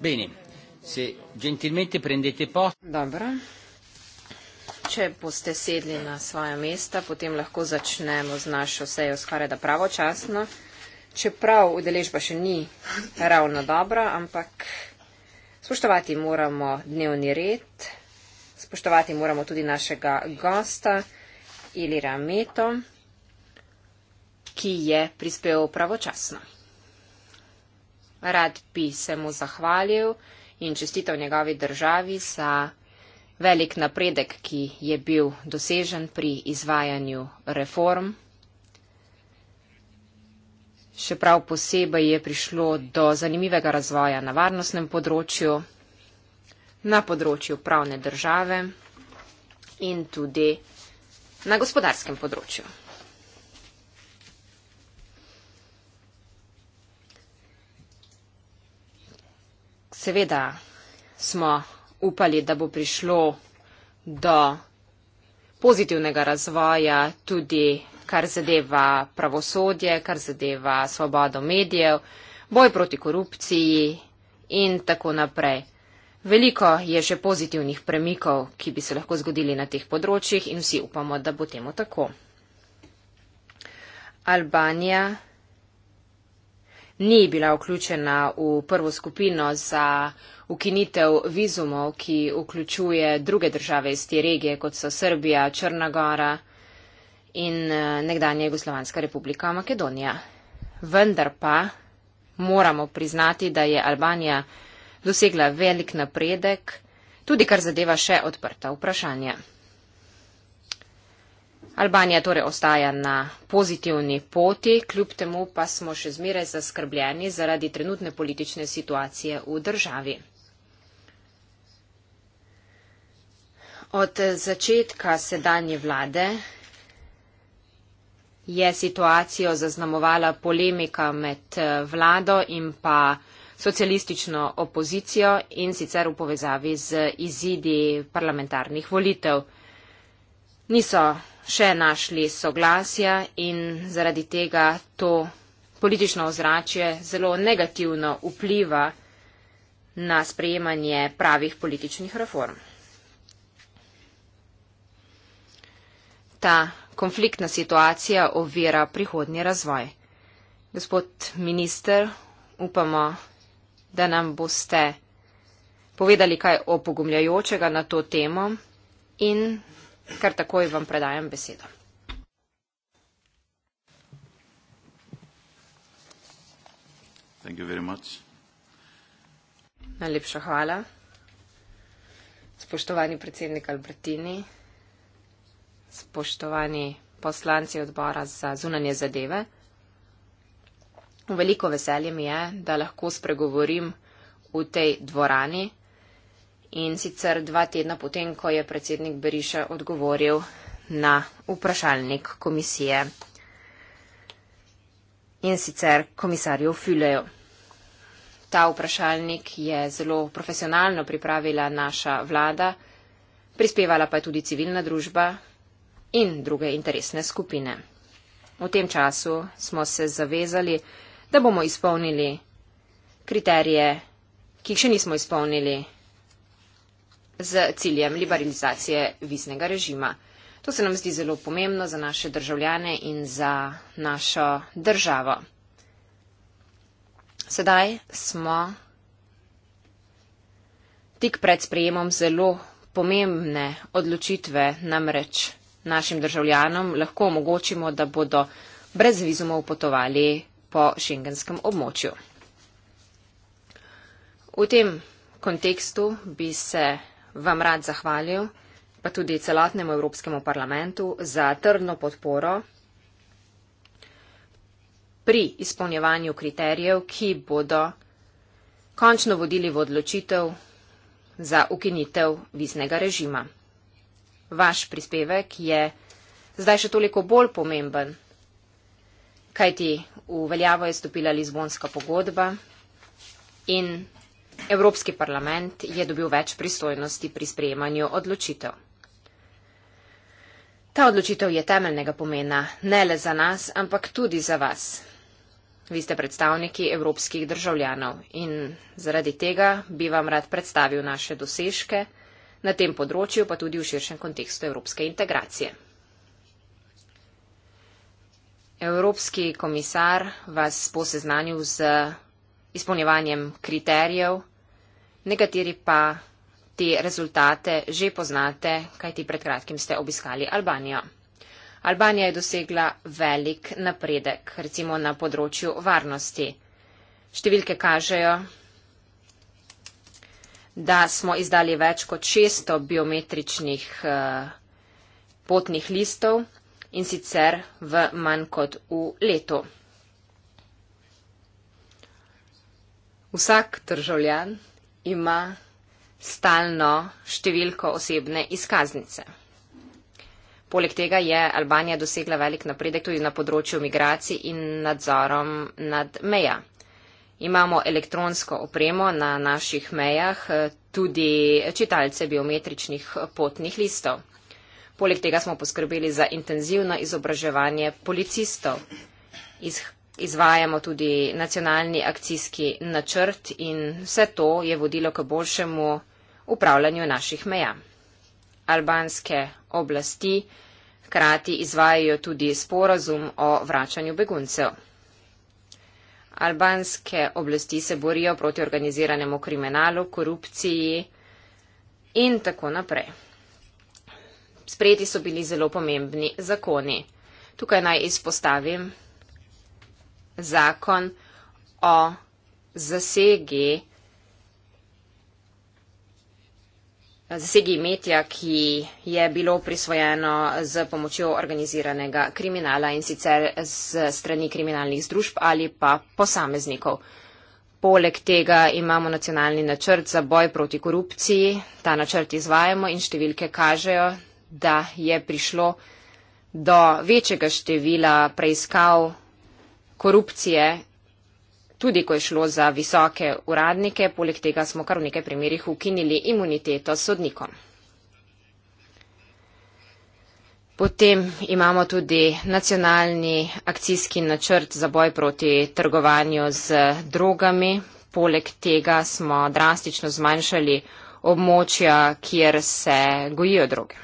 Bene, se gentilmente prendete posto. Dobro. Če boste sedli na svoja mesta, potem lahko začnemo z našo sejo skoraj da pravočasno. Čeprav udeležba še ni ravno dobra, ampak spoštovati moramo dnevni red, spoštovati moramo tudi našega gosta Ilira Meto, ki je prispel pravočasno. Rad bi se mu zahvalil in čestitev njegovi državi za velik napredek, ki je bil dosežen pri izvajanju reform. Še prav posebej je prišlo do zanimivega razvoja na varnostnem področju, na področju pravne države in tudi na gospodarskem področju. seveda smo upali, da bo prišlo do pozitivnega razvoja tudi kar zadeva pravosodje, kar zadeva svobodo medijev, boj proti korupciji in tako naprej. Veliko je še pozitivnih premikov, ki bi se lahko zgodili na teh področjih in vsi upamo, da bo temu tako. Albanija ni bila vključena v prvo skupino za ukinitev vizumov, ki vključuje druge države iz te regije, kot so Srbija, Črnagora in eh, nekdanje Jugoslovanska republika Makedonija. Vendar pa moramo priznati, da je Albanija dosegla velik napredek, tudi kar zadeva še odprta vprašanja. Albanija torej ostaja na pozitivni poti, kljub temu pa smo še zmeraj zaskrbljeni zaradi trenutne politične situacije v državi. Od začetka sedanje vlade je situacijo zaznamovala polemika med eh, vlado in pa socialistično opozicijo in sicer v povezavi z izidi parlamentarnih volitev. Niso še našli soglasja in zaradi tega to politično ozračje zelo negativno vpliva na sprejemanje pravih političnih reform. Ta konfliktna situacija ovira prihodnji razvoj. Gospod minister, upamo, da nam boste povedali kaj opogumljajočega na to temo in Kar takoj vam predajam besedo. Thank you very much. Najlepša hvala. Spoštovani predsednik Albertini, spoštovani poslanci odbora za zunanje zadeve. Veliko veselje mi je, da lahko spregovorim v tej dvorani in sicer dva tedna potem, ko je predsednik Beriša odgovoril na vprašalnik komisije in sicer komisarjev Fülejo. Ta vprašalnik je zelo profesionalno pripravila naša vlada, prispevala pa je tudi civilna družba in druge interesne skupine. V tem času smo se zavezali, da bomo izpolnili kriterije, ki jih še nismo izpolnili z ciljem liberalizacije viznega režima. To se nam zdi zelo pomembno za naše državljane in za našo državo. Sedaj smo tik pred sprejemom zelo pomembne odločitve, namreč našim državljanom lahko omogočimo, da bodo brez vizumov potovali po šengenskem območju. V tem kontekstu bi se vam rad zahvalil, pa tudi celotnemu Evropskemu parlamentu, za trdno podporo pri izpolnjevanju kriterijev, ki bodo končno vodili v odločitev za ukinitev viznega režima. Vaš prispevek je zdaj še toliko bolj pomemben, kajti v veljavo je stopila Lizbonska pogodba in Evropski parlament je dobil več pristojnosti pri sprejemanju odločitev. Ta odločitev je temeljnega pomena ne le za nas, ampak tudi za vas. Vi ste predstavniki evropskih državljanov in zaradi tega bi vam rad predstavil naše dosežke na tem področju, pa tudi v širšem kontekstu evropske integracije. Evropski komisar vas bo seznanil z izpolnjevanjem kriterijev, Nekateri pa te rezultate že poznate, kajti pred kratkim ste obiskali Albanijo. Albanija je dosegla velik napredek, recimo na področju varnosti. Številke kažejo, da smo izdali več kot 600 biometričnih eh, potnih listov in sicer v manj kot v letu. Vsak državljan ima stalno številko osebne izkaznice. Poleg tega je Albanija dosegla velik napredek tudi na področju migracij in nadzorom nad meja. Imamo elektronsko opremo na naših mejah, tudi čitalce biometričnih potnih listov. Poleg tega smo poskrbeli za intenzivno izobraževanje policistov. Iz izvajamo tudi nacionalni akcijski načrt in vse to je vodilo k boljšemu upravljanju naših meja. Albanske oblasti hkrati izvajajo tudi sporazum o vračanju beguncev. Albanske oblasti se borijo proti organiziranemu kriminalu, korupciji in tako naprej. Sprejeti so bili zelo pomembni zakoni. Tukaj naj izpostavim zakon o zasegi, zasegi imetja, ki je bilo prisvojeno z pomočjo organiziranega kriminala in sicer z strani kriminalnih združb ali pa posameznikov. Poleg tega imamo nacionalni načrt za boj proti korupciji. Ta načrt izvajamo in številke kažejo, da je prišlo do večjega števila preiskav korupcije, tudi ko je šlo za visoke uradnike, poleg tega smo kar v nekaj primerjih ukinili imuniteto sodnikom. Potem imamo tudi nacionalni akcijski načrt za boj proti trgovanju z drogami. Poleg tega smo drastično zmanjšali območja, kjer se gojijo droge.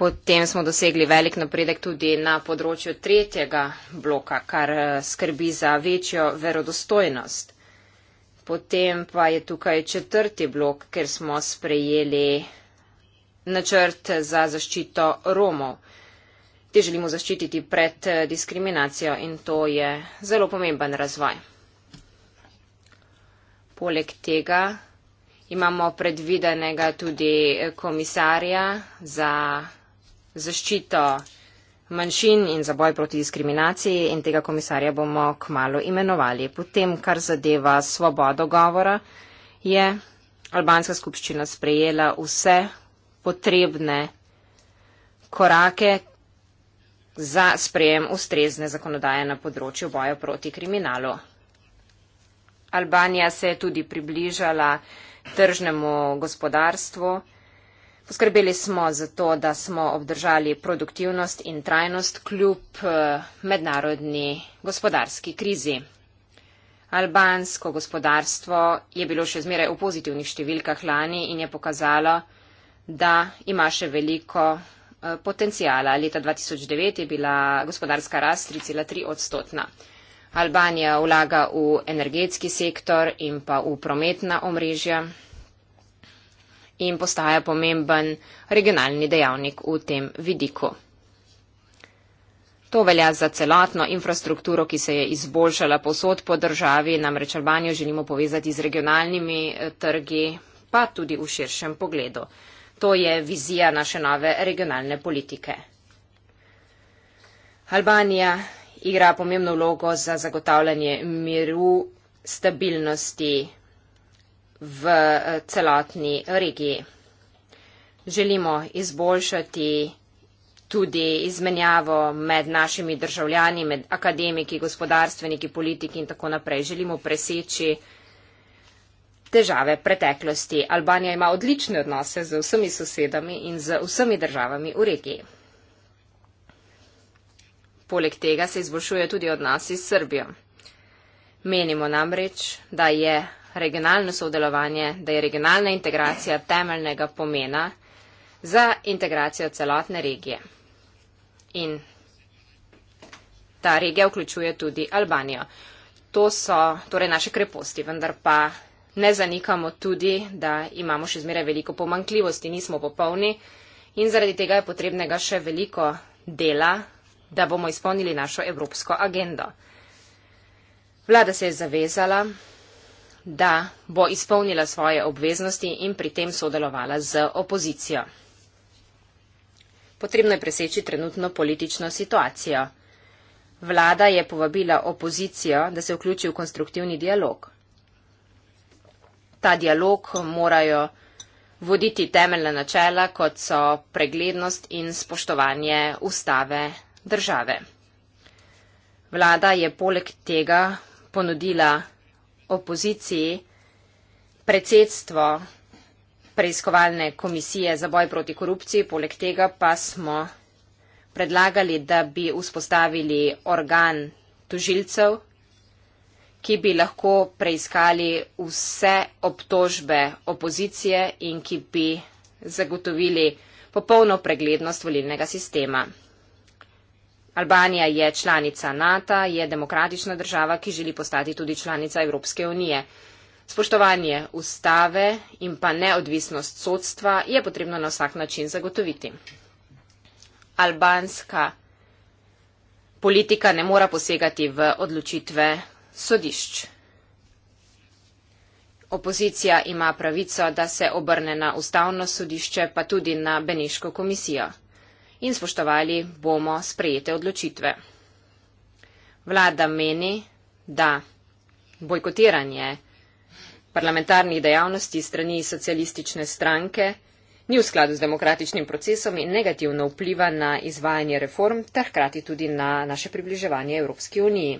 Potem smo dosegli velik napredek tudi na področju tretjega bloka, kar eh, skrbi za večjo verodostojnost. Potem pa je tukaj četrti blok, ker smo sprejeli načrt za zaščito Romov. Te želimo zaščititi pred eh, diskriminacijo in to je zelo pomemben razvoj. Poleg tega imamo predvidenega tudi eh, komisarja za zaščito manjšin in za boj proti diskriminaciji in tega komisarja bomo kmalo imenovali. Potem, kar zadeva svobodo govora, je Albanska skupščina sprejela vse potrebne korake za sprejem ustrezne zakonodaje na področju boja proti kriminalu. Albanija se je tudi približala tržnemu gospodarstvu. Poskrbeli smo za to, da smo obdržali produktivnost in trajnost kljub eh, mednarodni gospodarski krizi. Albansko gospodarstvo je bilo še zmeraj v pozitivnih številkah lani in je pokazalo, da ima še veliko eh, potencijala. Leta 2009 je bila gospodarska rast 3,3 odstotna. Albanija vlaga v energetski sektor in pa v prometna omrežja in postaja pomemben regionalni dejavnik v tem vidiku. To velja za celotno infrastrukturo, ki se je izboljšala posod po državi, namreč Albanijo želimo povezati z regionalnimi eh, trgi, pa tudi v širšem pogledu. To je vizija naše nove regionalne politike. Albanija igra pomembno vlogo za zagotavljanje miru, stabilnosti v eh, celotni regiji. Želimo izboljšati tudi izmenjavo med našimi državljani, med akademiki, gospodarstveniki, politiki in tako naprej. Želimo preseči težave preteklosti. Albanija ima odlične odnose z vsemi sosedami in z vsemi državami v regiji. Poleg tega se izboljšuje tudi odnosi s Srbijo. Menimo namreč, da je regionalno sodelovanje, da je regionalna integracija temeljnega pomena za integracijo celotne regije. In ta regija vključuje tudi Albanijo. To so torej naše kreposti, vendar pa ne zanikamo tudi, da imamo še zmeraj veliko pomankljivosti, nismo popolni in zaradi tega je potrebnega še veliko dela, da bomo izpolnili našo evropsko agendo. Vlada se je zavezala, da bo izpolnila svoje obveznosti in pri tem sodelovala z opozicijo. Potrebno je preseči trenutno politično situacijo. Vlada je povabila opozicijo, da se vključi v konstruktivni dialog. Ta dialog morajo voditi temeljna načela, kot so preglednost in spoštovanje ustave države. Vlada je poleg tega ponudila opoziciji predsedstvo preiskovalne komisije za boj proti korupciji, poleg tega pa smo predlagali, da bi vzpostavili organ tužilcev, ki bi lahko preiskali vse obtožbe opozicije in ki bi zagotovili popolno preglednost volilnega sistema. Albanija je članica NATO, je demokratična država, ki želi postati tudi članica Evropske unije. Spoštovanje ustave in pa neodvisnost sodstva je potrebno na vsak način zagotoviti. Albanska politika ne mora posegati v odločitve sodišč. Opozicija ima pravico, da se obrne na ustavno sodišče, pa tudi na Beneško komisijo in spoštovali bomo sprejete odločitve. Vlada meni, da bojkotiranje parlamentarnih dejavnosti strani socialistične stranke ni v skladu z demokratičnim procesom in negativno vpliva na izvajanje reform ter hkrati tudi na naše približevanje Evropski uniji.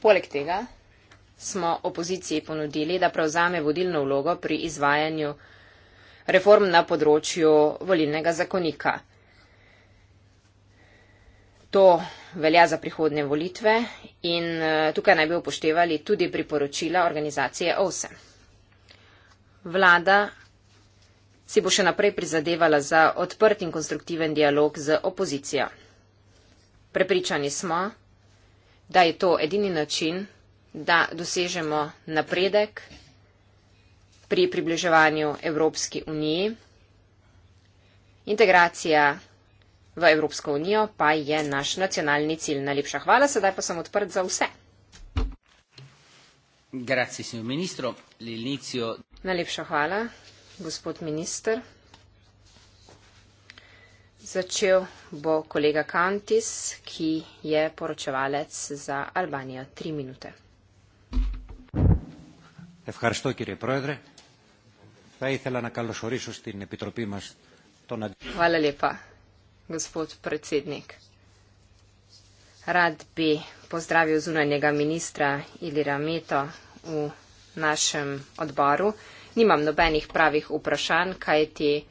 Poleg tega smo opoziciji ponudili, da prevzame vodilno vlogo pri izvajanju reform na področju volilnega zakonika. To velja za prihodne volitve in eh, tukaj naj bi upoštevali tudi priporočila organizacije OSE. Vlada si bo še naprej prizadevala za odprt in konstruktiven dialog z opozicijo. Prepričani smo, da je to edini način, da dosežemo napredek pri približevanju Evropski uniji. Integracija v Evropsko unijo pa je naš nacionalni cilj. Najlepša hvala, sedaj pa sem odprt za vse. Grazie, signor ministro. L'inizio... Najlepša hvala, gospod minister. Začel bo kolega Kantis, ki je poročevalec za Albanijo. Tri minute. Evhar Štokir je projedre. Hvala lepa, gospod predsednik. Rad bi pozdravil zunanjega ministra Ilira Meto v našem odboru. Nimam nobenih pravih vprašanj, kaj ti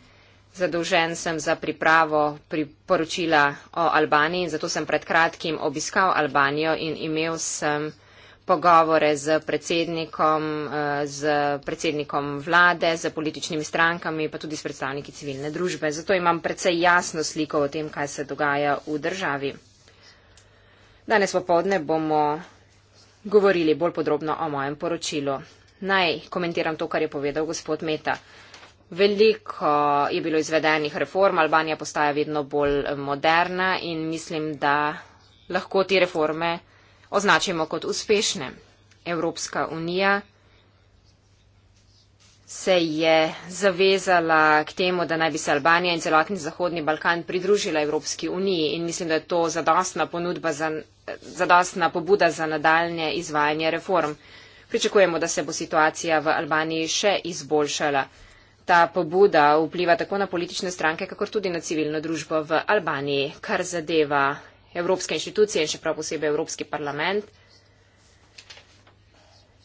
zadolžen sem za pripravo priporočila o Albaniji, zato sem pred kratkim obiskal Albanijo in imel sem pogovore z predsednikom, eh, z predsednikom vlade, z političnimi strankami, pa tudi s predstavniki civilne družbe. Zato imam precej jasno sliko o tem, kaj se dogaja v državi. Danes popovdne bomo govorili bolj podrobno o mojem poročilu. Naj komentiram to, kar je povedal gospod Meta. Veliko je bilo izvedenih reform, Albanija postaja vedno bolj eh, moderna in mislim, da lahko te reforme označimo kot uspešne. Evropska unija se je zavezala k temu, da naj bi se Albanija in celotni Zahodni Balkan pridružila Evropski uniji in mislim, da je to zadostna ponudba, za, zadostna pobuda za nadaljne izvajanje reform. Pričakujemo, da se bo situacija v Albaniji še izboljšala. Ta pobuda vpliva tako na politične stranke, kakor tudi na civilno družbo v Albaniji, kar zadeva evropske inštitucije in še prav posebej Evropski parlament.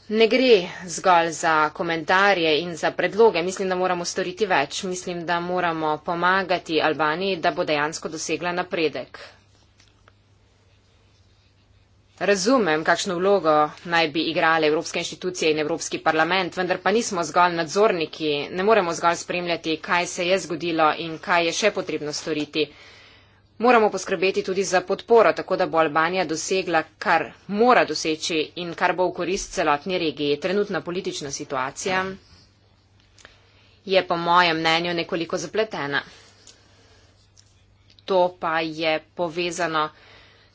Ne gre zgolj za komentarje in za predloge. Mislim, da moramo storiti več. Mislim, da moramo pomagati Albaniji, da bo dejansko dosegla napredek. Razumem, kakšno vlogo naj bi igrale Evropske inštitucije in Evropski parlament, vendar pa nismo zgolj nadzorniki, ne moremo zgolj spremljati, kaj se je zgodilo in kaj je še potrebno storiti moramo poskrbeti tudi za podporo, tako da bo Albanija dosegla, kar mora doseči in kar bo v korist celotni regiji. Trenutna politična situacija je po mojem mnenju nekoliko zapletena. To pa je povezano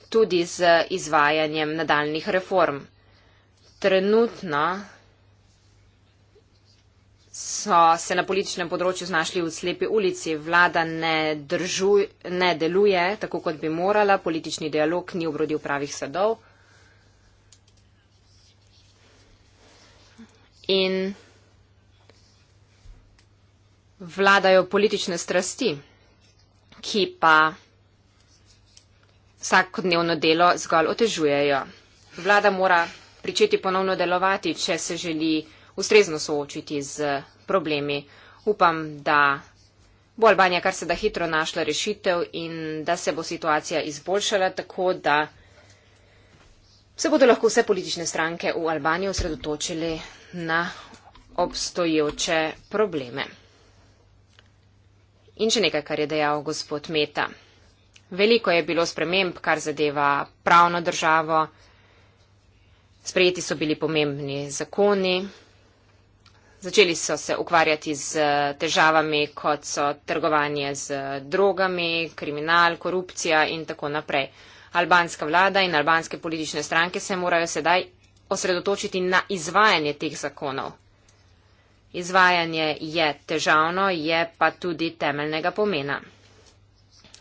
tudi z izvajanjem nadaljnih reform. Trenutno so se na političnem področju znašli v slepi ulici. Vlada ne, držu, ne deluje tako, kot bi morala, politični dialog ni obrodil pravih sadov. In vladajo politične strasti, ki pa vsakodnevno delo zgolj otežujejo. Vlada mora pričeti ponovno delovati, če se želi ustrezno soočiti z problemi. Upam, da bo Albanija kar se da hitro našla rešitev in da se bo situacija izboljšala tako, da se bodo lahko vse politične stranke v Albaniji osredotočili na obstoječe probleme. In še nekaj, kar je dejal gospod Meta. Veliko je bilo sprememb, kar zadeva pravno državo. Sprejeti so bili pomembni zakoni, Začeli so se ukvarjati z eh, težavami, kot so trgovanje z eh, drogami, kriminal, korupcija in tako naprej. Albanska vlada in albanske politične stranke se morajo sedaj osredotočiti na izvajanje teh zakonov. Izvajanje je težavno, je pa tudi temeljnega pomena.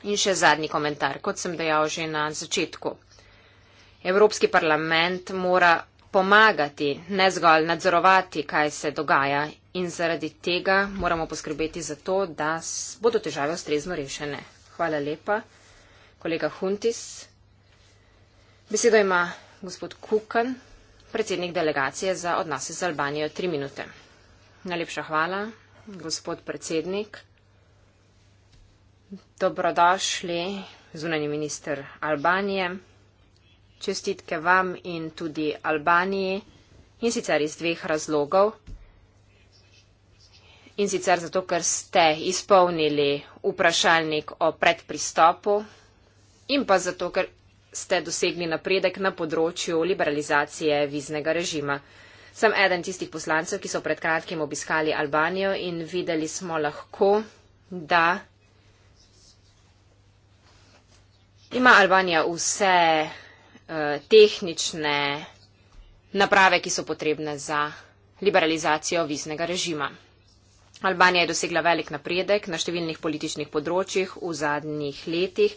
In še zadnji komentar, kot sem dejal že na začetku. Evropski parlament mora pomagati, ne zgolj nadzorovati, kaj se dogaja. In zaradi tega moramo poskrbeti za to, da bodo težave ustrezno rešene. Hvala lepa. Kolega Huntis. Besedo ima gospod Kukan, predsednik delegacije za odnose z Albanijo. Tri minute. Najlepša hvala, gospod predsednik. Dobrodošli, zunani minister Albanije čestitke vam in tudi Albaniji in sicer iz dveh razlogov. In sicer zato, ker ste izpolnili vprašalnik o predpristopu in pa zato, ker ste dosegli napredek na področju liberalizacije viznega režima. Sem eden tistih poslancev, ki so pred kratkim obiskali Albanijo in videli smo lahko, da ima Albanija vse Eh, tehnične naprave, ki so potrebne za liberalizacijo viznega režima. Albanija je dosegla velik napredek na številnih političnih področjih v zadnjih letih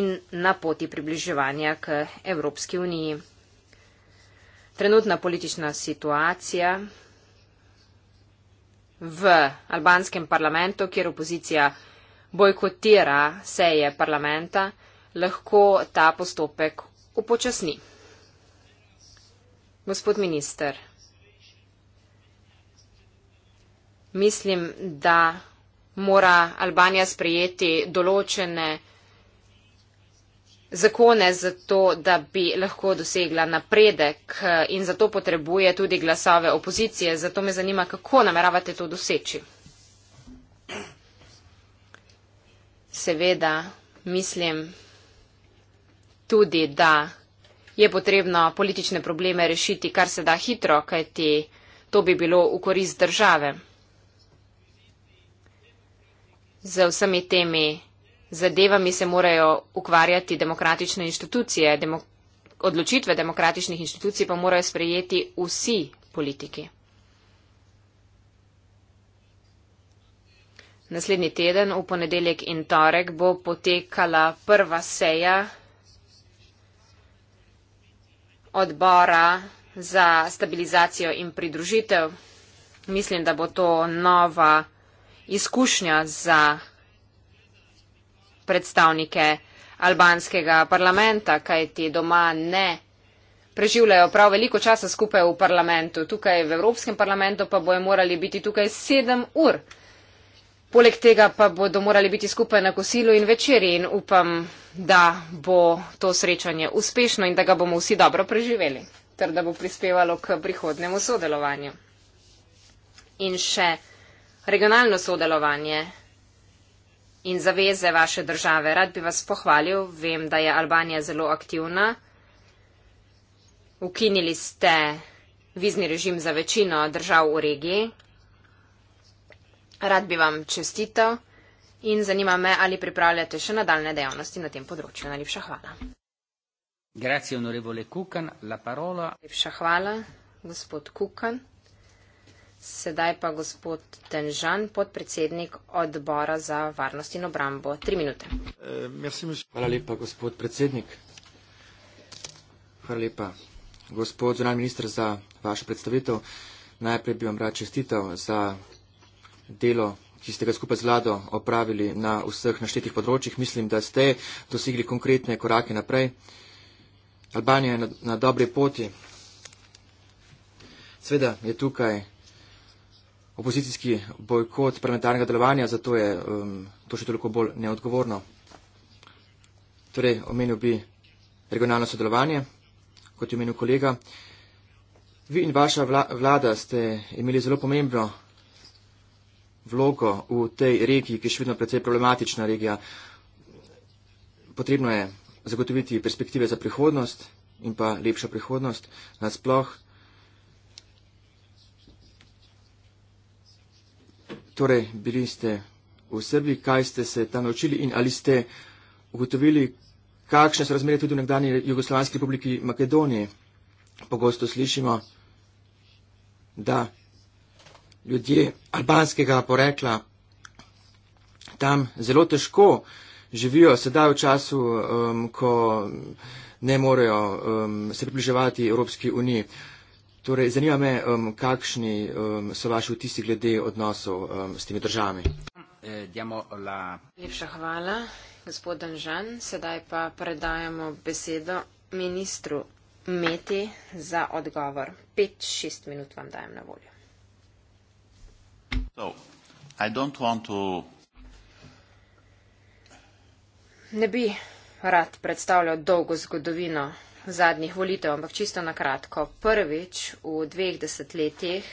in na poti približevanja k Evropski uniji. Trenutna politična situacija v albanskem parlamentu, kjer opozicija bojkotira seje parlamenta, lahko ta postopek upočasni. Gospod minister, mislim, da mora Albanija sprejeti določene zakone za to, da bi lahko dosegla napredek eh, in zato potrebuje tudi glasove opozicije. Zato me zanima, kako nameravate to doseči. Seveda, mislim, tudi, da je potrebno politične probleme rešiti kar se da hitro, kajti to bi bilo v korist države. Z vsemi temi zadevami se morajo ukvarjati demokratične inštitucije, demok odločitve demokratičnih inštitucij pa morajo sprejeti vsi politiki. Naslednji teden, v ponedeljek in torek, bo potekala prva seja odbora za stabilizacijo in pridružitev. Mislim, da bo to nova izkušnja za predstavnike albanskega parlamenta, kajti doma ne preživljajo prav veliko časa skupaj v parlamentu. Tukaj v Evropskem parlamentu pa bojo morali biti tukaj sedem ur. Poleg tega pa bodo morali biti skupaj na kosilu in večerji in upam, da bo to srečanje uspešno in da ga bomo vsi dobro preživeli ter da bo prispevalo k prihodnemu sodelovanju. In še regionalno sodelovanje in zaveze vaše države. Rad bi vas pohvalil, vem, da je Albanija zelo aktivna. Ukinili ste vizni režim za večino držav v regiji, Rad bi vam čestitev in zanima me, ali pripravljate še nadaljne dejavnosti na tem področju. Najlepša hvala. Grazie, onorevole Kukan, la parola. Najlepša hvala, gospod Kukan. Sedaj pa gospod Tenžan, podpredsednik odbora za varnost in obrambo. Tri minute. Hvala lepa, gospod predsednik. Hvala lepa, gospod zunanji minister, za vašo predstavitev. Najprej bi vam rad čestitev za delo, ki ste ga skupaj z vlado opravili na vseh naštetih področjih. Mislim, da ste dosegli konkretne korake naprej. Albanija je na, na dobri poti. Sveda je tukaj opozicijski bojkot parlamentarnega delovanja, zato je um, to še toliko bolj neodgovorno. Torej, omenil bi regionalno sodelovanje, kot je omenil kolega. Vi in vaša vla, vlada ste imeli zelo pomembno vlogo v tej regiji, ki je še vedno predvsej problematična regija. Potrebno je zagotoviti perspektive za prihodnost in pa lepšo prihodnost nasploh. Torej, bili ste v Srbiji, kaj ste se tam naučili in ali ste ugotovili, kakšne so razmere tudi v nekdani Jugoslavijski republiki Makedoniji. Pogosto slišimo, da ljudje albanskega porekla tam zelo težko živijo sedaj v času, um, ko ne morejo um, se približevati Evropski uniji. Torej, zanima me, um, kakšni um, so vaši vtisi glede odnosov um, s temi državami. Eh, Lepša hvala, gospod Anžan. Sedaj pa predajamo besedo ministru Meti za odgovor. 5-6 minut vam dajem na voljo. I don't want to... Ne bi rad predstavljal dolgo zgodovino zadnjih volitev, ampak čisto na kratko. Prvič v dveh desetletjih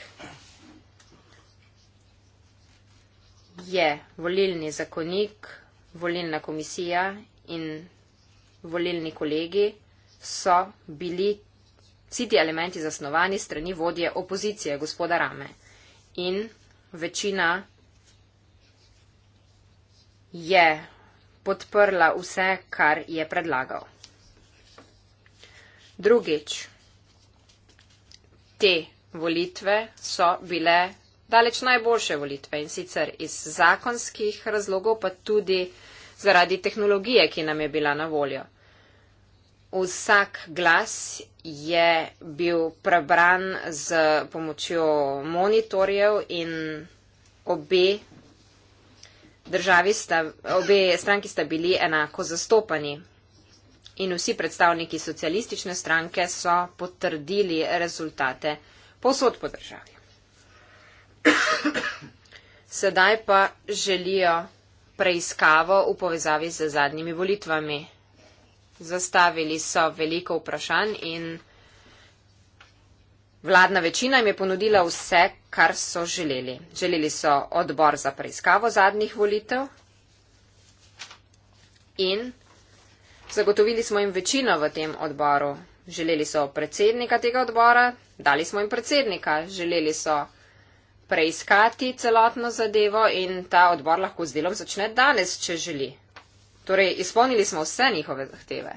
je volilni zakonik, volilna komisija in volilni kolegi so bili vsi ti elementi zasnovani strani vodje opozicije, gospoda Rame. In večina je podprla vse, kar je predlagal. Drugič, te volitve so bile daleč najboljše volitve in sicer iz zakonskih razlogov, pa tudi zaradi tehnologije, ki nam je bila na voljo vsak glas je bil prebran z pomočjo monitorjev in obe, državi sta, obe stranki sta bili enako zastopani. In vsi predstavniki socialistične stranke so potrdili rezultate posod po državi. Sedaj pa želijo preiskavo v povezavi z zadnjimi volitvami zastavili so veliko vprašanj in vladna večina jim je ponudila vse, kar so želeli. Želeli so odbor za preiskavo zadnjih volitev in zagotovili smo jim večino v tem odboru. Želeli so predsednika tega odbora, dali smo jim predsednika, želeli so preiskati celotno zadevo in ta odbor lahko z delom začne danes, če želi. Torej, izpolnili smo vse njihove zahteve.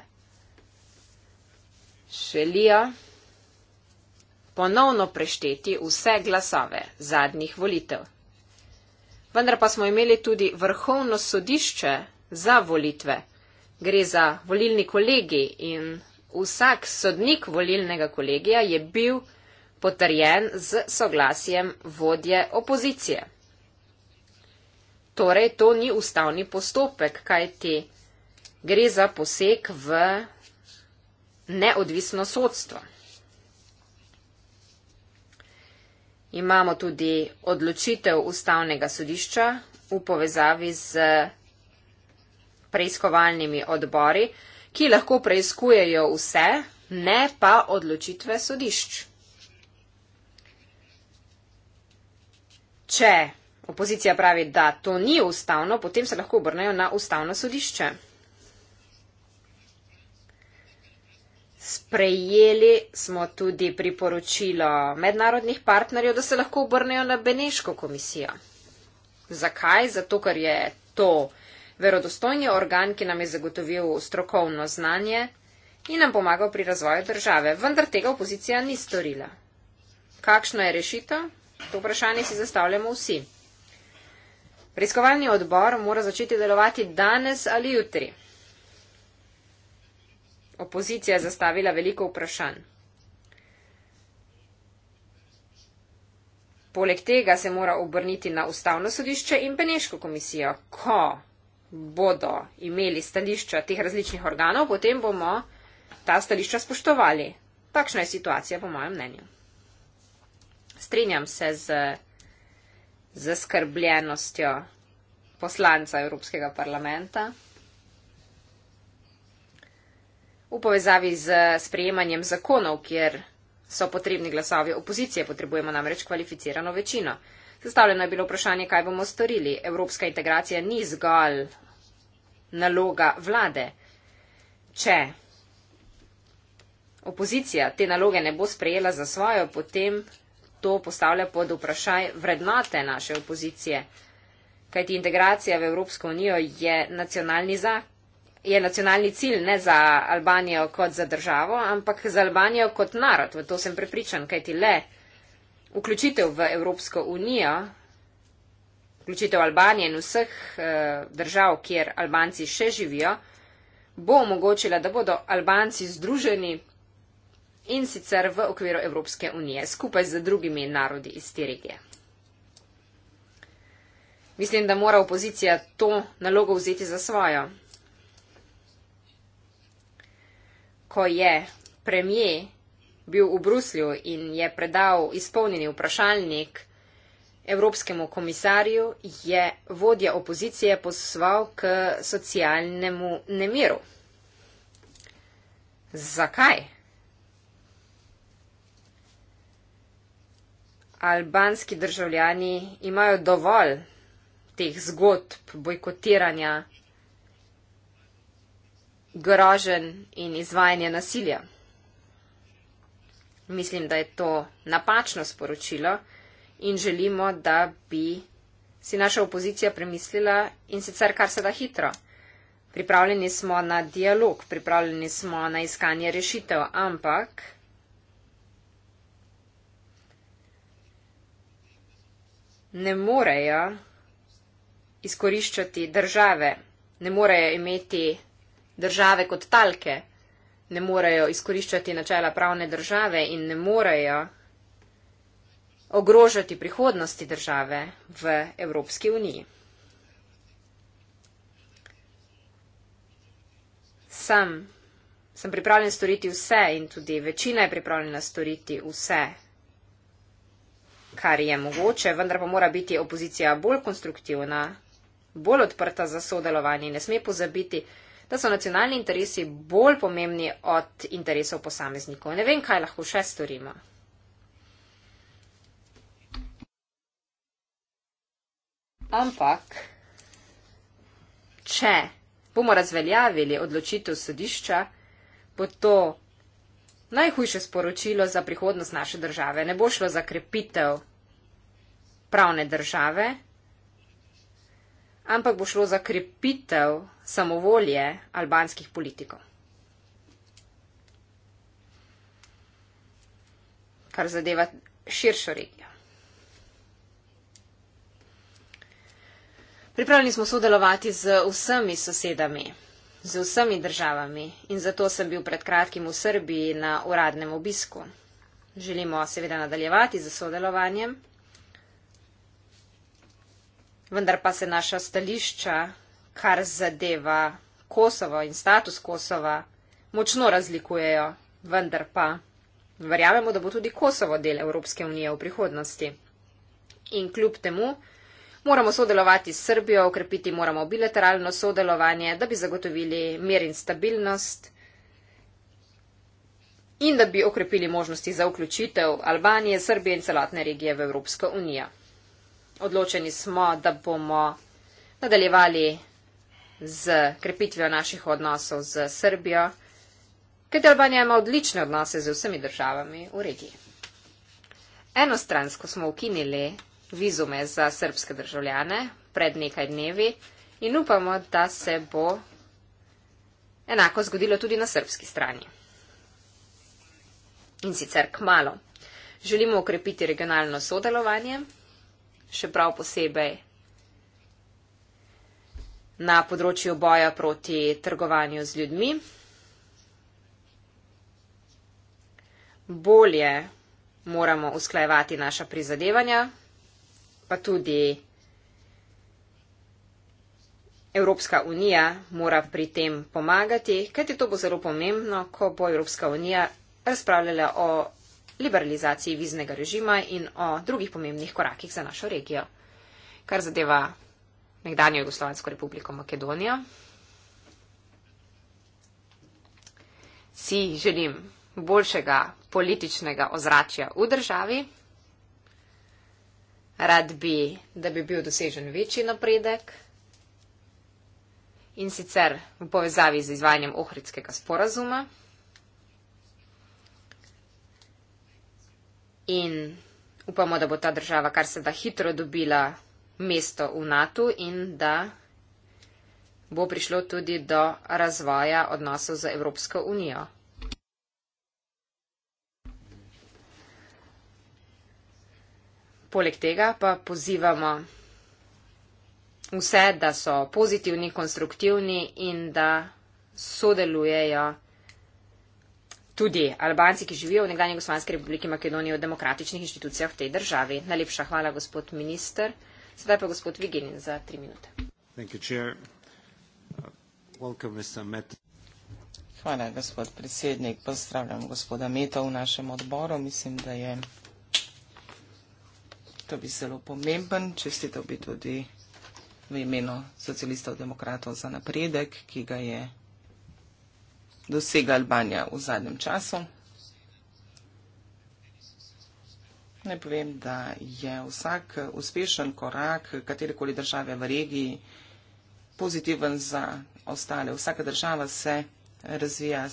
Šelija ponovno prešteti vse glasove zadnjih volitev. Vendar pa smo imeli tudi vrhovno sodišče za volitve. Gre za volilni kolegi in vsak sodnik volilnega kolegija je bil potrjen z soglasjem vodje opozicije. Torej, to ni ustavni postopek, kaj ti gre za poseg v neodvisno sodstvo. Imamo tudi odločitev ustavnega sodišča v povezavi z preiskovalnimi odbori, ki lahko preiskujejo vse, ne pa odločitve sodišč. Če opozicija pravi, da to ni ustavno, potem se lahko obrnejo na ustavno sodišče. Sprejeli smo tudi priporočilo mednarodnih partnerjev, da se lahko obrnejo na Beneško komisijo. Zakaj? Zato, ker je to verodostojni organ, ki nam je zagotovil strokovno znanje in nam pomagal pri razvoju države. Vendar tega opozicija ni storila. Kakšno je rešitev? To vprašanje si zastavljamo vsi. Preiskovalni odbor mora začeti delovati danes ali jutri. Opozicija je zastavila veliko vprašanj. Poleg tega se mora obrniti na ustavno sodišče in Beneško komisijo. Ko bodo imeli stališča teh različnih organov, potem bomo ta stališča spoštovali. Takšna je situacija, po mojem mnenju. Strenjam se z zaskrbljenostjo poslanca Evropskega parlamenta. V povezavi z sprejemanjem zakonov, kjer so potrebni glasovi opozicije, potrebujemo namreč kvalificirano večino. Zastavljeno je bilo vprašanje, kaj bomo storili. Evropska integracija ni zgolj naloga vlade. Če opozicija te naloge ne bo sprejela za svojo, potem to postavlja pod vprašaj vrednote naše opozicije. Kajti integracija v Evropsko unijo je nacionalni, za, je nacionalni cilj ne za Albanijo kot za državo, ampak za Albanijo kot narod. V to sem prepričan, kajti le vključitev v Evropsko unijo, vključitev Albanije in vseh eh, držav, kjer Albanci še živijo, bo omogočila, da bodo Albanci združeni in sicer v okviru Evropske unije skupaj z drugimi narodi iz te regije. Mislim, da mora opozicija to nalogo vzeti za svojo. Ko je premije bil v Bruslju in je predal izpolnjeni vprašalnik Evropskemu komisarju, je vodja opozicije posval k socialnemu nemiru. Zakaj? albanski državljani imajo dovolj teh zgodb bojkotiranja, grožen in izvajanja nasilja. Mislim, da je to napačno sporočilo in želimo, da bi si naša opozicija premislila in sicer kar se da hitro. Pripravljeni smo na dialog, pripravljeni smo na iskanje rešitev, ampak ne morejo izkoriščati države, ne morejo imeti države kot talke, ne morejo izkoriščati načela pravne države in ne morejo ogrožati prihodnosti države v Evropski uniji. Sam sem pripravljen storiti vse in tudi večina je pripravljena storiti vse kar je mogoče, vendar pa mora biti opozicija bolj konstruktivna, bolj odprta za sodelovanje in ne sme pozabiti, da so nacionalni interesi bolj pomembni od interesov posameznikov. Ne vem, kaj lahko še storimo. Ampak, če bomo razveljavili odločitev sodišča, bo to najhujše sporočilo za prihodnost naše države. Ne bo šlo za krepitev pravne države, ampak bo šlo za krepitev samovolje albanskih politikov. Kar zadeva širšo regijo. Pripravljeni smo sodelovati z vsemi sosedami, z vsemi državami in zato sem bil pred kratkim v Srbiji na uradnem obisku. Želimo seveda nadaljevati z sodelovanjem vendar pa se naša stališča, kar zadeva Kosovo in status Kosova, močno razlikujejo, vendar pa verjamemo, da bo tudi Kosovo del Evropske unije v prihodnosti. In kljub temu moramo sodelovati s Srbijo, okrepiti moramo bilateralno sodelovanje, da bi zagotovili mir in stabilnost in da bi okrepili možnosti za vključitev Albanije, Srbije in celotne regije v Evropsko unijo. Odločeni smo, da bomo nadaljevali z krepitvijo naših odnosov z Srbijo, ker Albanija ima odlične odnose z vsemi državami v regiji. Enostransko smo ukinili vizume za srbske državljane pred nekaj dnevi in upamo, da se bo enako zgodilo tudi na srbski strani. In sicer k malo. Želimo ukrepiti regionalno sodelovanje še prav posebej na področju boja proti trgovanju z ljudmi. Bolje moramo usklajevati naša prizadevanja, pa tudi Evropska unija mora pri tem pomagati, kajti to bo zelo pomembno, ko bo Evropska unija razpravljala o liberalizaciji viznega režima in o drugih pomembnih korakih za našo regijo. Kar zadeva nekdanjo Jugoslovansko republiko Makedonijo, si želim boljšega političnega ozračja v državi. Rad bi, da bi bil dosežen večji napredek in sicer v povezavi z izvajanjem Ohridskega sporazuma. in upamo, da bo ta država kar se da hitro dobila mesto v NATO in da bo prišlo tudi do razvoja odnosov z Evropsko unijo. Poleg tega pa pozivamo vse, da so pozitivni, konstruktivni in da sodelujejo tudi Albanci, ki živijo v nekdanji Gospodarske republiki Makedonije, v demokratičnih inštitucijah v tej državi. Najlepša hvala, gospod minister. Sedaj pa gospod Viginin za tri minute. Hvala, gospod predsednik. Pozdravljam gospoda Meta v našem odboru. Mislim, da je to bi zelo pomemben. Čestitev bi tudi v imenu socialistov demokratov za napredek, ki ga je dosega Albanija v zadnjem času. Ne povem, da je vsak uspešen korak katerekoli države v regiji pozitiven za ostale. Vsaka država se razvija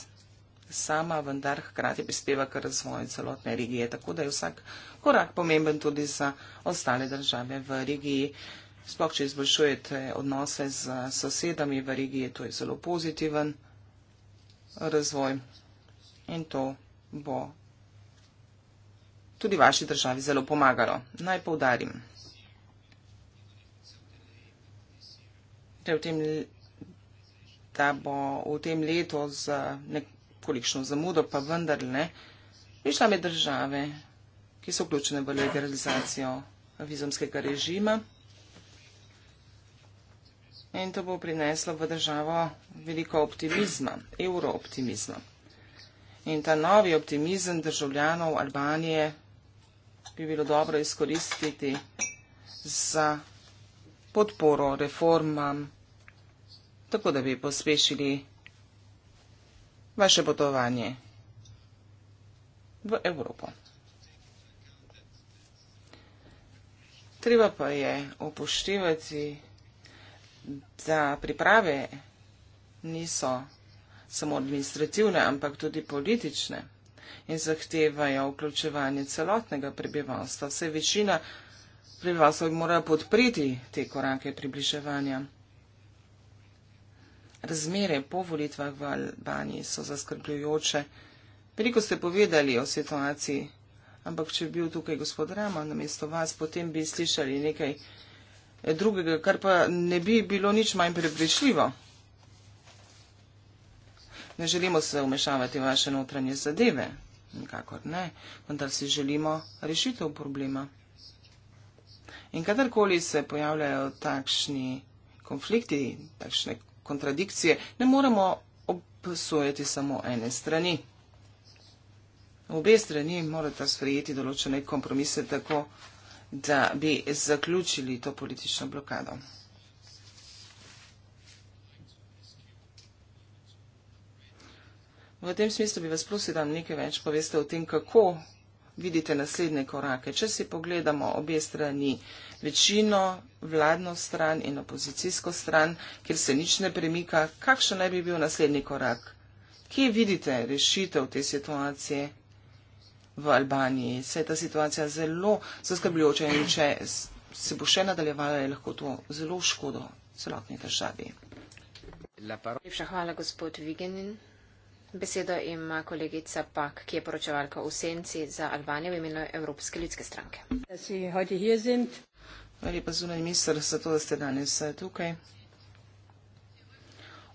sama, vendar hkrati prispeva k razvoju celotne regije. Tako da je vsak korak pomemben tudi za ostale države v regiji. Sploh, če izboljšujete odnose z sosedami v regiji, to je zelo pozitiven razvoj. In to bo tudi vaši državi zelo pomagalo. Naj povdarim. Da bo v tem letu z nekolikšno zamudo, pa vendar ne, prišla med države, ki so vključene v legalizacijo vizumskega režima in to bo prineslo v državo veliko optimizma, evrooptimizma. In ta novi optimizem državljanov Albanije bi bilo dobro izkoristiti za podporo reformam, tako da bi pospešili vaše potovanje v Evropo. Treba pa je upoštevati da priprave niso samo administrativne, ampak tudi politične in zahtevajo vključevanje celotnega prebivalstva. Vse večina prebivalstva bi morala podpreti te korake približevanja. Razmere po volitvah v Albaniji so zaskrbljujoče. Veliko ste povedali o situaciji, ampak če bi bil tukaj gospod Rama na mesto vas, potem bi slišali nekaj drugega, kar pa ne bi bilo nič manj prepričljivo. Ne želimo se umešavati v vaše notranje zadeve, nikakor ne, vendar si želimo rešitev problema. In kadarkoli se pojavljajo takšni konflikti, takšne kontradikcije, ne moremo obsojati samo ene strani. Obe strani morata sprejeti določene kompromise, tako da bi zaključili to politično blokado. V tem smislu bi vas prosil, da nam nekaj več poveste o tem, kako vidite naslednje korake. Če si pogledamo obe strani, večino, vladno stran in opozicijsko stran, kjer se nič ne premika, kakšen naj bi bil naslednji korak? Kje vidite rešitev te situacije? v Albaniji. Se je ta situacija zelo zaskrbljujoča in če se bo še nadaljevala, je lahko to zelo škodo celotni državi. Lepša hvala, gospod Vigenin. Besedo ima kolegica Pak, ki je poročevalka v Senci za Albanijo v imenu Evropske ljudske stranke. Hvala lepa, zunaj minister, za to, da ste danes eh, tukaj.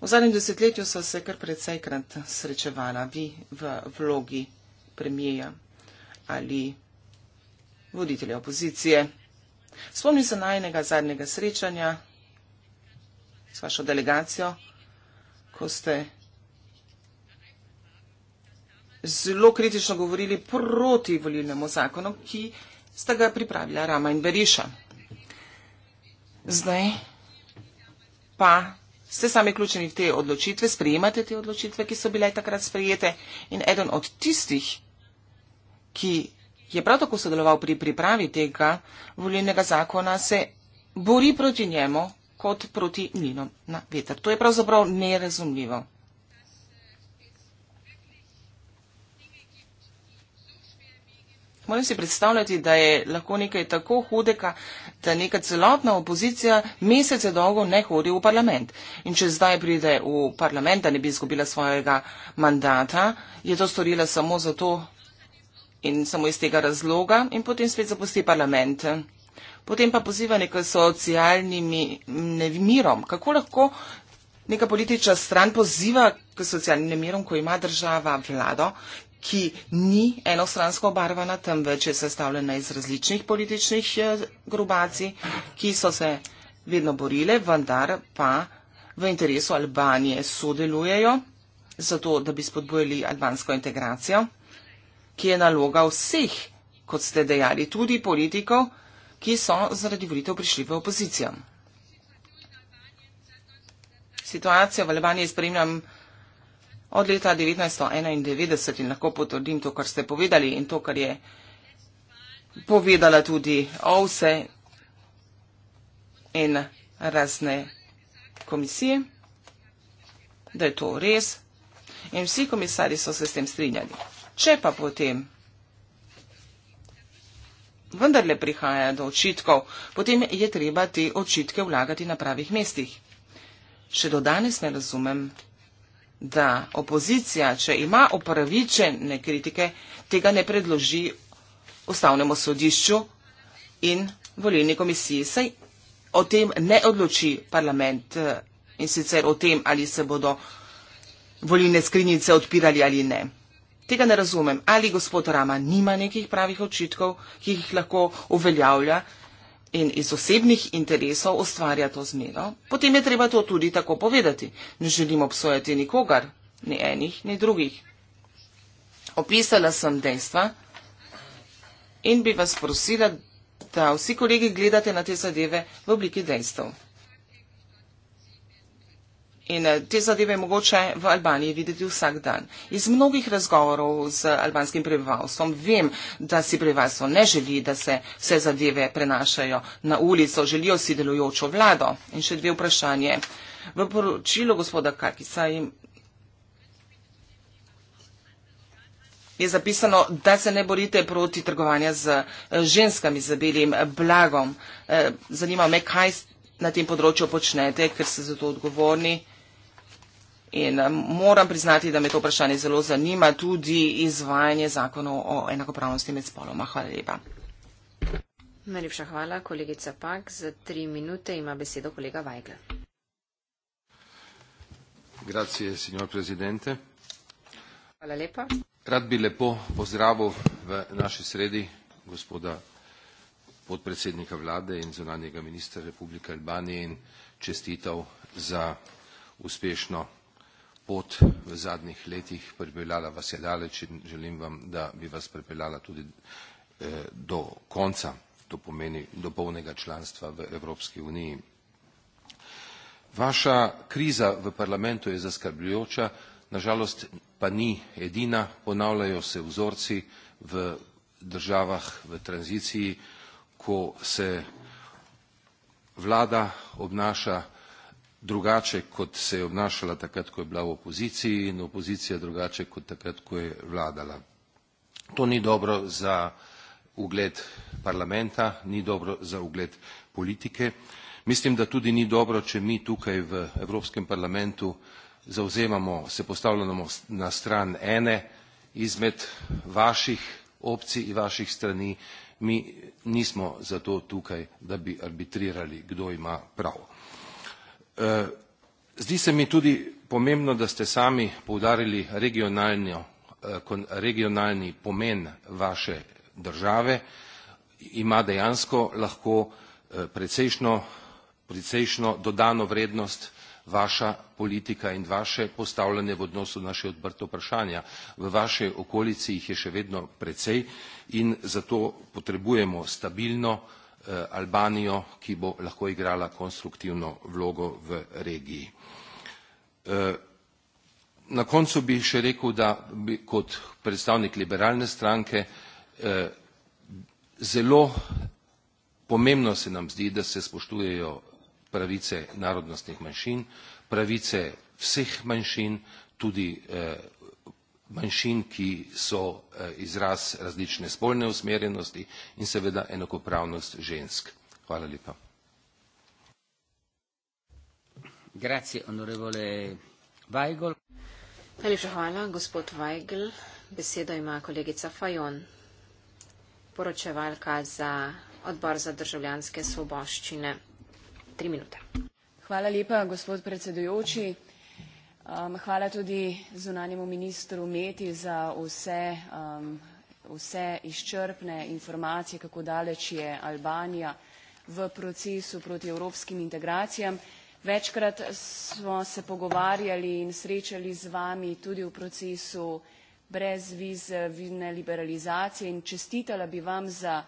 V zadnjem desetletju so se kar precejkrat srečevala vi v vlogi premijeja ali voditelja opozicije. Spomnim se najnega zadnjega srečanja s vašo delegacijo, ko ste zelo kritično govorili proti volilnemu zakonu, ki sta ga pripravila Rama in Beriša. Zdaj pa ste sami ključeni v te odločitve, sprejemate te odločitve, ki so bile takrat sprejete in eden od tistih, ki je prav tako sodeloval pri pripravi tega volilnega zakona, se bori proti njemu kot proti mlinom na veter. To je pravzaprav nerazumljivo. Moram si predstavljati, da je lahko nekaj tako hudega, da neka celotna opozicija mesece dolgo ne hodi v parlament. In če zdaj pride v parlament, da ne bi izgubila svojega mandata, je to storila samo zato, in samo iz tega razloga in potem spet zapusti parlament. Potem pa pozivanje k socialnim nemirom. Kako lahko neka politična stran poziva k socialnim nemirom, ko ima država vlado, ki ni enostransko obarvana, temveč je sestavljena iz različnih političnih eh, grubacij, ki so se vedno borile, vendar pa v interesu Albanije sodelujejo, zato da bi spodbojili albansko integracijo ki je naloga vseh, kot ste dejali, tudi politikov, ki so zaradi volitev prišli v opozicijo. Situacijo v Albaniji spremljam od leta 1991 in lahko potrdim to, kar ste povedali in to, kar je povedala tudi OVSE in razne komisije, da je to res in vsi komisari so se s tem strinjali. Če pa potem vendarle prihaja do očitkov, potem je treba te očitke vlagati na pravih mestih. Še do danes ne razumem, da opozicija, če ima upravičene kritike, tega ne predloži ustavnemu sodišču in volilni komisiji. Saj o tem ne odloči parlament eh, in sicer o tem, ali se bodo volilne skrinjice odpirali ali ne. Tega ne razumem. Ali gospod Rama nima nekih pravih očitkov, ki jih lahko uveljavlja in iz osebnih interesov ustvarja to zmedo, potem je treba to tudi tako povedati. Ne želim obsojati nikogar, ni enih, ni drugih. Opisala sem dejstva in bi vas prosila, da vsi kolegi gledate na te zadeve v obliki dejstev. In eh, te zadeve je mogoče v Albaniji videti vsak dan. Iz mnogih razgovorov z albanskim prebivalstvom vem, da si prebivalstvo ne želi, da se vse zadeve prenašajo na ulico, želijo si delujočo vlado. In še dve vprašanje. V poročilu gospoda Kakisa jim je zapisano, da se ne borite proti trgovanja z eh, ženskami, z belim eh, blagom. Zanima me, kaj na tem področju počnete, ker ste za to odgovorni. In eh, moram priznati, da me to vprašanje zelo zanima, tudi izvajanje zakonov o enakopravnosti med spoloma. Hvala lepa. Najlepša hvala, kolegica Pak. Za tri minute ima besedo kolega Vajgla. Grazie, signor presidente. Hvala lepa. Rad bi lepo pozdravil v naši sredi gospoda podpredsednika vlade in zunanjega ministra Republike Albanije in čestital za uspešno pot v zadnjih letih, pripeljala vas je daleč in želim vam, da bi vas pripeljala tudi eh, do konca, to pomeni do polnega članstva v Evropski uniji. Vaša kriza v parlamentu je zaskrbljujoča, nažalost pa ni edina, ponavljajo se vzorci v državah v tranziciji, ko se vlada obnaša drugače, kot se je obnašala takrat, ko je bila v opoziciji in opozicija drugače, kot takrat, ko je vladala. To ni dobro za ugled parlamenta, ni dobro za ugled politike. Mislim, da tudi ni dobro, če mi tukaj v Evropskem parlamentu zauzemamo, se postavljamo na stran ene izmed vaših opcij in vaših strani. Mi nismo zato tukaj, da bi arbitrirali, kdo ima pravo. Eh, zdi se mi tudi pomembno, da ste sami poudarili eh, regionalni pomen vaše države. Ima dejansko lahko eh, precejšno dodano vrednost vaša politika in vaše postavljanje v odnosu naše odbrto vprašanja. V vaši okolici jih je še vedno precej in zato potrebujemo stabilno, Eh, Albanijo, ki bo lahko igrala konstruktivno vlogo v regiji. Eh, na koncu bi še rekel, da bi kot predstavnik liberalne stranke eh, zelo pomembno se nam zdi, da se spoštujejo pravice narodnostnih manjšin, pravice vseh manjšin, tudi eh, manjšin, ki so eh, izraz različne spolne usmerjenosti in seveda enakopravnost žensk. Hvala lepa. Grazie, onorevole Weigl. Najlepša hvala, gospod Weigl. Besedo ima kolegica Fajon, poročevalka za odbor za državljanske svoboščine. Tri minute. Hvala lepa, gospod predsedujoči. Um, hvala tudi zunanjemu ministru Meti za vse, um, vse izčrpne informacije, kako daleč je Albanija v procesu proti evropskim integracijam. Večkrat smo se pogovarjali in srečali z vami tudi v procesu brez vizne liberalizacije in čestitala bi vam za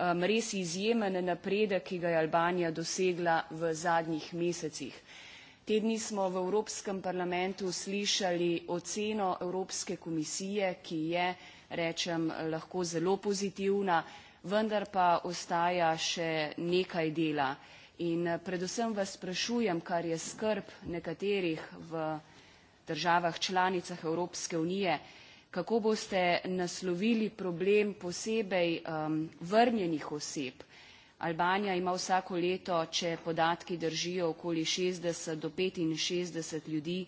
um, res izjemen napredek, ki ga je Albanija dosegla v zadnjih mesecih te dni smo v evropskem parlamentu slišali oceno evropske komisije ki je rečem lahko zelo pozitivna vendar pa ostaja še nekaj dela in predvsem vas sprašujem kar je skrb nekaterih v državah članicah evropske unije kako boste naslovili problem posebej um, vrnjenih oseb Albanija ima vsako leto, če podatki držijo, okoli 60 do 65 ljudi,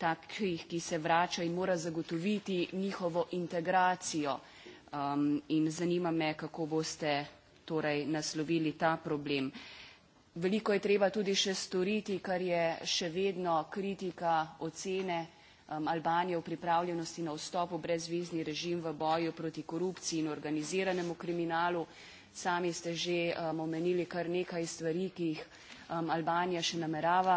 takih, ki se vrača in mora zagotoviti njihovo integracijo. Um, in zanima me, kako boste torej naslovili ta problem. Veliko je treba tudi še storiti, kar je še vedno kritika ocene um, Albanije v pripravljenosti na vstop v brezvizni režim v boju proti korupciji in organiziranemu kriminalu. Sami ste že um, omenili kar nekaj stvari, ki jih um, Albanija še namerava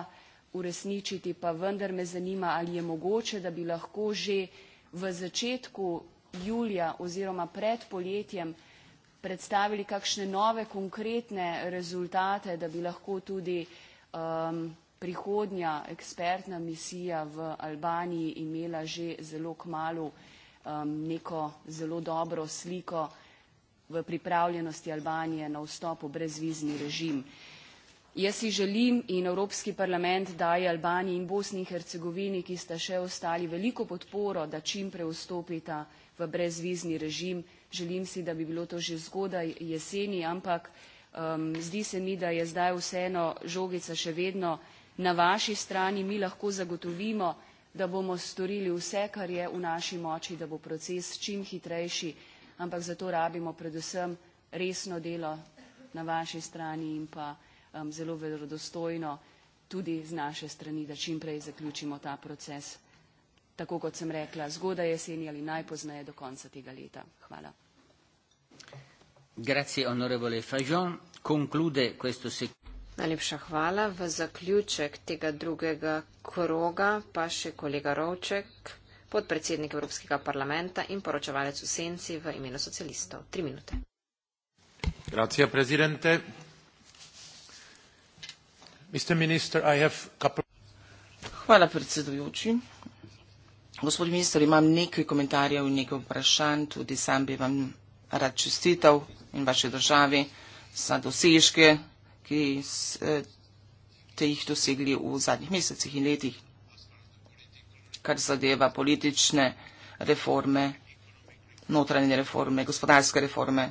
uresničiti, pa vendar me zanima, ali je mogoče, da bi lahko že v začetku julija oziroma pred poletjem predstavili kakšne nove konkretne rezultate, da bi lahko tudi um, prihodnja ekspertna misija v Albaniji imela že zelo k malu um, neko zelo dobro sliko v pripravljenosti Albanije na vstop v brezvizni režim. Jaz si želim in Evropski parlament daje Albaniji in Bosni in Hercegovini, ki sta še ostali, veliko podporo, da čim preustopita v brezvizni režim. Želim si, da bi bilo to že zgodaj jeseni, ampak um, zdi se mi, da je zdaj vseeno žogica še vedno na vaši strani. Mi lahko zagotovimo, da bomo storili vse, kar je v naši moči, da bo proces čim hitrejši ampak za to rabimo predvsem resno delo na vaši strani in pa um, zelo verodostojno tudi z naše strani, da čimprej zaključimo ta proces, tako kot sem rekla, zgodaj jeseni ali najpozneje do konca tega leta. Hvala. Grazie, onorevole Fajon. Conclude questo se... Najlepša hvala. V zaključek tega drugega kroga pa še kolega Rovček, podpredsednik Evropskega parlamenta in poročevalec v senci v imenu socialistov. Tri minute. Grazie, prezidente. Mr. Minister, I have couple... Hvala, predsedujoči. Gospod minister, imam nekaj komentarjev in nekaj vprašanj. Tudi sam bi vam rad čestitev in vaše države za dosežke, ki eh, ste jih dosegli v zadnjih mesecih in letih kar zadeva politične reforme, notranje reforme, gospodarske reforme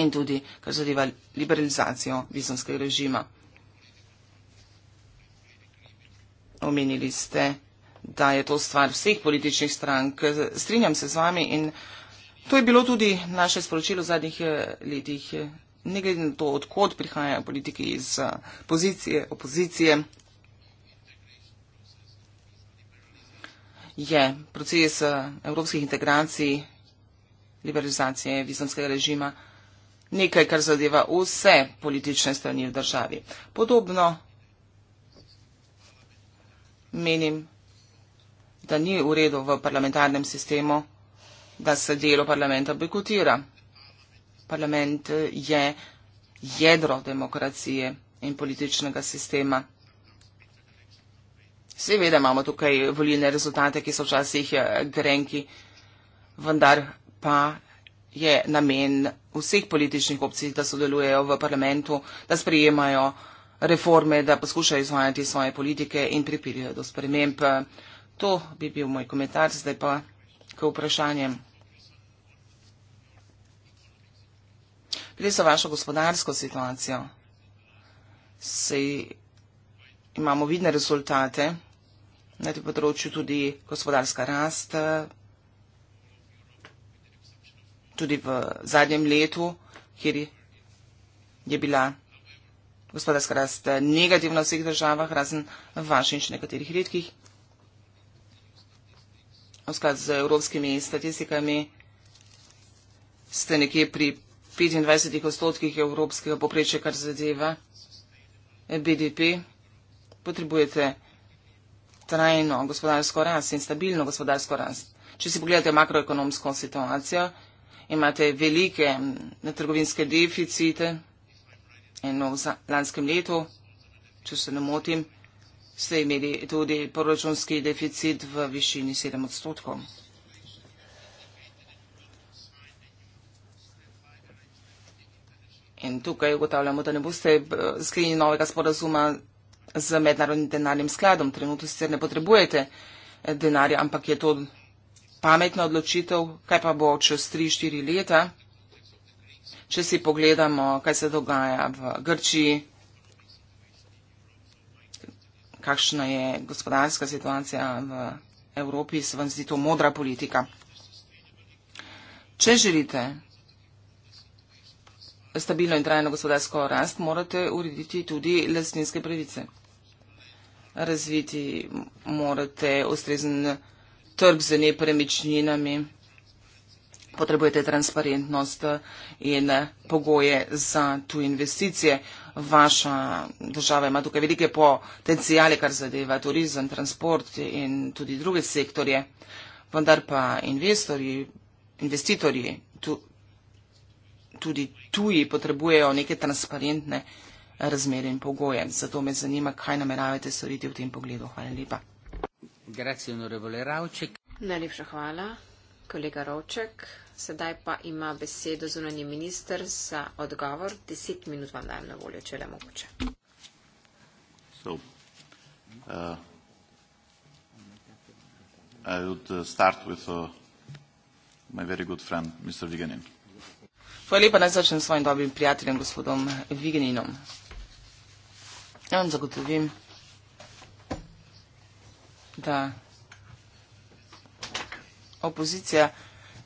in tudi kar zadeva liberalizacijo vizumskega režima. Omenili ste, da je to stvar vseh političnih strank. Strinjam se z vami in to je bilo tudi naše sporočilo v zadnjih eh, letih. Ne glede na to, odkot prihajajo politiki iz eh, pozicije, opozicije, je proces eh, evropskih integracij, liberalizacije vizumskega režima nekaj, kar zadeva vse politične strani v državi. Podobno menim, da ni v redu v parlamentarnem sistemu, da se delo parlamenta bojkotira. Parlament eh, je jedro demokracije in političnega sistema. Seveda imamo tukaj volilne rezultate, ki so včasih eh, grenki, vendar pa je namen vseh političnih opcij, da sodelujejo v parlamentu, da sprejemajo reforme, da poskušajo izvajati svoje politike in pripirijo do sprememb. To bi bil moj komentar, zdaj pa k vprašanjem. Gre za vašo gospodarsko situacijo. Sej imamo vidne rezultate na tem področju tudi gospodarska rast. Tudi v zadnjem letu, kjer je bila gospodarska rast negativna v vseh državah, razen v vašem še nekaterih redkih. V skladu z evropskimi statistikami ste nekje pri 25 odstotkih evropskega poprečja, kar zadeva BDP. Potrebujete trajno gospodarsko rast in stabilno gospodarsko rast. Če si pogledate makroekonomsko situacijo, imate velike trgovinske deficite. Eno v lanskem letu, če se ne motim, ste imeli tudi proračunski deficit v višini 7 odstotkov. In tukaj ugotavljamo, da ne boste eh, sklenili novega sporazuma z mednarodnim denarnim skladom. Trenutno sicer ne potrebujete eh, denarja, ampak je to pametna odločitev, kaj pa bo čez 3-4 leta. Če si pogledamo, kaj se dogaja v Grčiji, kakšna je gospodarska situacija v Evropi, se vam zdi to modra politika. Če želite stabilno in trajno gospodarsko rast, morate urediti tudi lastninske pravice. Razviti morate ustrezen trg z nepremičninami, potrebujete transparentnost in pogoje za tu investicije. Vaša država ima tukaj velike potencijale, kar zadeva turizem, transport in tudi druge sektorje. Vendar pa investitorji tu tudi tuji potrebujejo neke transparentne razmere in pogoje. Zato me zanima, kaj nameravate storiti v tem pogledu. Hvala lepa. Grazie, onorevole Ravček. Najlepša hvala, kolega Ravček. Sedaj pa ima besedo zunanji minister za odgovor. Deset minut vam dajem na voljo, če le mogoče. So, uh, I would uh, start with uh, my very good friend, Mr. Viganin. Hvala lepa, naj začnem s svojim dobrim prijateljem, gospodom Vigeninom. Ja vam zagotovim, da opozicija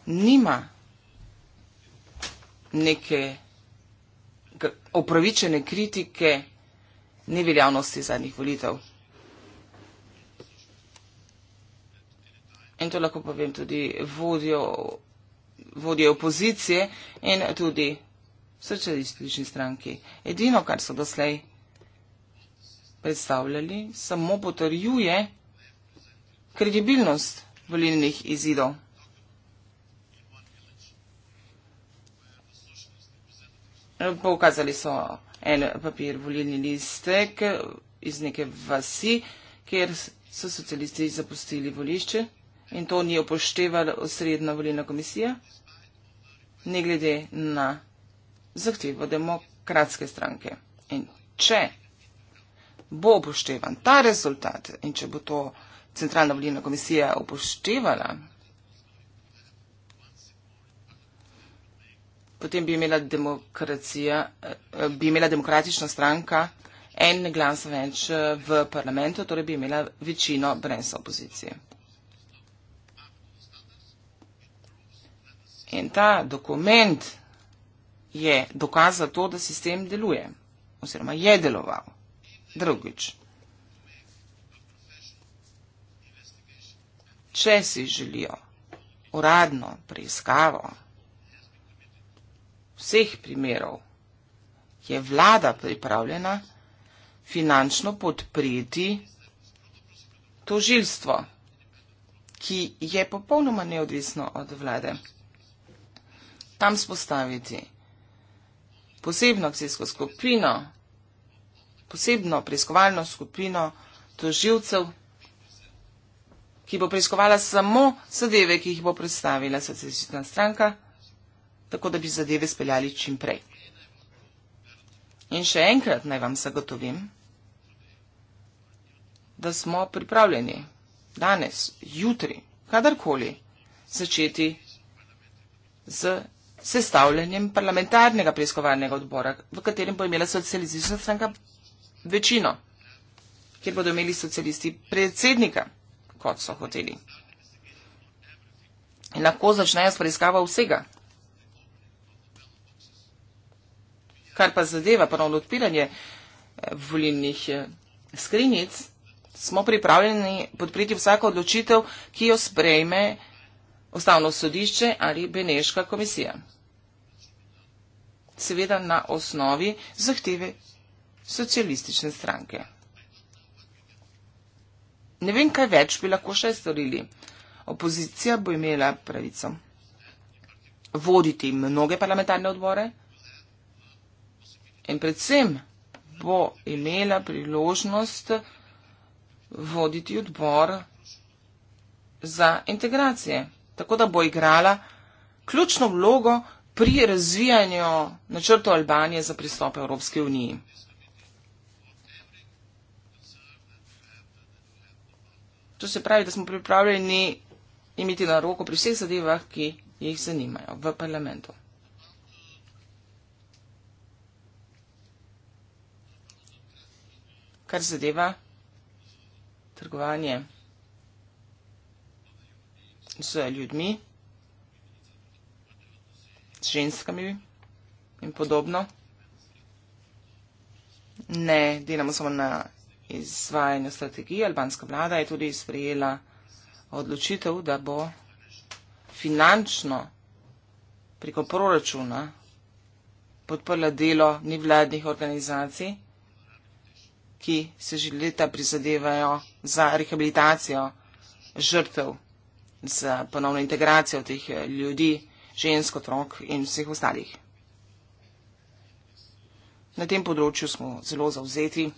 nima neke opravičene kritike neveljavnosti zadnjih volitev. In to lahko povem tudi vodjo opozicijo vodje opozicije in tudi socialistični stranki. Edino, kar so doslej predstavljali, samo potrjuje kredibilnost volilnih izidov. Pokazali so en papir volilni listek iz neke vasi, kjer so socialisti zapustili volišče in to ni upoštevala osrednja volilna komisija ne glede na zahtevo demokratske stranke. In če bo upoštevan ta rezultat in če bo to centralna volilna komisija upoštevala, potem bi imela, eh, bi imela demokratična stranka en glas več eh, v parlamentu, torej bi imela večino brez opozicije. In ta dokument je dokaz za to, da sistem deluje oziroma je deloval. Drugič, če si želijo uradno preiskavo vseh primerov, je vlada pripravljena finančno podpreti tožilstvo, ki je popolnoma neodvisno od vlade tam spostaviti. Posebno akcijsko skupino, posebno preiskovalno skupino toživcev, ki bo preiskovala samo zadeve, ki jih bo predstavila socialistična stranka, tako da bi zadeve speljali čim prej. In še enkrat naj vam zagotovim, da smo pripravljeni danes, jutri, kadarkoli začeti z sestavljanjem parlamentarnega preiskovalnega odbora, v katerem bo imela socialistična stranka večino, kjer bodo imeli socialisti predsednika, kot so hoteli. In lahko začnejo s preiskavo vsega. Kar pa zadeva ponovno odpiranje eh, volilnih eh, skrinjic, smo pripravljeni podpreti vsako odločitev, ki jo sprejme ustavno sodišče ali Beneška komisija. Seveda na osnovi zahteve socialistične stranke. Ne vem, kaj več bi lahko še storili. Opozicija bo imela pravico voditi mnoge parlamentarne odbore in predvsem bo imela priložnost voditi odbor za integracije tako da bo igrala ključno vlogo pri razvijanju načrtu Albanije za pristop Evropske unije. To se pravi, da smo pripravljeni imeti na roko pri vseh zadevah, ki jih zanimajo v parlamentu. kar zadeva trgovanje z ljudmi, z ženskami in podobno. Ne delamo samo na izvajanju strategije. Albanska vlada je tudi sprejela odločitev, da bo finančno preko proračuna podprla delo nevladnih organizacij, ki se že leta prizadevajo za rehabilitacijo žrtev za ponovno integracijo teh eh, ljudi, žensk, otrok in vseh ostalih. Na tem področju smo zelo zauzeti.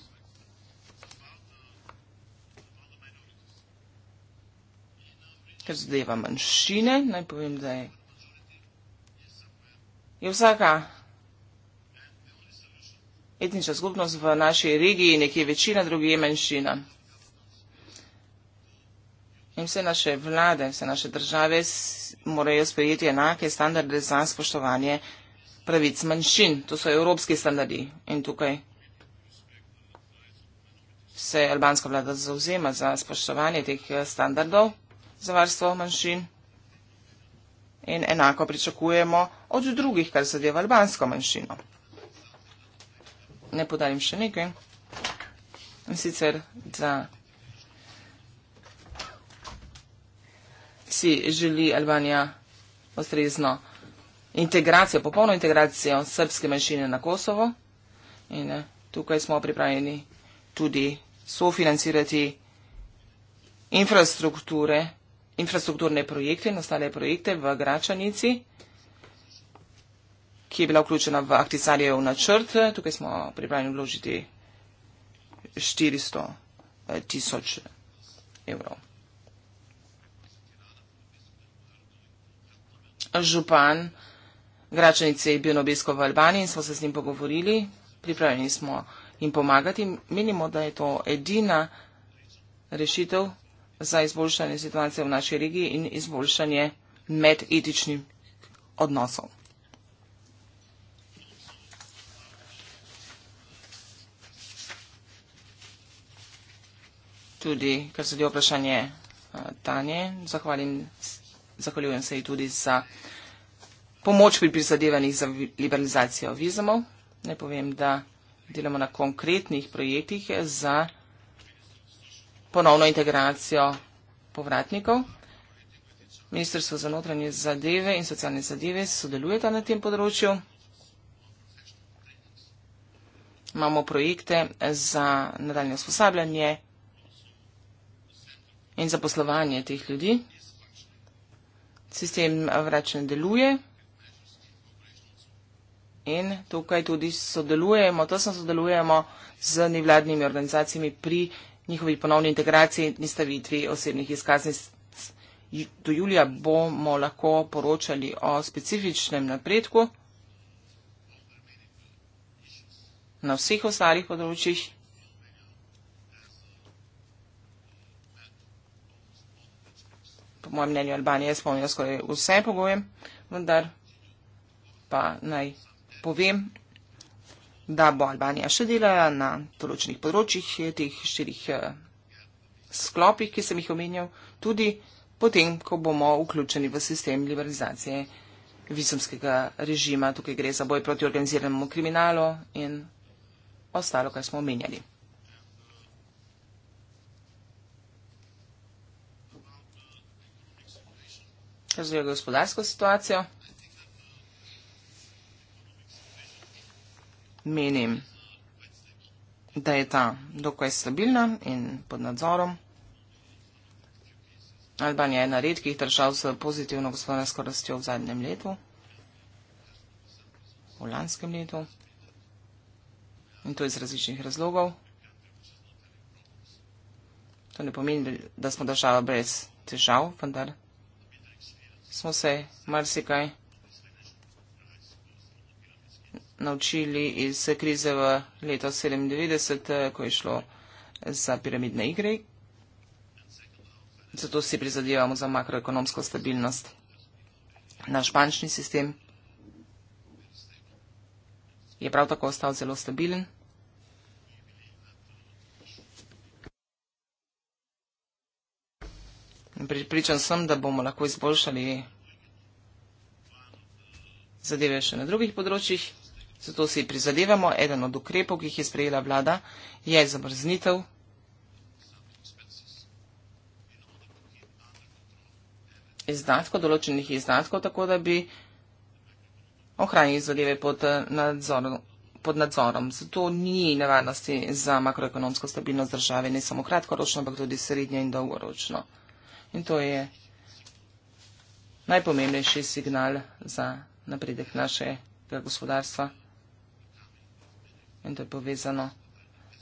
Ker zadeva manjšine, naj povem, da je, je vsaka etnična skupnost v naši regiji nekje večina, drugi je manjšina. In vse naše vlade, vse naše države morajo sprejeti enake standarde za spoštovanje pravic manjšin. To so evropski standardi. In tukaj se albanska vlada zauzema za spoštovanje teh eh, standardov za varstvo manjšin. In enako pričakujemo od drugih, kar se deva albansko manjšino. Ne podarim še nekaj. In sicer za. si želi Albanija ustrezno integracijo, popolno integracijo srpske manjšine na Kosovo. In eh, tukaj smo pripravljeni tudi sofinancirati infrastrukture, infrastrukturne projekte in ostale projekte v Gračanici, ki je bila vključena v Akticarjev načrt. Tukaj smo pripravljeni vložiti 400 eh, tisoč evrov. župan Gračanice je bil na obisko v Albaniji in smo se z njim pogovorili, pripravljeni smo jim pomagati. Menimo, da je to edina rešitev za izboljšanje situacije v naši regiji in izboljšanje med etičnim odnosom. Tudi, kar se dio vprašanje eh, Tanje, zahvalim se zahvaljujem se ji tudi za pomoč pri prizadevanjih za liberalizacijo vizumov. Ne povem, da delamo na konkretnih projektih za ponovno integracijo povratnikov. Ministrstvo za notranje zadeve in socialne zadeve sodelujeta na tem področju. Imamo projekte za nadaljne usposabljanje in zaposlovanje teh ljudi sistem eh, vrač ne deluje. In tukaj tudi sodelujemo, tesno sodelujemo z nevladnimi organizacijami pri njihovi ponovni integraciji in stavitvi osebnih izkaznic. Do julija bomo lahko poročali o specifičnem napredku na vseh ostalih področjih. mojem mnenju Albanija izpolnila skoraj vse pogoje, vendar pa naj povem, da bo Albanija še delala na določenih področjih teh štirih eh, sklopih, ki sem jih omenjal, tudi potem, ko bomo vključeni v sistem liberalizacije visomskega režima. Tukaj gre za boj proti organiziranemu kriminalu in ostalo, kar smo omenjali. Kaže gospodarsko situacijo. Menim, da je ta dokaj stabilna in pod nadzorom. Albanija je ena redkih držav s pozitivno gospodarsko rastjo v zadnjem letu, v lanskem letu. In to iz različnih razlogov. To ne pomeni, da smo država brez težav, vendar smo se marsikaj naučili iz krize v leto 97, ko je šlo za piramidne igre. Zato si prizadevamo za makroekonomsko stabilnost. Naš bančni sistem je prav tako ostal zelo stabilen. In pripričan sem, da bomo lahko izboljšali zadeve še na drugih področjih. Zato si prizadevamo, eden od ukrepov, ki jih je sprejela vlada, je zamrznitev. izdatkov, določenih izdatkov, tako da bi ohranili zadeve pod, eh, nadzor, pod nadzorom. Zato ni nevarnosti za makroekonomsko stabilnost države, ne samo kratkoročno, ampak tudi srednje in dolgoročno. In to je najpomembnejši signal za napredek našega gospodarstva. In to je povezano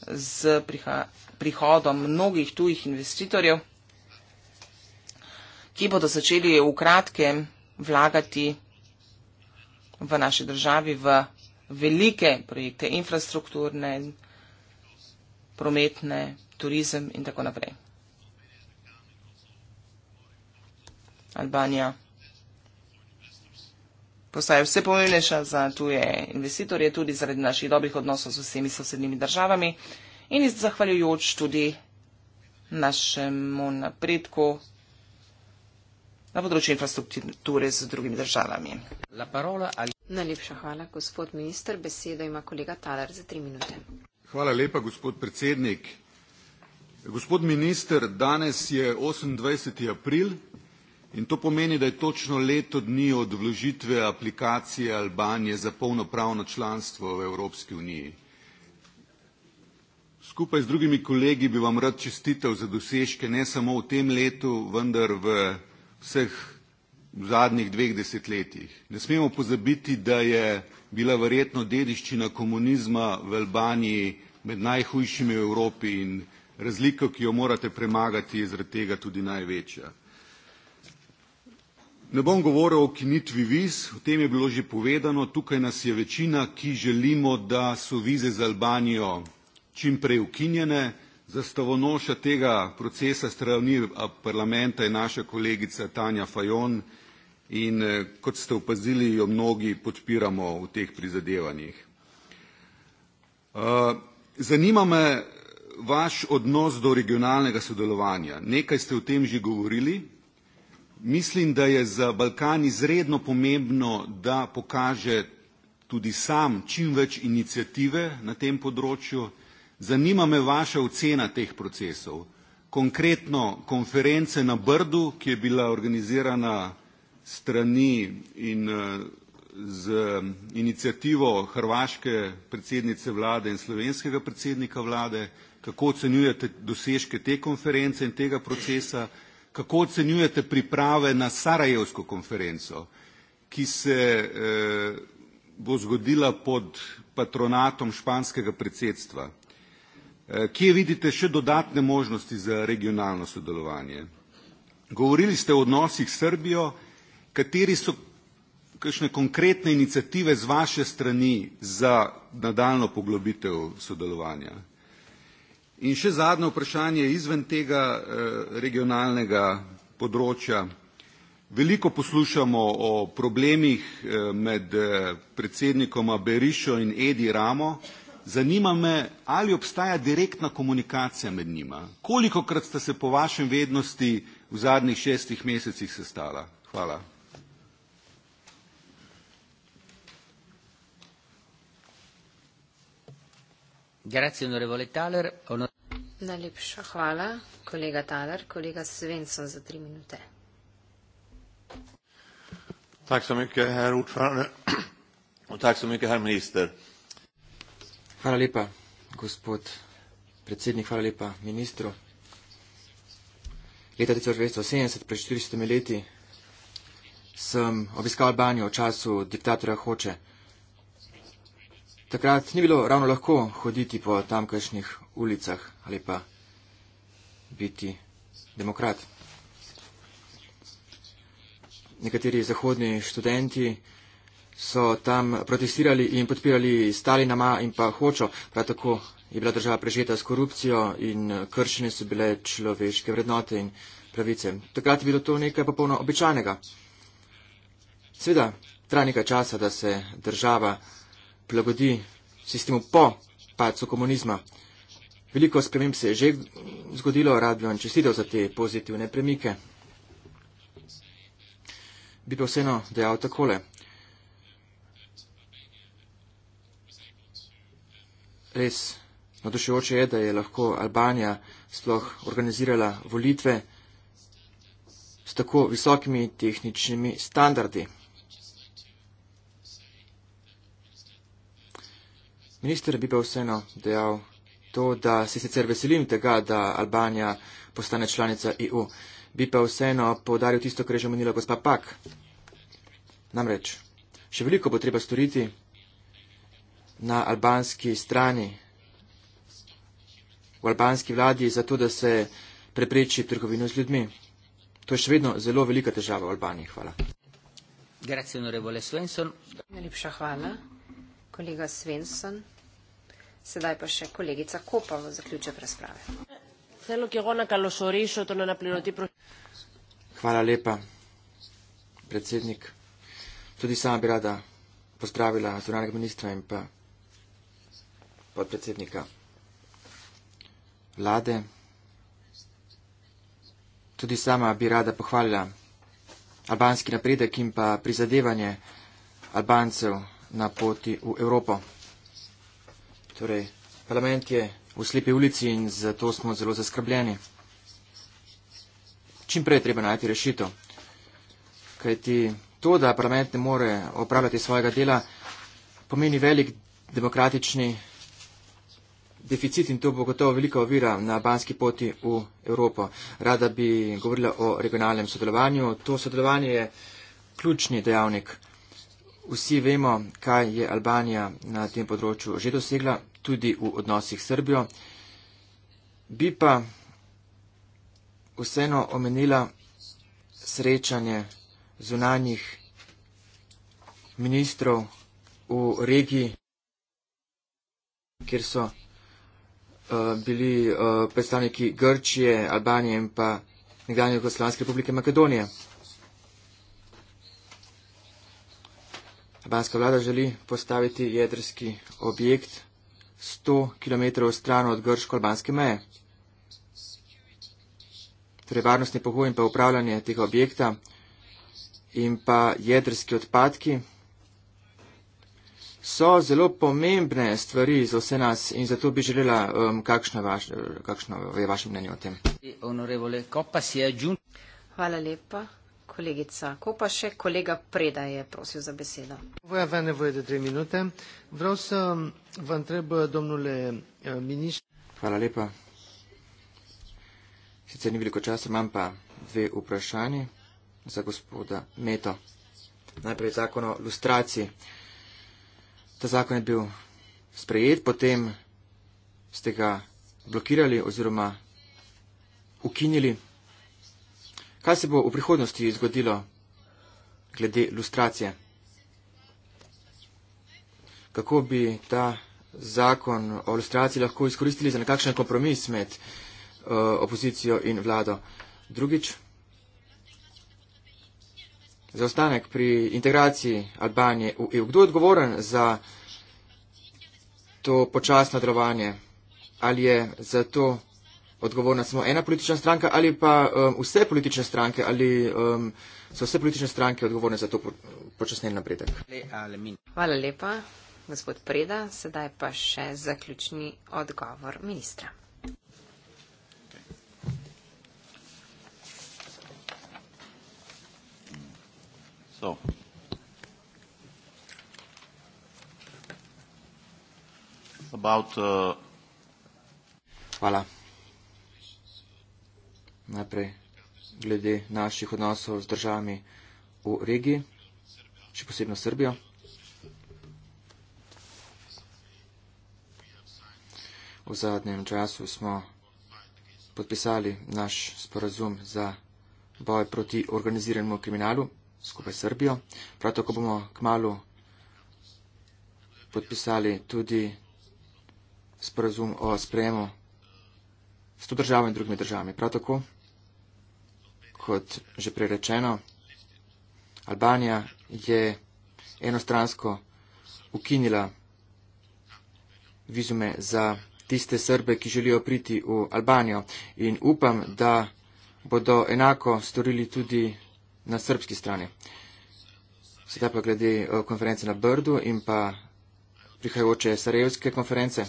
z priha prihodom mnogih tujih investitorjev, ki bodo začeli v kratkem vlagati v naši državi v velike projekte infrastrukturne, prometne, turizem in tako naprej. Albanija postaje vse pomembnejša za tuje investitorje, tudi zaradi naših dobrih odnosov z vsemi sosednjimi državami in zahvaljujoč tudi našemu napredku na področju infrastrukture z drugimi državami. Ali... Najlepša hvala, gospod minister. Besedo ima kolega Talar za tri minute. Hvala lepa, gospod predsednik. Gospod minister, danes je 28. april In to pomeni, da je točno leto dni od vložitve aplikacije Albanije za polnopravno članstvo v Evropski uniji. Skupaj z drugimi kolegi bi vam rad čestitev za dosežke ne samo v tem letu, vendar v vseh v zadnjih dveh desetletjih. Ne smemo pozabiti, da je bila verjetno dediščina komunizma v Albaniji med najhujšimi v Evropi in razliko, ki jo morate premagati, je zaradi tega tudi največja. Ne bom govoril o ukinitvi viz, o tem je bilo že povedano, tukaj nas je večina, ki želimo, da so vize z Albanijo čim prej ukinjene. Zastavonoša tega procesa strani parlamenta je naša kolegica Tanja Fajon in eh, kot ste opazili, jo mnogi podpiramo v teh prizadevanjih. Eh, zanima me vaš odnos do regionalnega sodelovanja. Nekaj ste o tem že govorili, Mislim, da je za Balkan izredno pomembno, da pokaže tudi sam čim več inicijative na tem področju. Zanima me vaša ocena teh procesov, konkretno konference na Brdu, ki je bila organizirana strani in eh, z mm, inicijativo hrvaške predsednice vlade in slovenskega predsednika vlade, kako ocenjujete dosežke te konference in tega procesa? kako ocenjujete priprave na Sarajevsko konferenco, ki se eh, bo zgodila pod patronatom španskega predsedstva? Eh, kje vidite še dodatne možnosti za regionalno sodelovanje? Govorili ste o odnosih s Srbijo, kateri so kakšne konkretne inicijative z vaše strani za nadaljno poglobitev sodelovanja? In še zadnje vprašanje izven tega eh, regionalnega področja. Veliko poslušamo o problemih eh, med eh, predsednikoma Berišo in Edi Ramo. Zanima me, ali obstaja direktna komunikacija med njima. Kolikokrat ste se po vašem vednosti v zadnjih šestih mesecih sestala? Hvala. Najlepša hvala, kolega Tadar. Kolega Svensson za tri minute. Tak so mikke, herr Utfane. Tak so mikke, herr minister. Hvala lepa, gospod predsednik, hvala lepa ministru. Leta 1970, pred 400 leti, sem obiskal Albanijo v času diktatora Hoče. Takrat ni bilo ravno lahko hoditi po tamkajšnjih ulicah ali pa biti demokrat. Nekateri zahodni študenti so tam protestirali in podpirali Stalina Ma in pa Hočo. Prav tako je bila država prežeta s korupcijo in kršene so bile človeške vrednote in pravice. Takrat je bilo to nekaj popolno običajnega. Sveda, traja nekaj časa, da se država prilagodi sistemu po padcu komunizma. Veliko sprememb se je že zgodilo, rad bi vam čestitev za te pozitivne premike. Bi pa vseeno dejal takole. Res nadušujoče je, da je lahko Albanija sploh organizirala volitve s tako visokimi tehničnimi standardi. Minister bi pa vseeno dejal to, da se sicer veselim tega, da Albanija postane članica EU. Bi pa vseeno povdaril tisto, kar je že omenila gospa Pak. Namreč, še veliko bo treba storiti na albanski strani, v albanski vladi, zato da se prepreči trgovino z ljudmi. To je še vedno zelo velika težava v Albaniji. Hvala. Najlepša hvala, kolega Svensson. Sedaj pa še kolegica Kopa v zaključek razprave. Hvala lepa, predsednik. Tudi sama bi rada pozdravila zunanjega ministra in pa podpredsednika vlade. Tudi sama bi rada pohvalila albanski napredek in pa prizadevanje Albancev na poti v Evropo. Torej, parlament je v slepi ulici in zato smo zelo zaskrbljeni. Čim prej treba najti rešitev. Kaj ti to, da parlament ne more opravljati svojega dela, pomeni velik demokratični deficit in to bo gotovo velika ovira na banski poti v Evropo. Rada bi govorila o regionalnem sodelovanju. To sodelovanje je ključni dejavnik. Vsi vemo, kaj je Albanija na tem področju že dosegla, tudi v odnosih s Srbijo. Bi pa vseeno omenila srečanje zunanjih ministrov v regiji, kjer so uh, bili uh, predstavniki Grčije, Albanije in pa nekdanje Jugoslavijske republike Makedonije. Albanska vlada želi postaviti jedrski objekt 100 km stran od grško-albanske meje. Torej varnostni pogoj in pa upravljanje tega objekta in pa jedrski odpadki so zelo pomembne stvari za vse nas in zato bi želela, um, kakšno, je vaš, kakšno je vaše mnenje o tem. Hvala lepa kolegica Kopa, še kolega Preda je prosil za besedo. Voja vene voje tri minute. Vrav sem vam treba, domnule eh, ministr. Hvala lepa. Sicer ni veliko časa, imam pa dve vprašanje za gospoda Meto. Najprej zakon o lustraciji. Ta zakon je bil sprejet, potem ste ga blokirali oziroma ukinili. Kaj se bo v prihodnosti zgodilo glede lustracije? Kako bi ta zakon o lustraciji lahko izkoristili za nekakšen kompromis med eh, opozicijo in vlado? Drugič, zaostanek pri integraciji Albanije v EU. Kdo je odgovoren za to počasno delovanje? Ali je za to odgovorna samo ena politična stranka ali pa um, vse politične stranke ali um, so vse politične stranke odgovorne za to po počasnen napredek. Hvala lepa, gospod Preda. Sedaj pa še zaključni odgovor ministra. So. About, uh... Hvala najprej glede naših odnosov z državami v regiji, še posebno Srbijo. V zadnjem času smo podpisali naš sporazum za boj proti organiziranemu kriminalu skupaj s Srbijo. Prav tako bomo kmalo podpisali tudi sporazum o sprejemu s to državo in drugimi državami. Prav tako kot že prerečeno, Albanija je enostransko ukinila vizume za tiste Srbe, ki želijo priti v Albanijo in upam, da bodo enako storili tudi na srbski strani. Sedaj pa glede eh, konference na Brdu in pa prihajajoče Sarajevske konference.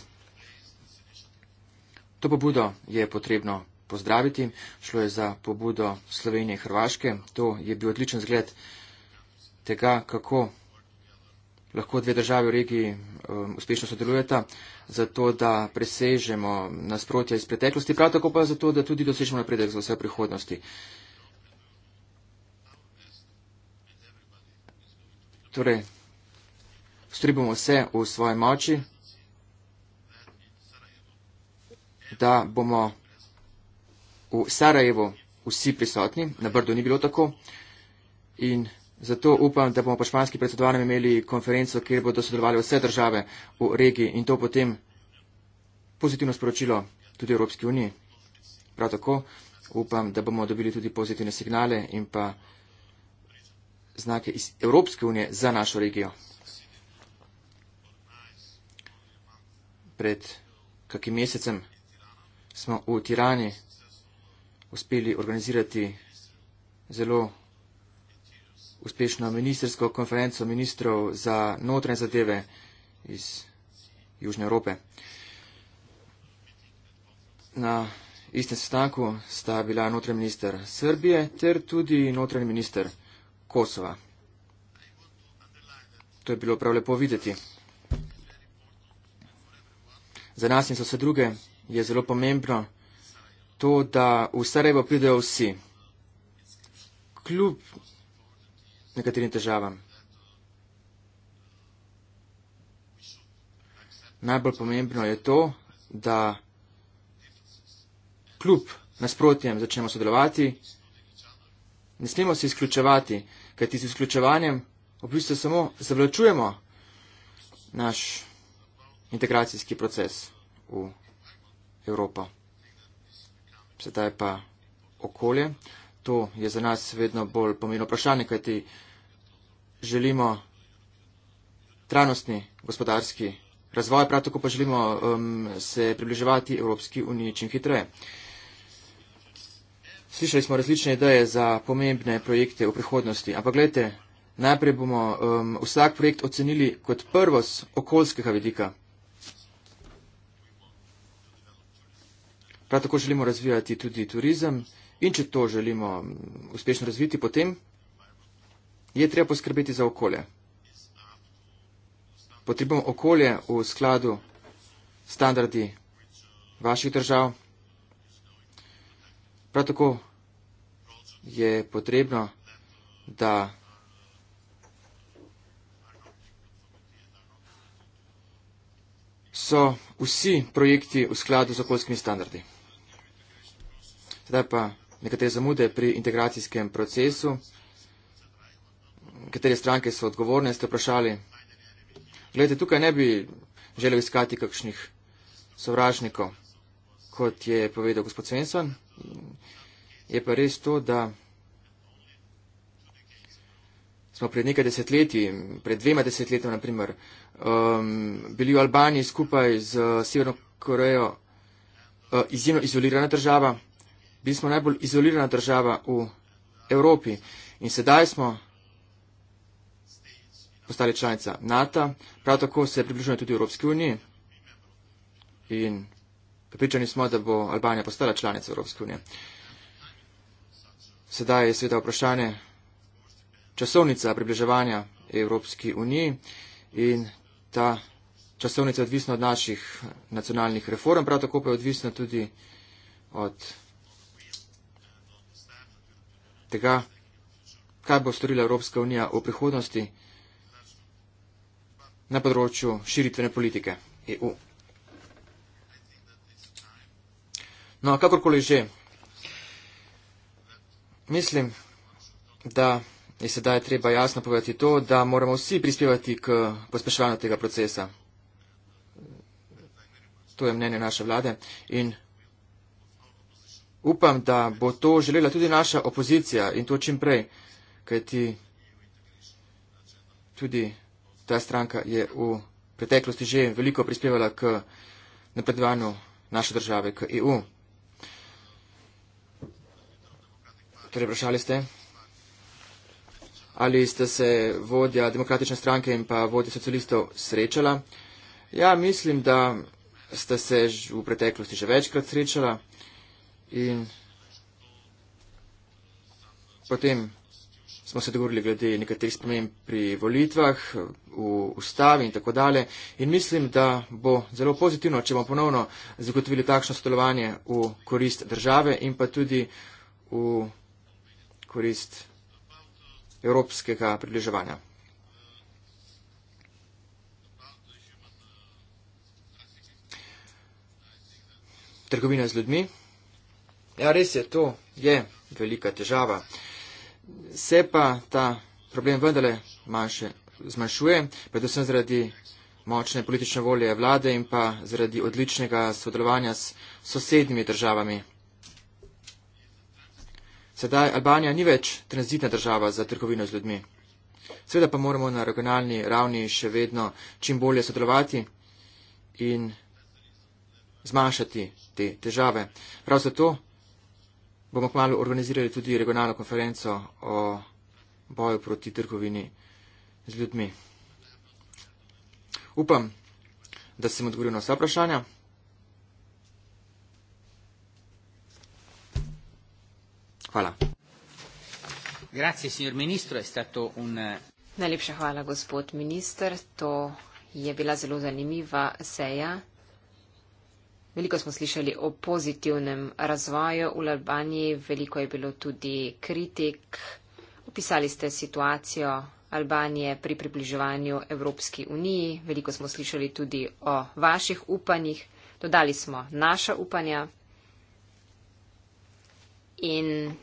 To pobudo je potrebno pozdraviti. Šlo je za pobudo Slovenije in Hrvaške. To je bil odličen zgled tega, kako lahko dve države v regiji um, uspešno sodelujeta, zato da presežemo nasprotja iz preteklosti, prav tako pa zato, da tudi dosežemo napredek za vse prihodnosti. Torej, stribamo vse v svoje moči, da bomo v Sarajevo vsi prisotni, na Brdo ni bilo tako. In zato upam, da bomo po španski predsedovanju imeli konferenco, kjer bodo sodelovali vse države v regiji in to potem pozitivno sporočilo tudi Evropski uniji. Prav tako upam, da bomo dobili tudi pozitivne signale in pa znake iz Evropske unije za našo regijo. Pred kakim mesecem smo v Tirani uspeli organizirati zelo uspešno ministersko konferenco ministrov za notranje zadeve iz Južne Evrope. Na istem sestanku sta bila notranji minister Srbije ter tudi notranji minister Kosova. To je bilo prav lepo videti. Za nas in za vse druge je zelo pomembno, to, da v Sarajevo pridejo vsi, kljub nekaterim težavam. Najbolj pomembno je to, da kljub nasprotjem začnemo sodelovati. Ne smemo se izključevati, kajti z izključevanjem v bistvu samo zavlačujemo naš integracijski proces v Evropo sedaj pa okolje. To je za nas vedno bolj pomeno vprašanje, kajti želimo trajnostni gospodarski razvoj, prav tako pa želimo um, se približevati Evropski uniji čim hitreje. Slišali smo različne ideje za pomembne projekte v prihodnosti, ampak gledajte, najprej bomo um, vsak projekt ocenili kot prvo z okoljskega vidika. Prav tako želimo razvijati tudi turizem in če to želimo uspešno razviti, potem je treba poskrbeti za okolje. Potrebujemo okolje v skladu standardi vaših držav. Prav tako je potrebno, da so vsi projekti v skladu z okoljskimi standardi sedaj pa nekatere zamude pri integracijskem procesu. Katere stranke so odgovorne, ste vprašali. Glede, tukaj ne bi želel iskati kakšnih sovražnikov, kot je povedal gospod Svensson. Je pa res to, da smo pred nekaj desetletji, pred dvema desetletja naprimer, um, bili v Albaniji skupaj z Severno Korejo uh, izjemno izolirana država bili smo najbolj izolirana država v Evropi in sedaj smo postali članica NATO, prav tako se približuje tudi Evropski uniji in pripričani smo, da bo Albanija postala članica Evropske unije. Sedaj je seveda vprašanje časovnica približevanja Evropski uniji in ta časovnica je odvisna od naših nacionalnih reform, prav tako pa je odvisna tudi od tega, kaj bo storila Evropska unija v prihodnosti na področju širitvene politike EU. No, kakorkoli že, mislim, da je sedaj treba jasno povedati to, da moramo vsi prispevati k pospeševanju tega procesa. To je mnenje naše vlade in Upam, da bo to želela tudi naša opozicija in to čim prej, kajti tudi ta stranka je v preteklosti že veliko prispevala k napredovanju naše države, k EU. Torej, vprašali ste, ali ste se vodja demokratične stranke in pa vodja socialistov srečala? Ja, mislim, da ste se v preteklosti že večkrat srečala. In potem smo se dogovorili glede nekaterih sprememb pri volitvah, v ustavi in tako dalje. In mislim, da bo zelo pozitivno, če bomo ponovno zagotovili takšno sodelovanje v korist države in pa tudi v korist evropskega približevanja. Trgovina z ljudmi. Ja, res je, to je velika težava. Se pa ta problem vendarle manjše zmanjšuje, predvsem zaradi močne politične volje vlade in pa zaradi odličnega sodelovanja s sosednjimi državami. Sedaj Albanija ni več tranzitna država za trgovino z ljudmi. Seveda pa moramo na regionalni ravni še vedno čim bolje sodelovati in zmanjšati te težave. Prav zato bomo kmalo organizirali tudi regionalno konferenco o boju proti trgovini z ljudmi. Upam, da sem odgovoril na vsa vprašanja. Hvala. Grazie, signor ministro, è stato un... Najlepša hvala, gospod minister. To je bila zelo zanimiva seja. Veliko smo slišali o pozitivnem razvoju v Albaniji, veliko je bilo tudi kritik. Opisali ste situacijo Albanije pri približevanju Evropski uniji, veliko smo slišali tudi o vaših upanjih, dodali smo naša upanja in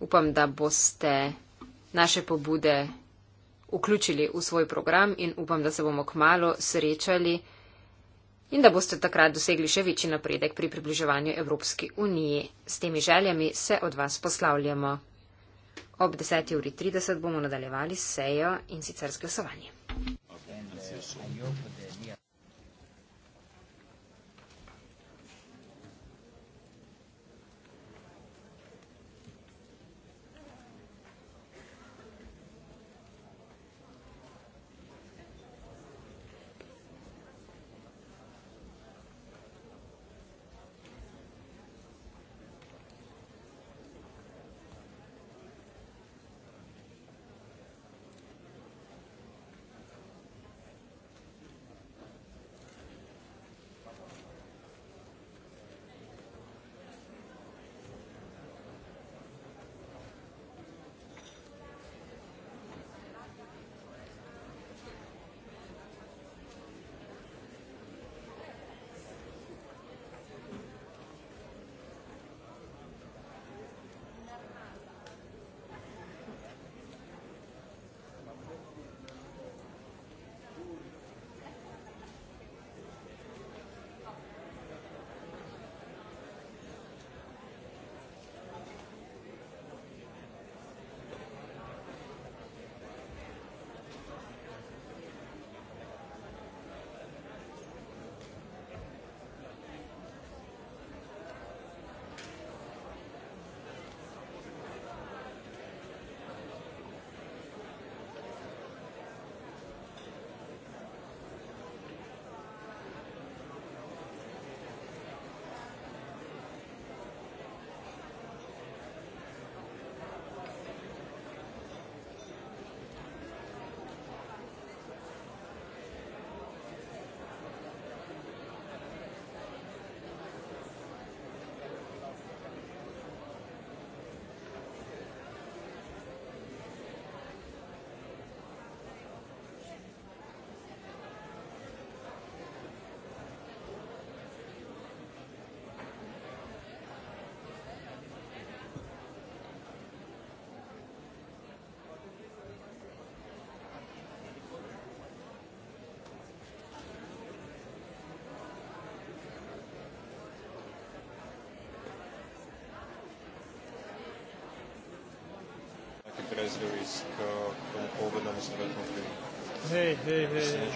upam, da boste naše pobude vključili v svoj program in upam, da se bomo k malu srečali in da boste takrat dosegli še večji napredek pri približevanju Evropski uniji. S temi željami se od vas poslavljamo. Ob 10.30 bomo nadaljevali sejo in sicer s glasovanjem. Okay, stress the risk uh, from COVID on a certain country. Hey, hey, hey.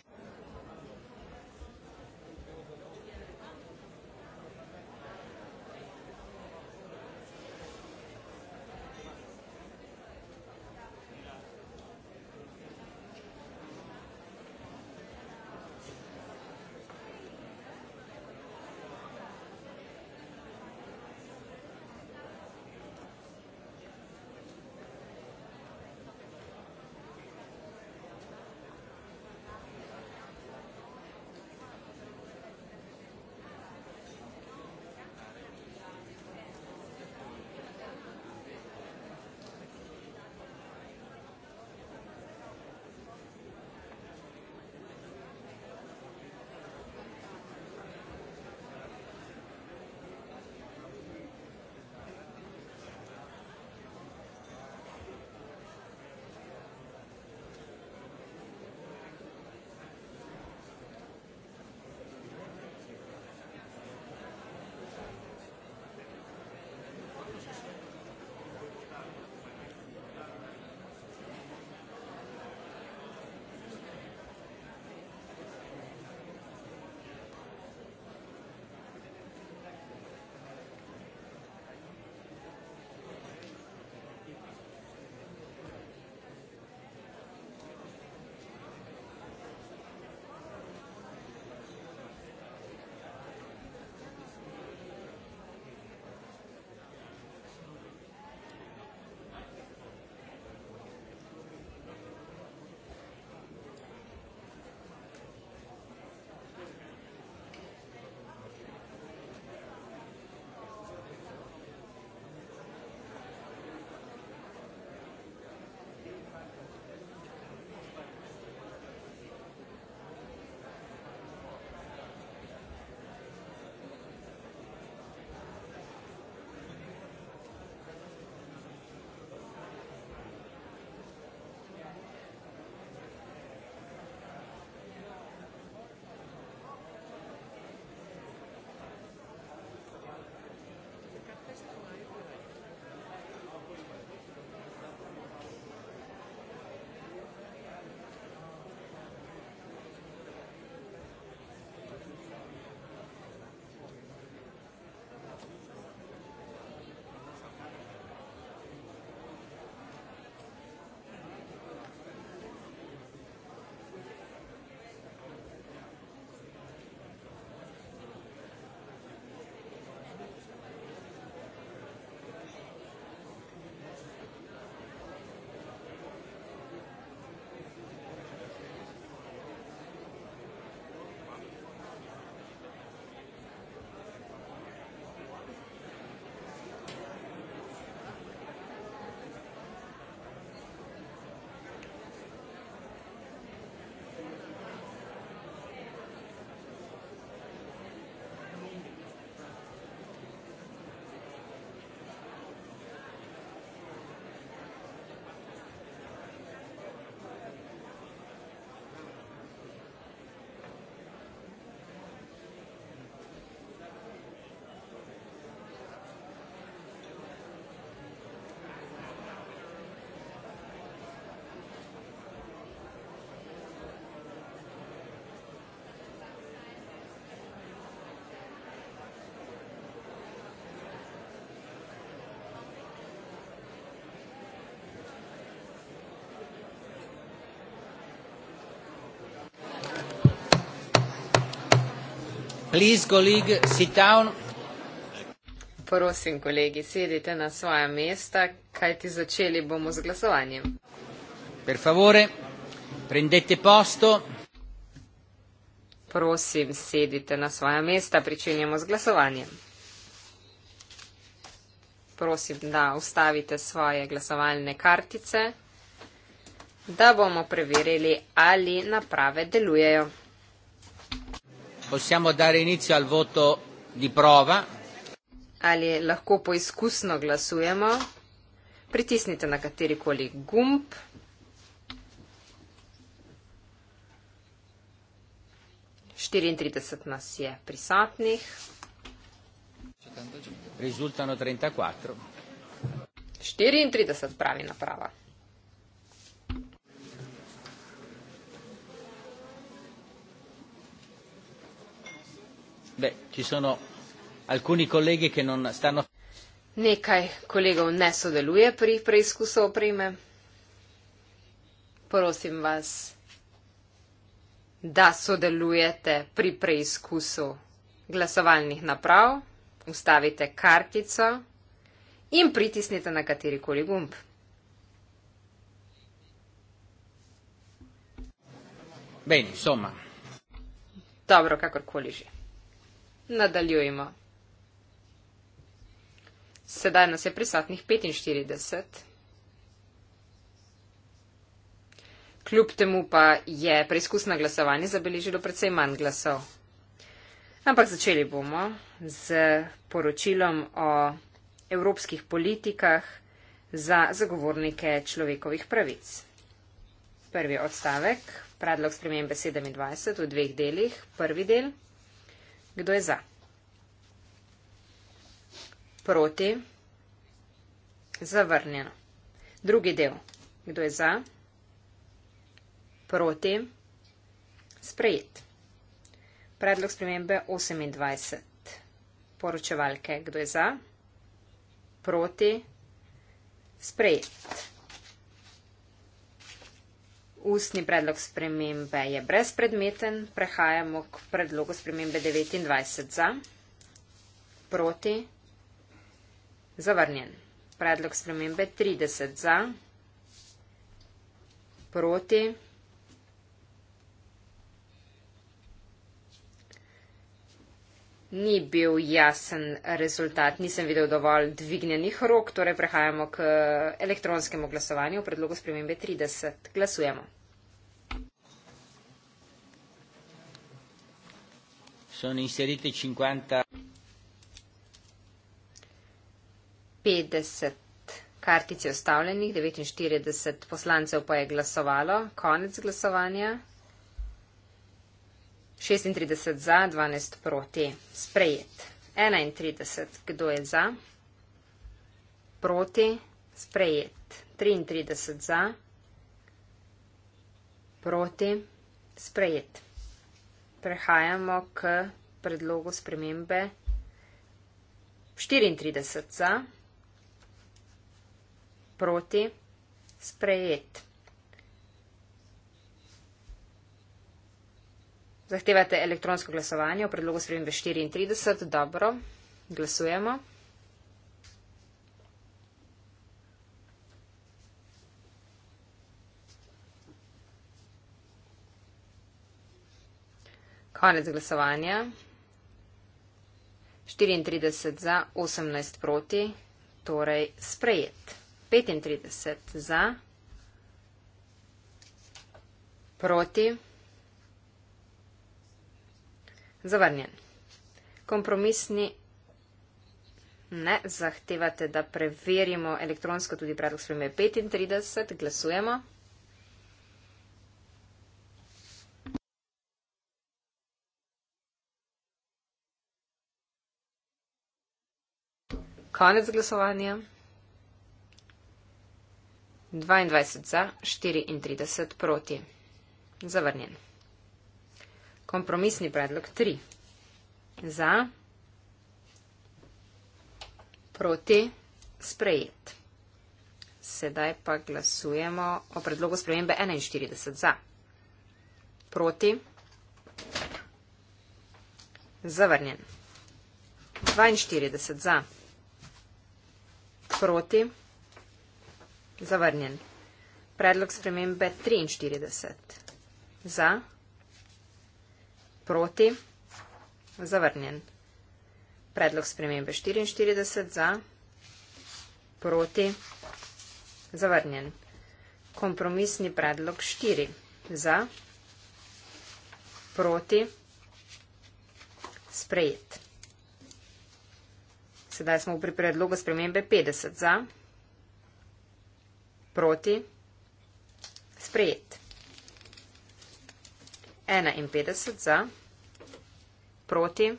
Please, colleague, sit down. Prosim, kolegi, sedite na svoja mesta, kajti začeli bomo z glasovanjem. Per favore, prendete posto. Prosim, sedite na svoja mesta, pričenjamo z glasovanjem. Prosim, da ustavite svoje glasovalne kartice, da bomo preverili, ali naprave delujejo. Possiamo dare inizio al voto di prova. Ali lahko poizkusno glasujemo? Pritisnite na kateri koli gumb. Štiriintrideset nas je prisotnih. Rezultano trentaquattro. Štiriintrideset pravi naprava. ci sono alcuni colleghi che non stanno. Nekaj kolegov ne sodeluje pri preizkusu opreme. Prosim vas, da sodelujete pri preizkusu glasovalnih naprav, ustavite kartico in pritisnite na katerikoli gumb. Bene, insomma. Dobro, kakorkoli že nadaljujemo. Sedaj nas je prisotnih 45. Kljub temu pa je preizkusno glasovanje zabeležilo predvsej manj glasov. Ampak začeli bomo z poročilom o evropskih politikah za zagovornike človekovih pravic. Prvi odstavek, predlog spremembe 27 v dveh delih, prvi del. Kdo je za? Proti? Zavrnjeno. Drugi del. Kdo je za? Proti? Sprejet. Predlog spremembe 28. Poročevalke. Kdo je za? Proti? Sprejet ustni predlog spremembe je brezpredmeten. Prehajamo k predlogu spremembe 29 za, proti, zavrnjen. Predlog spremembe 30 za, proti, ni bil jasen rezultat, nisem videl dovolj dvignjenih rok, torej prehajamo k elektronskemu glasovanju v predlogu spremembe 30. Glasujemo. Sono inserite 50. Kartic je ostavljenih, 49 poslancev pa je glasovalo, konec glasovanja, 36 za, 12 proti, sprejet. 31, kdo je za, proti, sprejet. 33 za, proti, sprejet prehajamo k predlogu spremembe 34. Za, proti sprejet. Zahtevate elektronsko glasovanje o predlogu spremembe 34. Dobro, glasujemo. Konec glasovanja. 34 za, 18 proti, torej sprejet. 35 za, proti, zavrnjen. Kompromisni ne zahtevate, da preverimo elektronsko tudi predlog spremembe 35, glasujemo. Konec glasovanja. 22 za, 34 proti. Zavrnjen. Kompromisni predlog 3. Za, proti, sprejet. Sedaj pa glasujemo o predlogu spremembe 41 za. Proti. Zavrnjen. 42 za proti, zavrnjen. Predlog spremembe 43. Za, proti, zavrnjen. Predlog spremembe 44. Za, proti, zavrnjen. Kompromisni predlog 4. Za, proti, sprejet. Sedaj smo pri predlogu spremembe 50 za, proti, sprejet. 51 za, proti,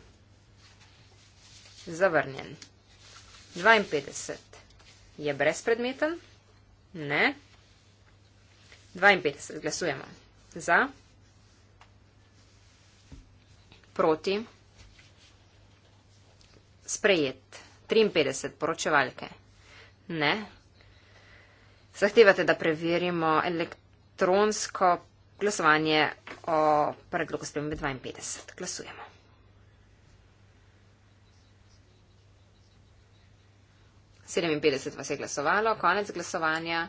zavrnjen. 52 je brezpredmeten, ne. 52 glasujemo za, proti, sprejet. 53 poročevalke. Ne. Zahtevate, da preverimo elektronsko glasovanje o predlogu spremembe 52. Glasujemo. sedeminpetdeset vas je glasovalo, konec glasovanja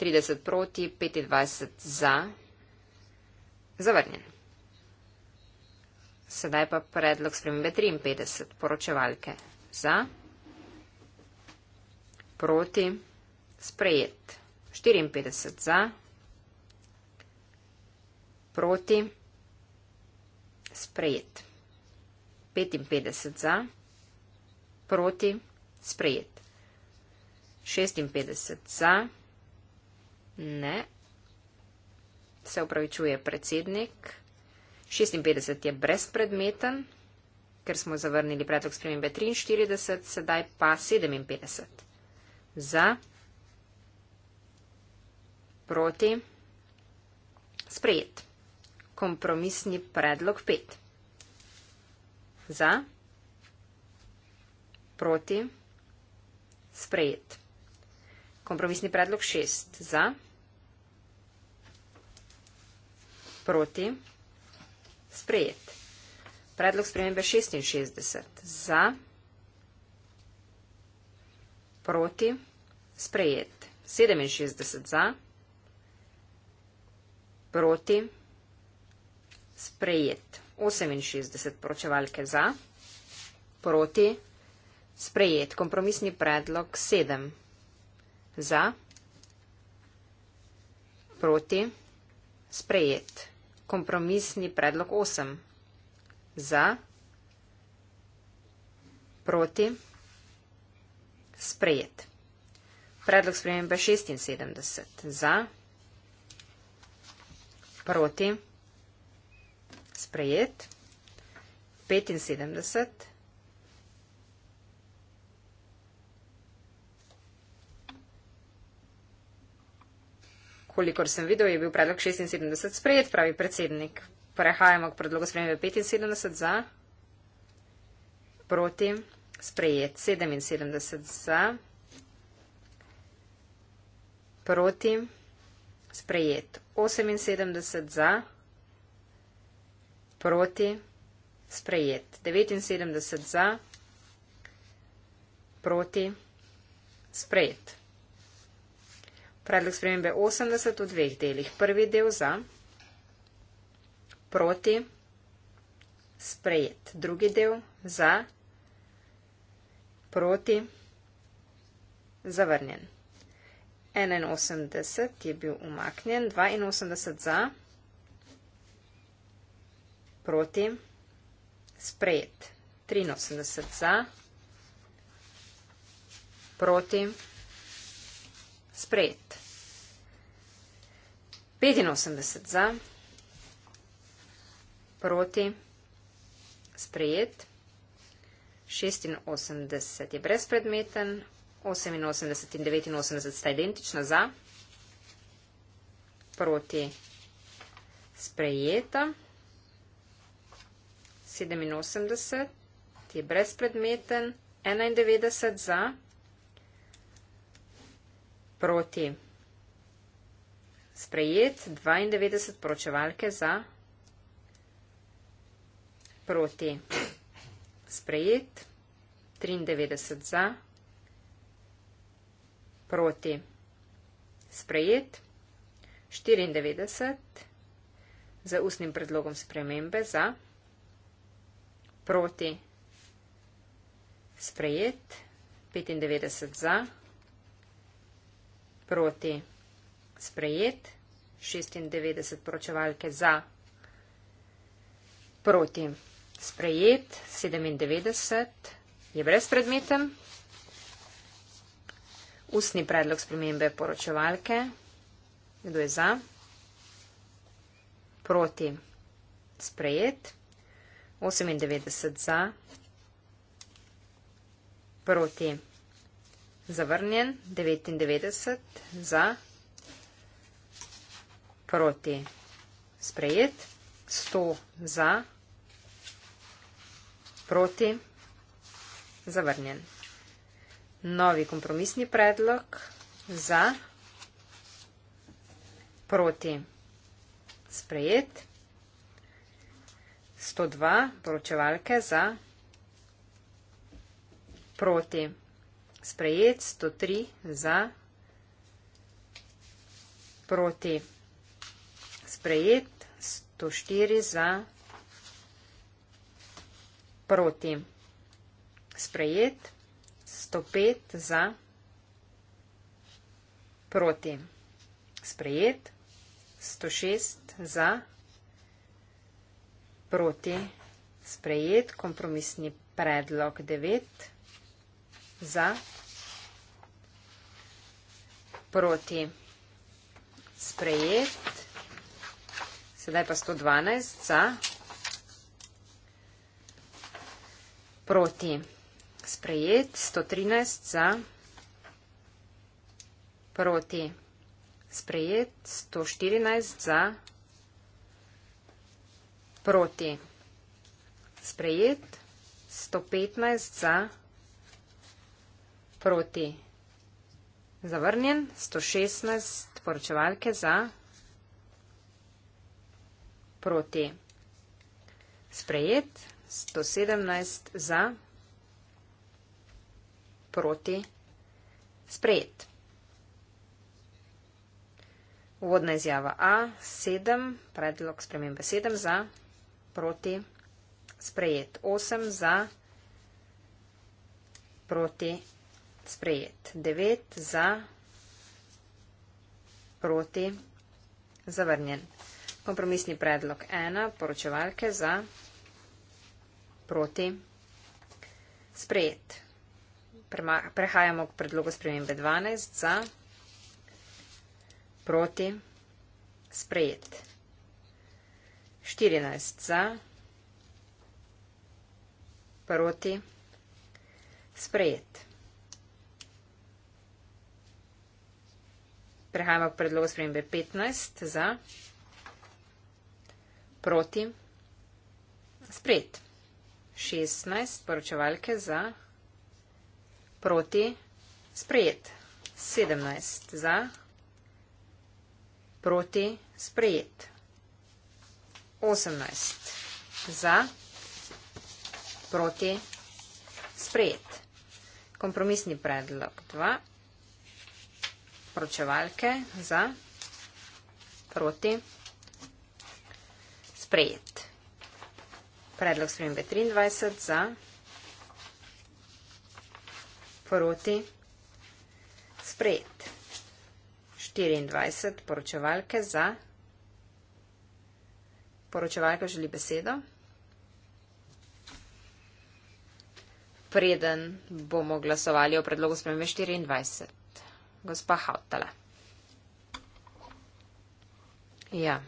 trideset proti petindvajset za zavrnjen. Sedaj pa predlog spremembe triinpetdeset poročevalke za, proti, sprejet. 54 za, proti, sprejet. 55 za, proti, sprejet. 56 za, ne, se upravičuje predsednik. 56 je brezpredmeten, ker smo zavrnili predlog spremembe 43, sedaj pa 57. Za, proti, sprejet. Kompromisni predlog 5. Za, proti, sprejet. Kompromisni predlog 6. Za, proti, sprejet. Predlog spremembe 66. Za. Proti. Sprejet. 67 za. Proti. Sprejet. 68 poročevalke za. Proti. Sprejet. Kompromisni predlog 7. Za. Proti. Sprejet. Kompromisni predlog 8 za, proti, sprejet. Predlog spremembe 76. Za, proti, sprejet. 75. Kolikor sem videl, je bil predlog 76 sprejet, pravi predsednik. Prehajamo k predlogu spremembe 75 za, proti, sprejet 77 za, proti, sprejet 78 za, proti, sprejet 79 za, proti, sprejet. Predlog spremembe 80 v dveh delih. Prvi del za proti, sprejet. Drugi del, za, proti, zavrnjen. 81 je bil umaknjen, 82 za, proti, sprejet. 83 za, proti, sprejet. 85 za, proti, sprejet proti, sprejet. 86 je brezpredmeten, 88 in 89 sta identična za, proti sprejeta, 87 je brezpredmeten, 91 za, proti sprejet, 92 pročevalke za, proti sprejet, 93 za, proti sprejet, 94 za ustnim predlogom spremembe za, proti sprejet, 95 za, proti sprejet, 96 poročevalke za, proti sprejet 97, je brezpredmeten. Ustni predlog spremembe poročevalke. Kdo je za? Proti. Sprejet. 98 za. Proti. Zavrnjen. 99 za. Proti. Sprejet. 100 za. Proti proti, zavrnjen. Novi kompromisni predlog za, proti, sprejet. 102 poročevalke za, proti, sprejet. 103 za, proti, sprejet. 104 za, proti proti. Sprejet 105 za proti. Sprejet 106 za proti. Sprejet kompromisni predlog 9 za proti. Sprejet. Sedaj pa 112 za proti. Sprejet 113 za, proti. Sprejet 114 za, proti. Sprejet 115 za, proti. Zavrnjen 116 poročevalke za, proti. Sprejet 115 za, proti. 117 za, proti, sprejet. Uvodna izjava A, 7, predlog spremembe 7 za, proti, sprejet. 8 za, proti, sprejet. 9 za, proti, zavrnjen. Kompromisni predlog 1, poročevalke za, proti, sprejet proti. Sprejet. Prehajamo k predlogu spremembe 12 za. Proti. Sprejet. 14 za. Proti. Sprejet. Prehajamo k predlogu spremembe 15 za. Proti. Sprejet. 16, poročevalke za, proti, sprejet. 17 za, proti, sprejet. 18 za, proti, sprejet. Kompromisni predlog 2, poročevalke za, proti, sprejet. Predlog spremembe 23 za proti sprejet. 24 poročevalke za. Poročevalka želi besedo. Preden bomo glasovali o predlogu spremembe 24. Gospa Hautala. Ja,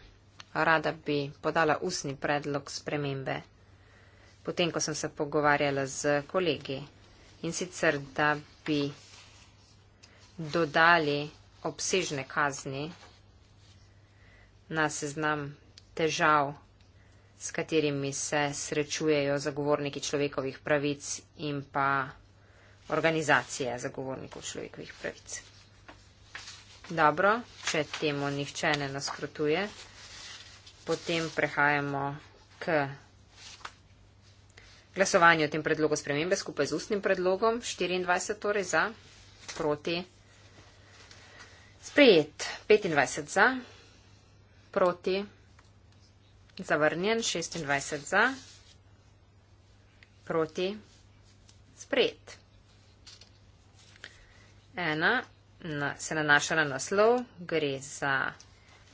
rada bi podala usni predlog spremembe potem, ko sem se pogovarjala z kolegi. In sicer, da bi dodali obsežne kazni na seznam težav, s katerimi se srečujejo zagovorniki človekovih pravic in pa organizacije zagovornikov človekovih pravic. Dobro, če temu nihče ne nasprotuje, potem prehajamo k Glasovanje o tem predlogu spremembe skupaj z ustnim predlogom 24 torej za, proti. Sprejet 25 za, proti. Zavrnjen 26 za, proti. Sprejet. Ena na, se nanaša na naslov, gre za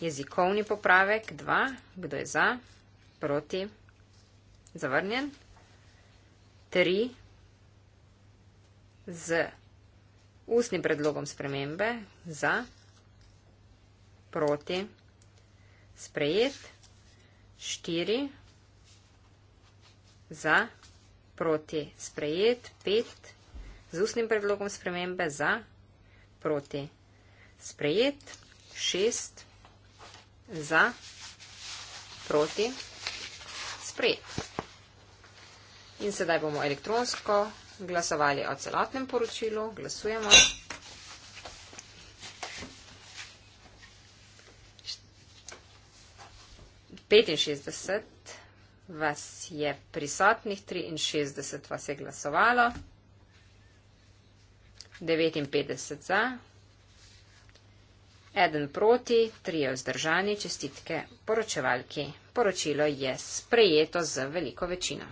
jezikovni popravek. Dva, kdo je za, proti. Zavrnjen. 3 z ustnim predlogom spremembe za proti sprejet, 4 za proti sprejet, 5 z ustnim predlogom spremembe za proti sprejet, 6 za proti sprejet. In sedaj bomo elektronsko glasovali o celotnem poročilu. Glasujemo. 65 vas je prisotnih, 63 vas je glasovalo, 59 za, 1 proti, 3 je vzdržani, čestitke poročevalki. Poročilo je sprejeto z veliko večino.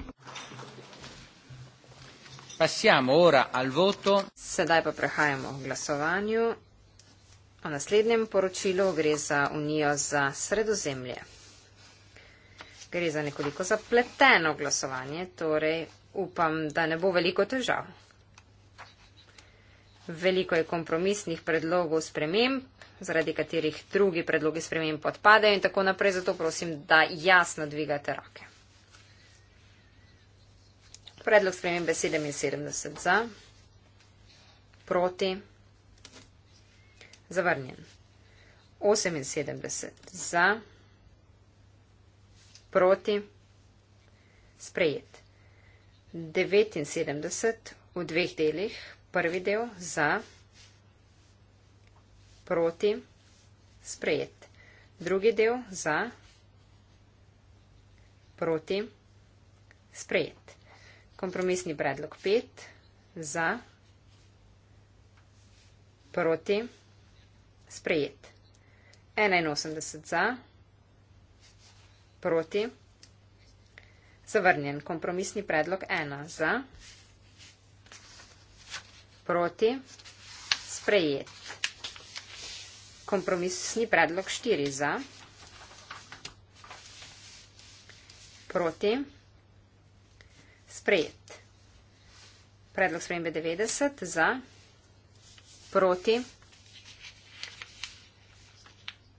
Passiamo ora al voto. Sedaj pa prehajamo v glasovanju. O naslednjem poročilu gre za Unijo za sredozemlje. Gre za nekoliko zapleteno glasovanje, torej upam, da ne bo veliko težav. Veliko je kompromisnih predlogov sprememb, zaradi katerih drugi predlogi sprememb odpadejo in tako naprej, zato prosim, da jasno dvigate roke. Predlog spremembe 77 za, proti, zavrnjen. 78 za, proti, sprejet. 79 v dveh delih, prvi del za, proti, sprejet. Drugi del za, proti, sprejet kompromisni predlog 5 za proti sprejet. 81 za proti zavrnjen. Kompromisni predlog 1 za proti sprejet. Kompromisni predlog 4 za proti sprejet sprejet. Predlog spremembe 90 za, proti.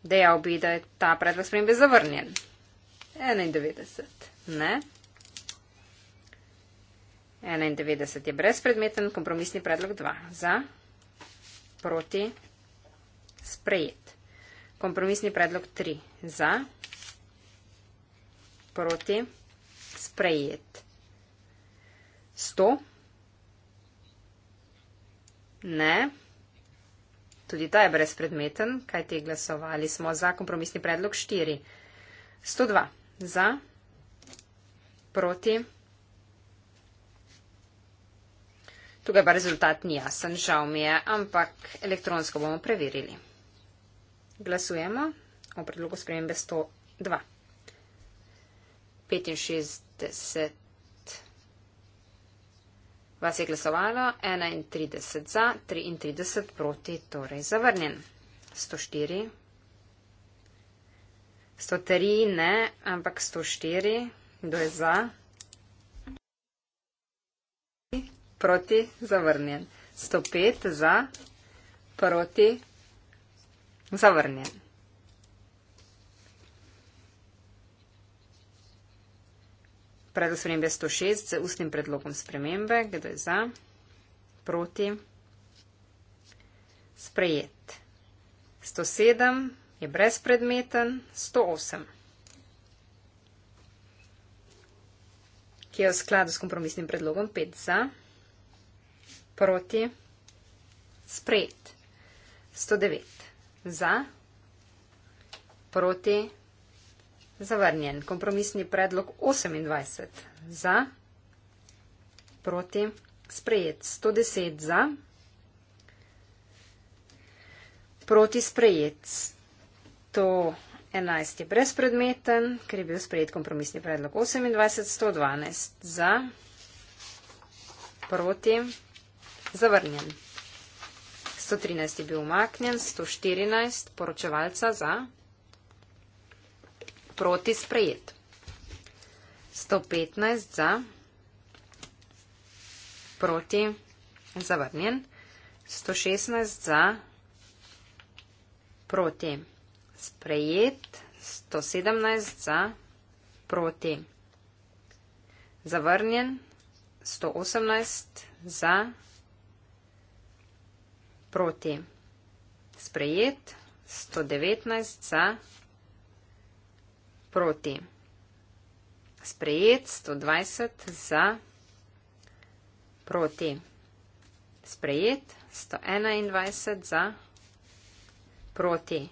Dejal bi, da je ta predlog spremembe zavrnjen. 91. Ne. 91 je brezpredmeten, kompromisni predlog 2. Za, proti, sprejet. Kompromisni predlog 3. Za, proti, sprejet. 100? Ne. Tudi ta je brezpredmeten, kaj te glasovali smo za kompromisni predlog 4. 102 za, proti. Tukaj pa rezultat ni jasen, žal mi je, ampak elektronsko bomo preverili. Glasujemo o predlogu spremembe 102. 65 Vas je glasovalo 31 za, 33 proti, torej zavrnjen. 104. 103 ne, ampak 104. Kdo je za? Proti, zavrnjen. 105 za, proti, zavrnjen. Predlog spremembe 106 z ustnim predlogom spremembe. Kdo je za? Proti? Sprejet. 107 je brezpredmeten. 108. Ki je v skladu s kompromisnim predlogom 5 za? Proti? Sprejet. 109 za? Proti? Zavrnjen kompromisni predlog 28 za, proti, sprejet 110 za, proti sprejet 111 je brezpredmeten, ker je bil sprejet kompromisni predlog 28, 112 za, proti, zavrnjen. 113 je bil umaknjen, 114 poročevalca za proti sprejet. 115 za, proti zavrnjen, 116 za, proti sprejet, 117 za, proti zavrnjen, 118 za, proti sprejet, 119 za, proti zavrnjen proti. Sprejet 120 za proti. Sprejet 121 za proti.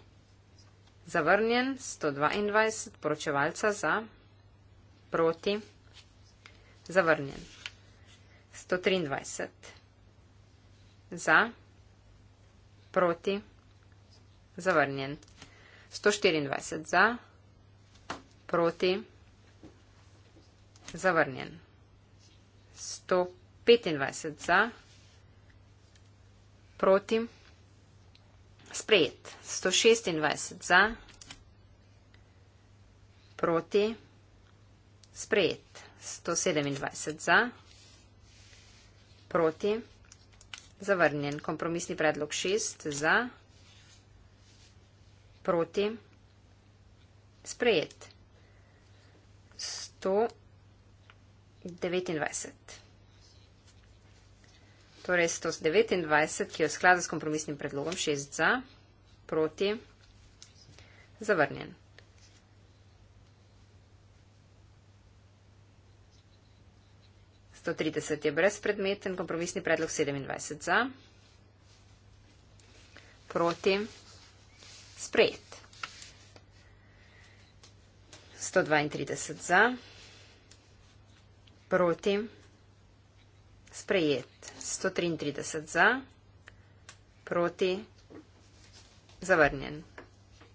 Zavrnjen 122 poročevalca za proti. Zavrnjen 123 za proti. Zavrnjen 124 za proti proti, zavrnjen. 125 za, proti, sprejet. 126 za, proti, sprejet. 127 za, proti, zavrnjen. Kompromisni predlog 6 za, proti, sprejet. 129. Torej 129, ki je v skladu s kompromisnim predlogom 6 za, proti, zavrnjen. Stotrideset je brezpredmeten, kompromisni predlog sedemindvajset za, proti, sprejet. Sto dvaintrideset za proti, sprejet 133 za, proti, zavrnjen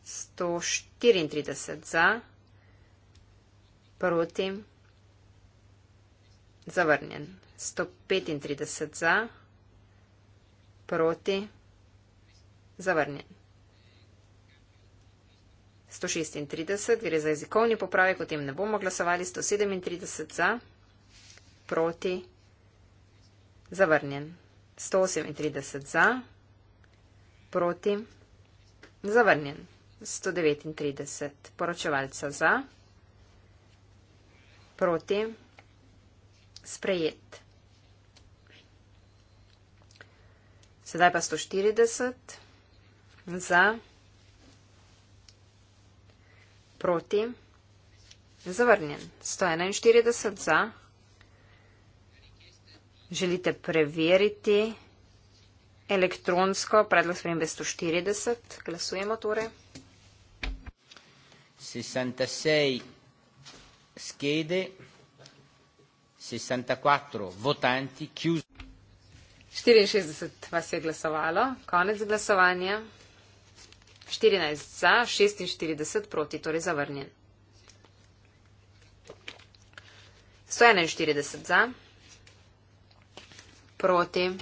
134 za, proti, zavrnjen 135 za, proti, zavrnjen. 136, gre za jezikovni popravek, o tem ne bomo glasovali, 137 za proti. Zavrnjen. 138 za, proti. Zavrnjen. 139 poročevalca za, proti. Sprejet. Sedaj pa 140 za, proti. Zavrnjen. 141 za, Želite preveriti elektronsko predlog spremembe 140? Glasujemo torej. 66 schede, 64 votanti, chiuso. 64 vas je glasovalo, konec glasovanja. 14 za, 46 proti, torej zavrnjen. 141 za. Proti.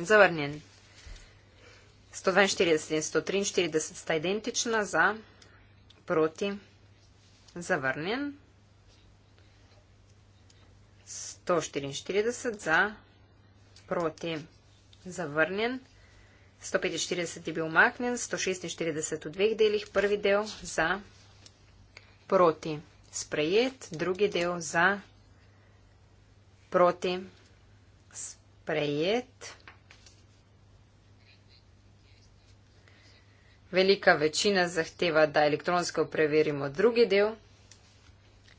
Zavrnjen. 142 in 143 sta identična za. Proti. Zavrnjen. 144 za. Proti. Zavrnjen. 145 je bil umaknjen, 146 v dveh delih, prvi del za, proti, sprejet, drugi del za, proti, sprejet. Velika večina zahteva, da elektronsko preverimo drugi del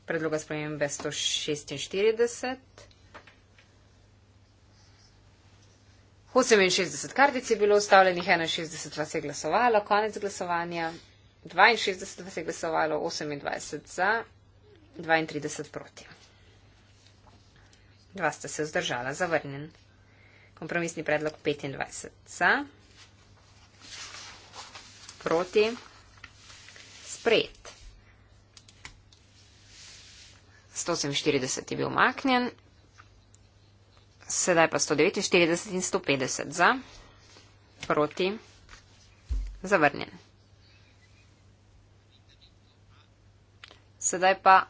predloga spremembe 146. 68 kartic je bilo ustavljenih, 61 vas je glasovalo, konec glasovanja, 62 vas je glasovalo, 28 za, 32 proti. Dva ste se vzdržala, zavrnjen. Kompromisni predlog 25 za. Proti. Sprejet. 148 je bil umaknjen. Sedaj pa 149 in 150 za. Proti. Zavrnjen. Sedaj pa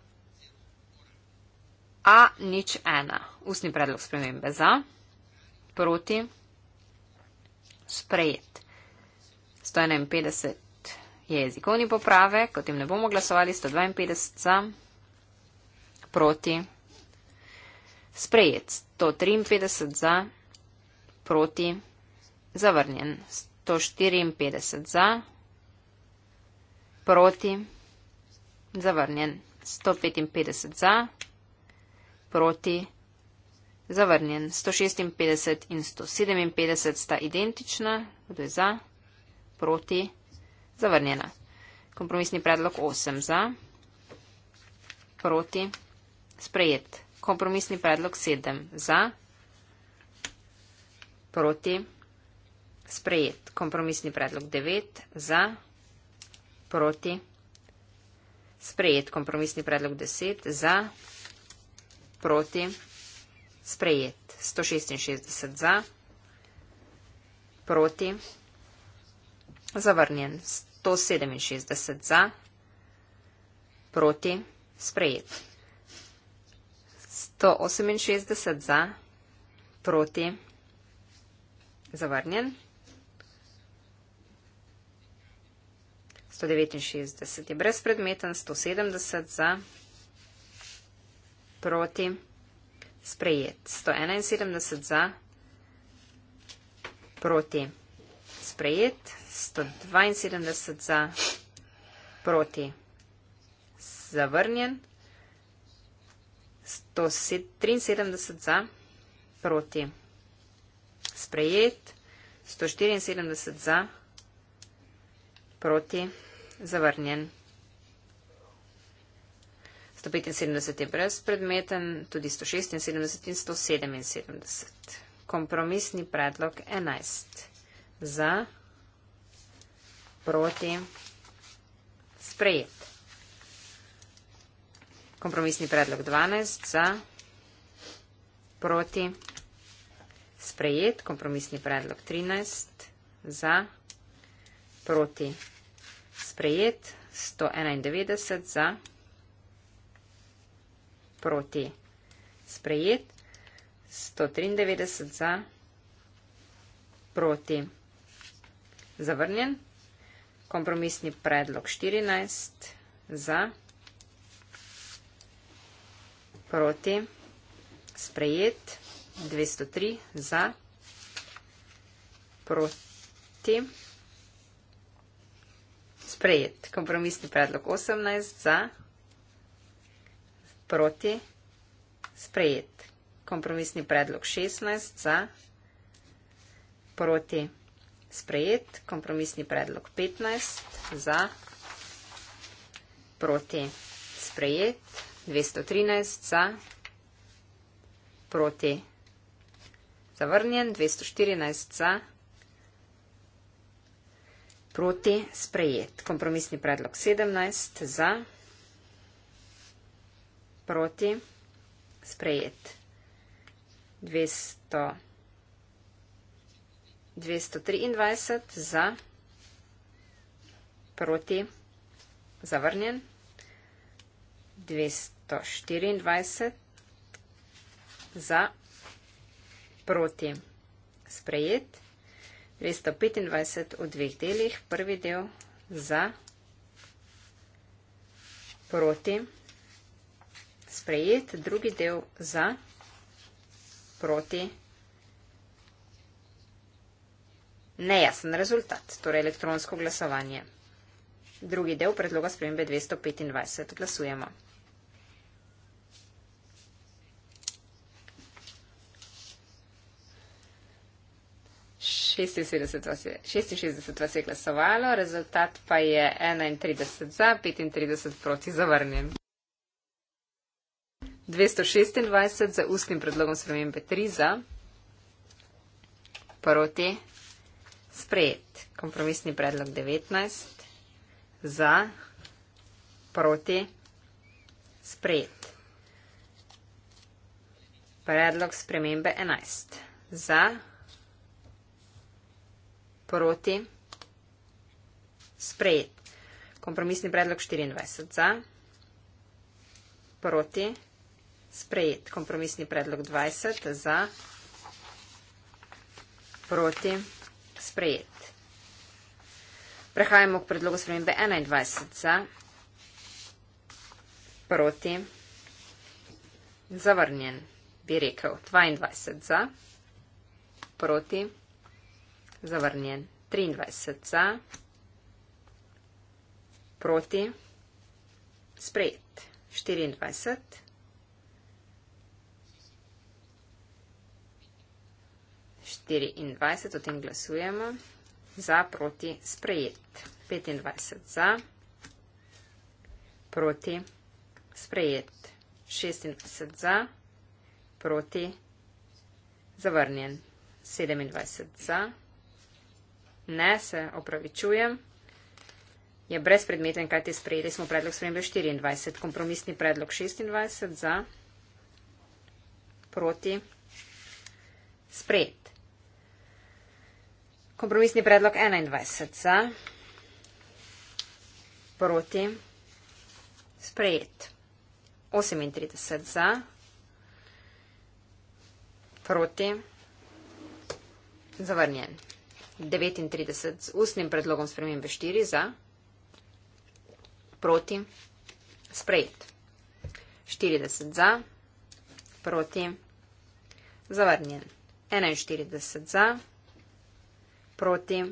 A nič ena. Usni predlog spremembe za proti, sprejet. 151 je jezikovni popravek, kot jim ne bomo glasovali, 152 za, proti, sprejet. 153 za, proti, zavrnjen. 154 za, proti, zavrnjen. 155 za, proti, zavrnjen. Zavrnjen. 156 in 157 sta identična. Kdo je za? Proti? Zavrnjena. Kompromisni predlog 8 za. Proti? Sprejet. Kompromisni predlog 7 za. Proti? Sprejet. Kompromisni predlog 9 za. Proti? Sprejet. Kompromisni predlog 10 za. Proti? Sprejet sprejet. 166 za, proti, zavrnjen. 167 za, proti, sprejet. 168 za, proti, zavrnjen. 169 je brezpredmeten, 170 za, proti, zavrnjen sprejet. 171 za, proti sprejet. 172 za, proti zavrnjen. 173 za, proti sprejet. 174 za, proti zavrnjen. 175 je brezpredmeten, tudi 176 in 177. Kompromisni predlog 11. Za, proti, sprejet. Kompromisni predlog 12. Za, proti, sprejet. Kompromisni predlog 13. Za, proti, sprejet. 191 za proti. Sprejet 193 za proti. Zavrnjen. Kompromisni predlog 14 za proti. Sprejet 203 za proti. Sprejet. Kompromisni predlog 18 za proti, sprejet. Kompromisni predlog 16 za, proti, sprejet. Kompromisni predlog 15 za, proti, sprejet. 213 za, proti, zavrnjen. 214 za, proti, sprejet. Kompromisni predlog 17 za, proti, sprejet proti, sprejet. 200, 223 za, proti, zavrnjen. 224 za, proti, sprejet. 225 v dveh delih, prvi del za, proti, sprejet sprejet, drugi del za, proti, nejasen rezultat, torej elektronsko glasovanje. Drugi del predloga spremembe 225. Glasujemo. Šestinšestdeset vas je glasovalo, rezultat pa je enaintrideset za, petintrideset proti zavrnjen. 226 za ustnim predlogom spremembe 3 za. Proti. Sprejet. Kompromisni predlog 19. Za. Proti. Sprejet. Predlog spremembe 11. Za. Proti. Sprejet. Kompromisni predlog 24. Za. Proti sprejet. Kompromisni predlog 20 za proti sprejet. Prehajamo k predlogu spremembe 21 za proti zavrnjen, bi rekel. 22 za proti zavrnjen. 23 za proti sprejet. 24 za 24, o tem glasujemo. Za, proti, sprejet. 25 za, proti, sprejet. 26 za, proti, zavrnjen. 27 za, ne, se opravičujem. Je brezpredmeten, kaj ti sprejeli smo predlog spremembe 24, kompromisni predlog 26 za, proti, sprejet. Kompromisni predlog 21. Za. Proti. Sprejet. 38. Za. Proti. Zavrnjen. 39 z ustnim predlogom spremembe 4 za, proti, sprejet. 40 za, proti, zavrnjen. 41 za, proti,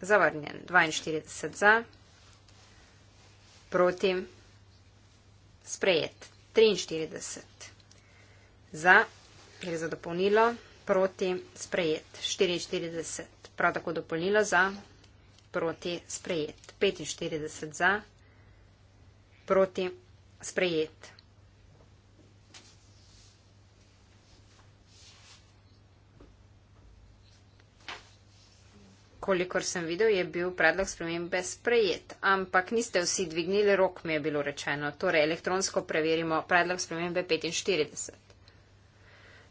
zavrnjen, 42 za, proti, sprejet, 43 za, gre za dopolnilo, proti, sprejet, 44, prav tako dopolnilo za, proti, sprejet, 45 za, proti, sprejet, 43. kolikor sem videl, je bil predlog spremembe sprejet, ampak niste vsi dvignili rok, mi je bilo rečeno. Torej, elektronsko preverimo predlog spremembe 45.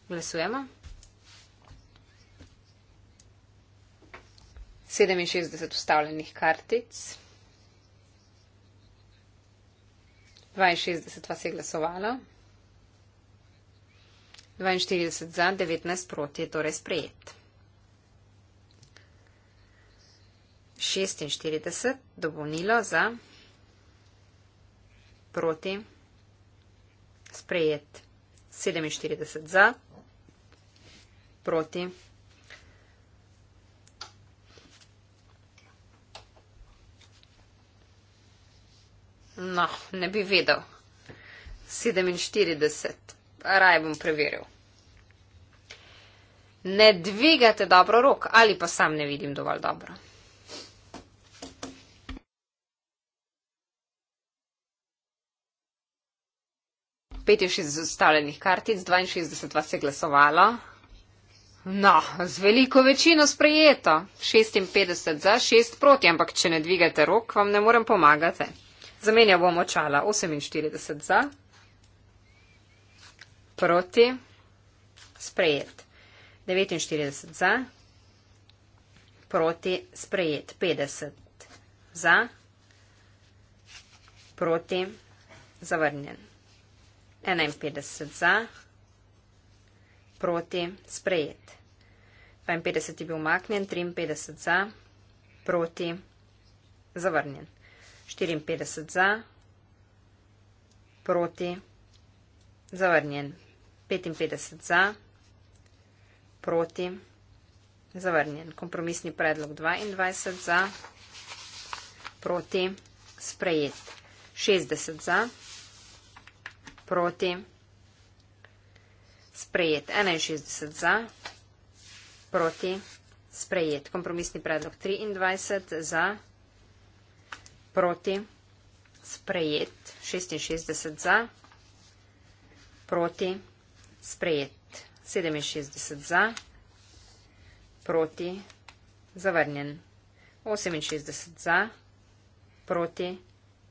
Glasujemo. 67 ustavljenih kartic. 62 vas je glasovalo. 42 za, 19 proti je torej sprejet. 46 dopolnilo za proti sprejet 47 za proti. No, ne bi vedel. 47. Raj bom preveril. Ne dvigate dobro rok ali pa sam ne vidim dovolj dobro. 65 izstavljenih kartic, 62 vas je glasovalo. No, z veliko večino sprejeto. 56 za, 6 proti, ampak če ne dvigate rok, vam ne morem pomagati. Zamenjal bom očala. 48 za, proti, sprejet. 49 za, proti, sprejet. 50 za, proti, zavrnjen. 51 za, proti, sprejet. 52 je bil umaknjen, 53 za, proti, zavrnjen. 54 za, proti, zavrnjen. 55 za, proti, zavrnjen. Kompromisni predlog 22 za, proti, sprejet. 60 za, proti, zavrnjen proti. Sprejet 61 za, proti, sprejet. Kompromisni predlog 23 za, proti, sprejet. 66 za, proti, sprejet. 67 za, proti, zavrnjen. 68 za, proti,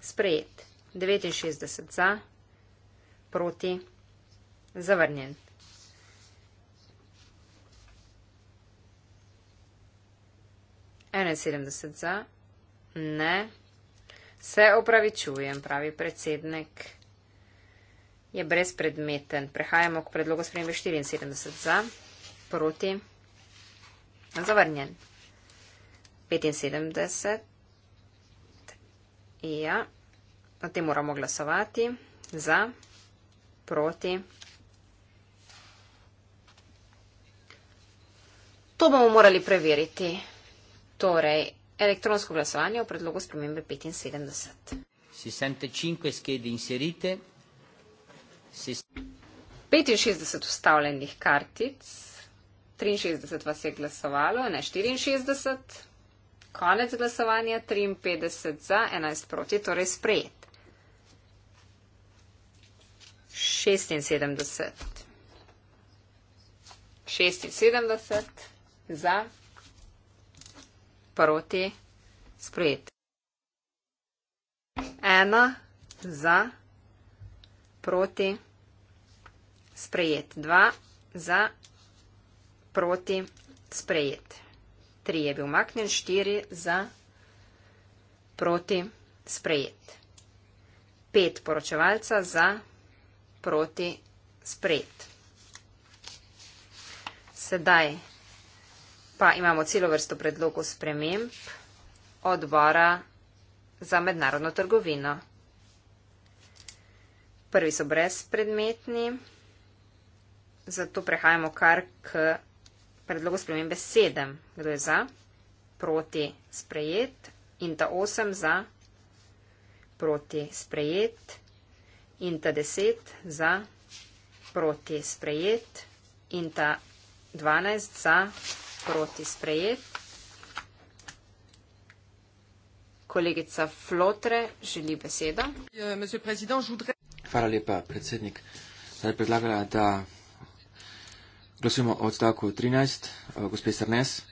sprejet. 69 za, proti proti, zavrnjen. Ene sedemdeset za, ne, se opravičujem, pravi predsednik, je brezpredmeten. Prehajamo k predlogu spremembe 74 za, proti, zavrnjen. 75, ja, o tem moramo glasovati, za proti. To bomo morali preveriti. Torej, elektronsko glasovanje v predlogu spremembe 75. 65 skedi inserite. 65 ustavljenih kartic, 63 vas je glasovalo, ne 64, konec glasovanja, 53 za, 11 proti, torej sprejet. 76. 76 za proti sprejet. 1 za proti sprejet. 2 za proti sprejet. 3 je bil maknen, 4 za proti sprejet. 5 poročevalca za proti sprejet proti spred. Sedaj pa imamo celo vrsto predlogov sprememb odbora za mednarodno trgovino. Prvi so brezpredmetni, zato prehajamo kar k predlogu spremembe 7. Kdo je za? Proti sprejet. In ta 8 za? Proti sprejet in ta 10 za proti sprejet in ta 12 za proti sprejet. Kolegica Flotre želi besedo. Hvala lepa, predsednik. Zdaj predlagala, da glasujemo o odstavku 13, eh, gospe Srnes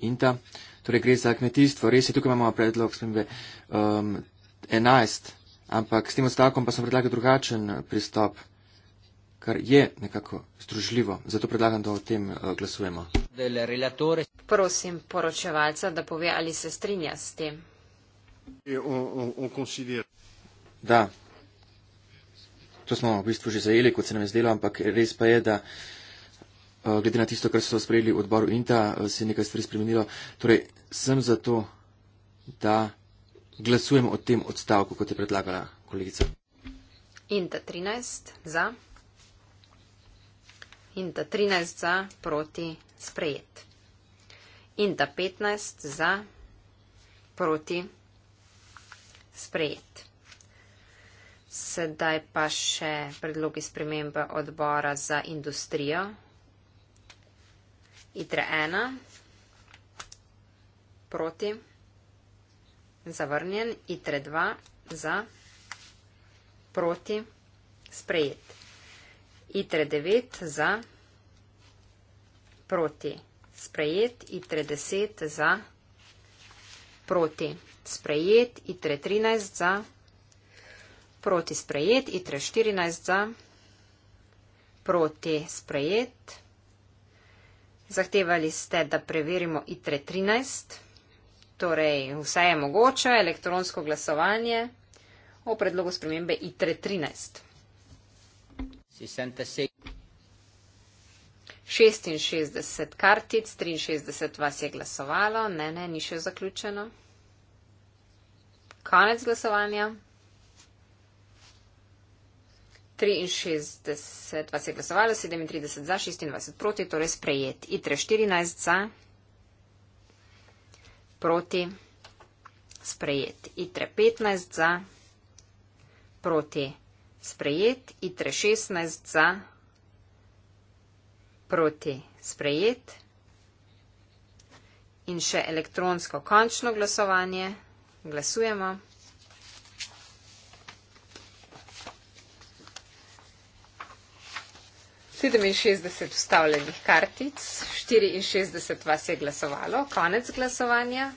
in ta. Torej gre za kmetijstvo. Res je, tukaj imamo predlog spremembe um, ehm, 11. Ampak s tem odstavkom pa sem predlagal drugačen eh, pristop, kar je nekako združljivo. Zato predlagam, da o tem eh, glasujemo. Prosim poročevalca, da pove, ali se strinja s tem. Da, to smo v bistvu že zajeli, kot se nam je zdelo, ampak res pa je, da eh, glede na tisto, kar so sprejeli v odboru INTA, se je nekaj stvari spremenilo. Torej, sem zato, da glasujem o tem odstavku, kot je predlagala kolegica. In ta 13 za. In ta 13 za proti sprejet. In ta 15 za proti sprejet. Sedaj pa še predlogi spremembe odbora za industrijo. ITRE 1 proti zavrnjen, ITRE 2 za, proti, sprejet. ITRE 9 za, proti, sprejet. ITRE 10 za, proti, sprejet. ITRE 13 za, proti, sprejet. ITRE 14 za, proti, sprejet. Zahtevali ste, da preverimo ITRE 13 za, torej vse je mogoče, elektronsko glasovanje o predlogu spremembe ITR 13. 66 kartic, 63 vas je glasovalo, ne, ne, ni še zaključeno. Konec glasovanja. 63 vas je glasovalo, 37 za, 26 proti, torej sprejet. ITR 14 za proti, sprejet. ITRE 15 za, proti, sprejet. ITRE 16 za, proti, sprejet. In še elektronsko končno glasovanje. Glasujemo. 67 ustavljenih kartic, 64 vas je glasovalo, konec glasovanja.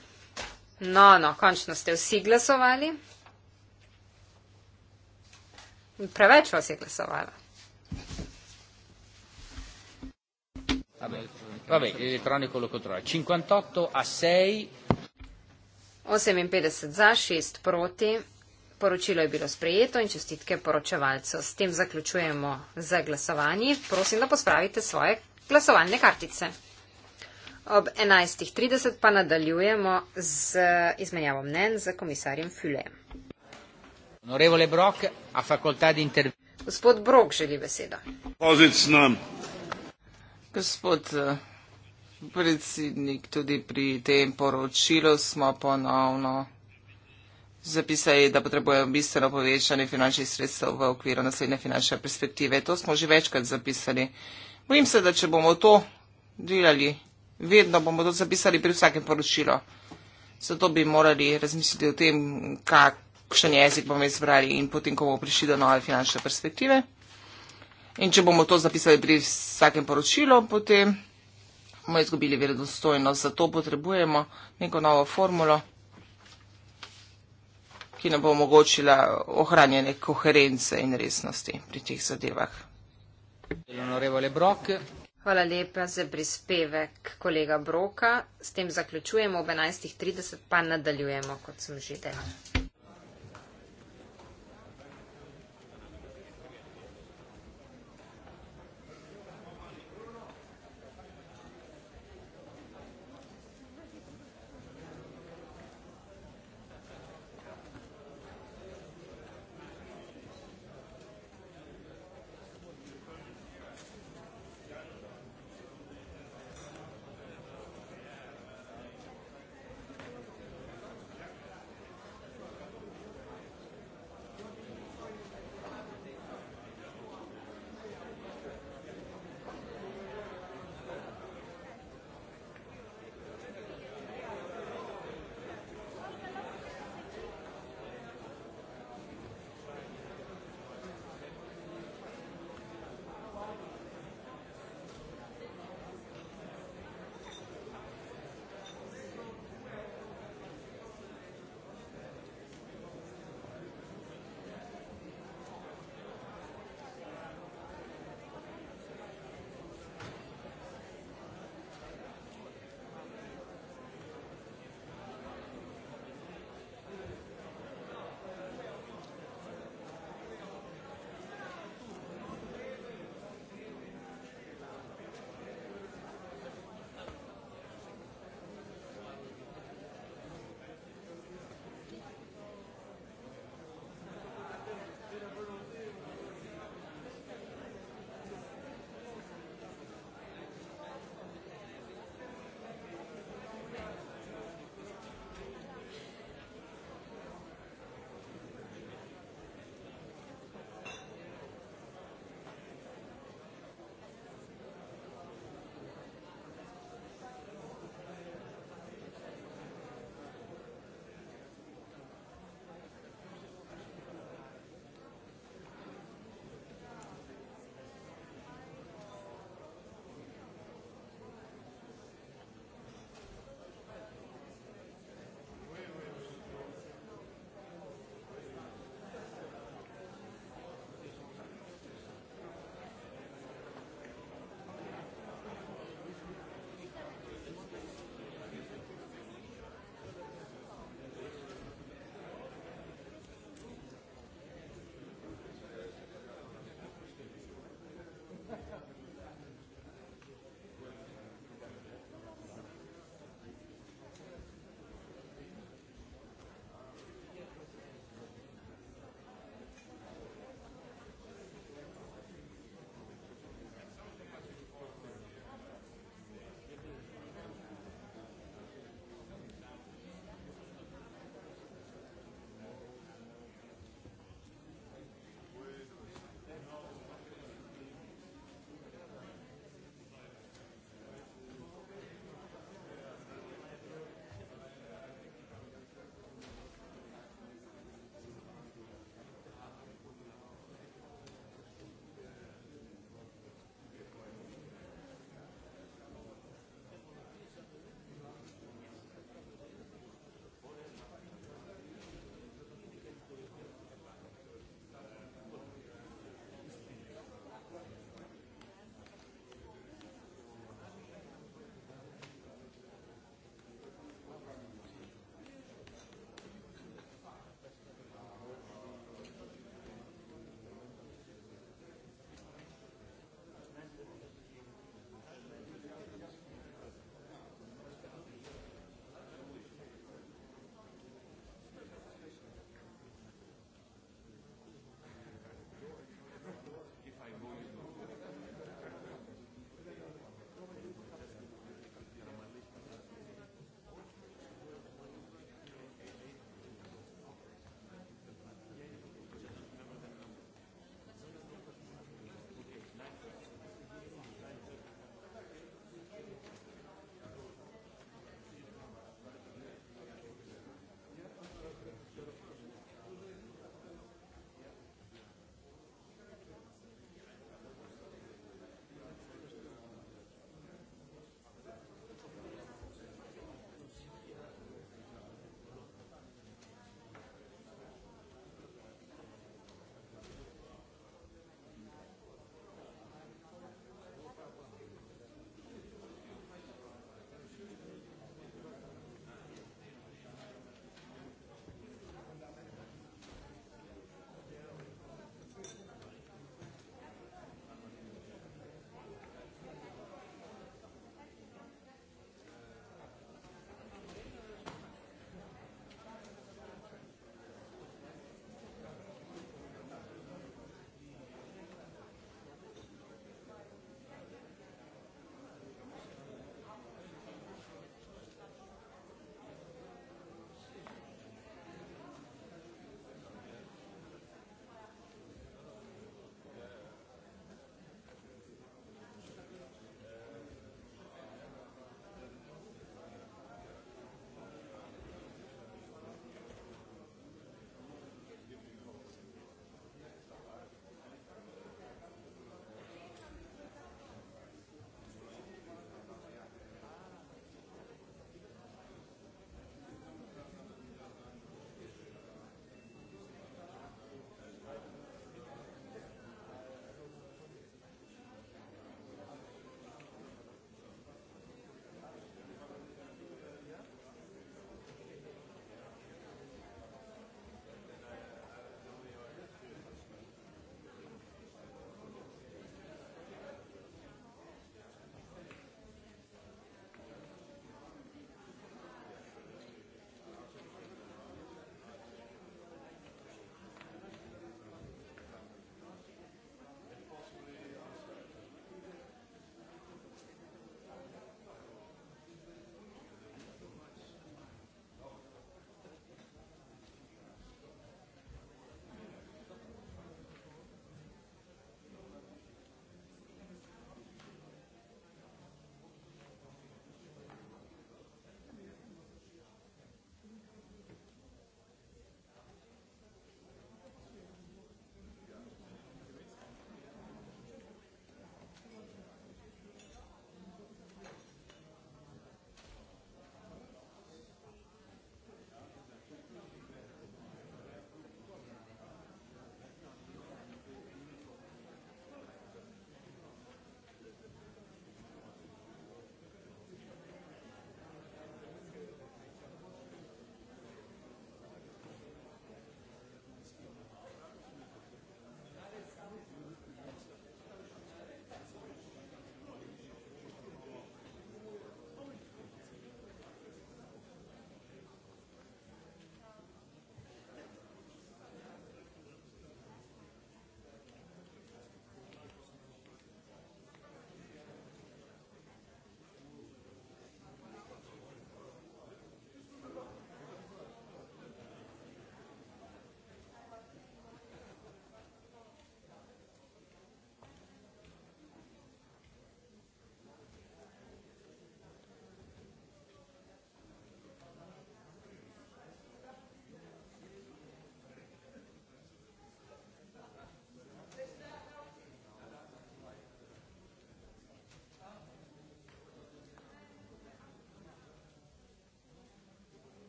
No, no, končno ste vsi glasovali. Preveč vas je glasovalo. Vabbè, elettronico lo controlla. 58 a 6. 58 za 6 proti. Poročilo je bilo sprejeto in čestitke poročevalcu. S tem zaključujemo za glasovanje. Prosim, da pospravite svoje glasovalne kartice. Ob 11.30 pa nadaljujemo z izmenjavo mnen za komisarjem Füllejem. Gospod Brok želi besedo. Gospod eh, predsednik, tudi pri tem poročilu smo ponovno zapisali, da potrebujemo bistveno povečanje finančnih sredstev v okviru naslednje finančne perspektive. To smo že večkrat zapisali. Bojim se, da če bomo to delali, vedno bomo to zapisali pri vsakem poročilu. Zato bi morali razmisliti o tem, kakšen jezik bomo izbrali in potem, ko bomo prišli do nove finančne perspektive. In če bomo to zapisali pri vsakem poročilu, potem bomo izgubili verodostojnost. Zato potrebujemo neko novo formulo ki nam bo omogočila ohranjene koherence in resnosti pri teh zadevah. Hvala lepa za prispevek kolega Broka. S tem zaključujemo ob 11.30, pa nadaljujemo, kot sem že dejal.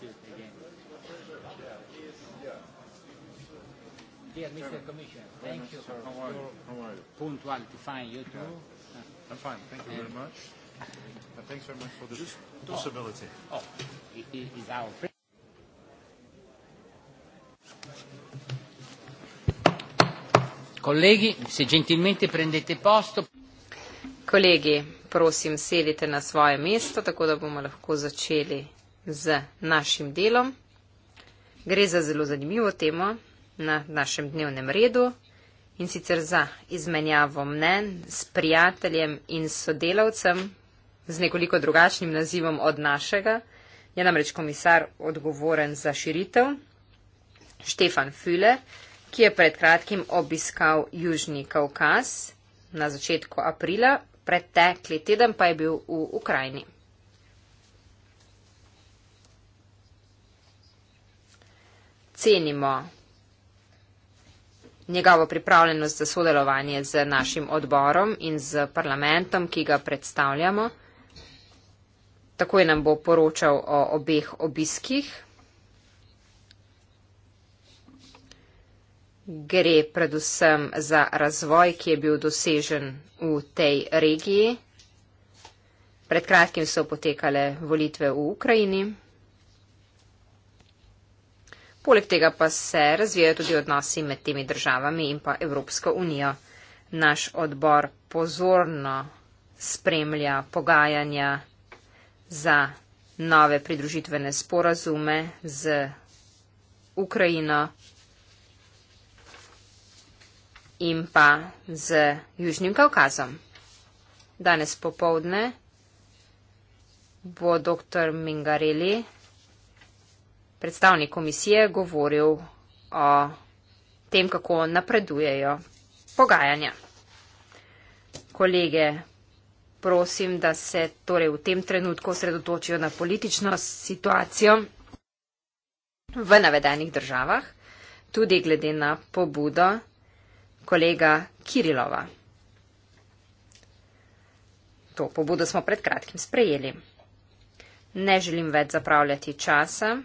to the game. Dear Mr. Chairman. Commissioner, thank Hi, you for How are you? punctuality. Fine, you too? Yeah. I'm fine, thank you and very much. and thanks very much for this possibility. Oh, oh. It, it is our pleasure. Colleghi, se gentilmente prendete posto. Colleghi, prosim, sedite na svoje mesto, tako da bomo lahko začeli z našim delom. Gre za zelo zanimivo temo na našem dnevnem redu in sicer za izmenjavo mnen s prijateljem in sodelavcem z nekoliko drugačnim nazivom od našega. Je namreč komisar odgovoren za širitev Štefan Füle, ki je pred kratkim obiskal Južni Kaukaz na začetku aprila, pretekli teden pa je bil v Ukrajini. cenimo njegovo pripravljenost za sodelovanje z našim odborom in z parlamentom, ki ga predstavljamo. Takoj nam bo poročal o obeh obiskih. Gre predvsem za razvoj, ki je bil dosežen v tej regiji. Pred kratkim so potekale volitve v Ukrajini. Poleg tega pa se razvijajo tudi odnosi med temi državami in pa Evropsko unijo. Naš odbor pozorno spremlja pogajanja za nove pridružitvene sporazume z Ukrajino in pa z Južnim Kaukazom. Danes popovdne bo dr. Mingareli predstavnik komisije govoril o tem, kako napredujejo pogajanja. Kolege, prosim, da se torej v tem trenutku osredotočijo na politično situacijo v navedenih državah, tudi glede na pobudo kolega Kirilova. To pobudo smo pred kratkim sprejeli. Ne želim več zapravljati časa.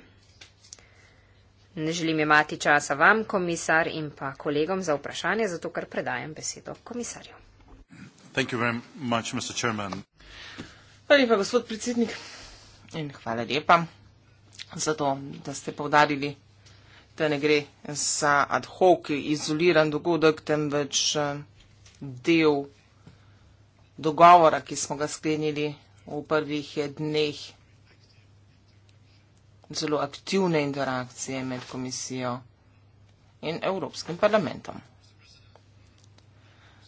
Ne želim imati časa vam, komisar, in pa kolegom za vprašanje, zato ker predajem besedo komisarju. Hvala lepa, gospod predsednik, in hvala lepa za to, da ste povdarili, da ne gre za ad hoc izoliran dogodek, temveč del dogovora, ki smo ga sklenili v prvih dneh zelo aktivne interakcije med komisijo in Evropskim parlamentom.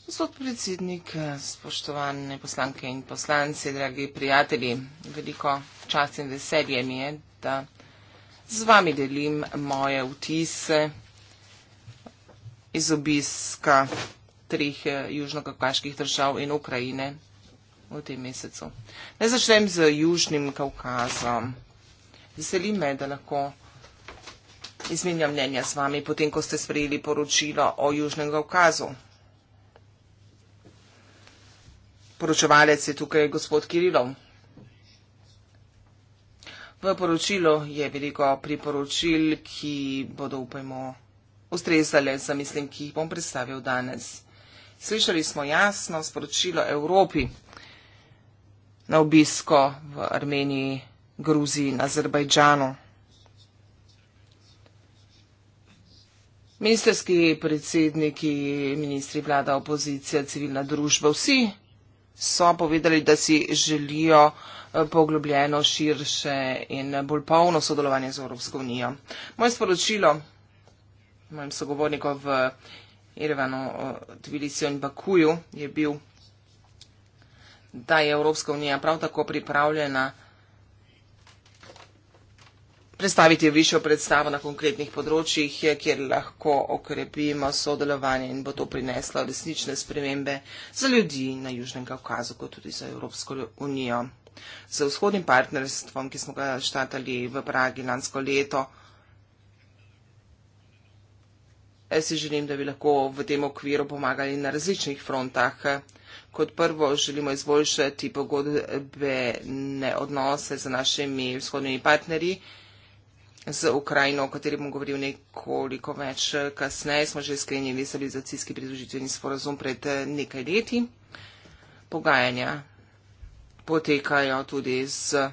Gospod predsednik, spoštovane poslanke in poslanci, dragi prijatelji, veliko čast in veselje mi je, da z vami delim moje vtise iz obiska treh južnokavkaških držav in Ukrajine v tem mesecu. Ne začnem z Južnim Kaukazom. Veseli me, da lahko izmenjam mnenja z vami, potem ko ste sprejeli poročilo o Južnem Kaukazu. Poročevalec je tukaj gospod Kirilov. V poročilu je veliko priporočil, ki bodo, upajmo, ustrezale za mislim, ki jih bom predstavil danes. Slišali smo jasno sporočilo Evropi na obisko v Armeniji Gruziji in Azerbajdžanu. Ministrski predsedniki, ministri vlada, opozicija, civilna družba, vsi so povedali, da si želijo eh, poglobljeno, širše in bolj polno sodelovanje z Evropsko unijo. Moje sporočilo mojim sogovornikom v Erevanu, eh, Tbilisiju in Bakuju je bil, da je Evropska unija prav tako pripravljena predstaviti višjo predstavo na konkretnih področjih, eh, kjer lahko okrepimo sodelovanje in bo to prineslo resnične spremembe za ljudi na Južnem Kaukazu, kot tudi za Evropsko unijo. Z vzhodnim partnerstvom, ki smo ga štatali v Pragi lansko leto, eh, si želim, da bi lahko v tem okviru pomagali na različnih frontah. Kot prvo želimo izboljšati pogodbene odnose z našimi vzhodnimi partnerji z Ukrajino, o kateri bom govoril nekoliko več eh, kasneje. Smo že sklenili stabilizacijski pridružitveni sporazum pred eh, nekaj leti. Pogajanja potekajo tudi z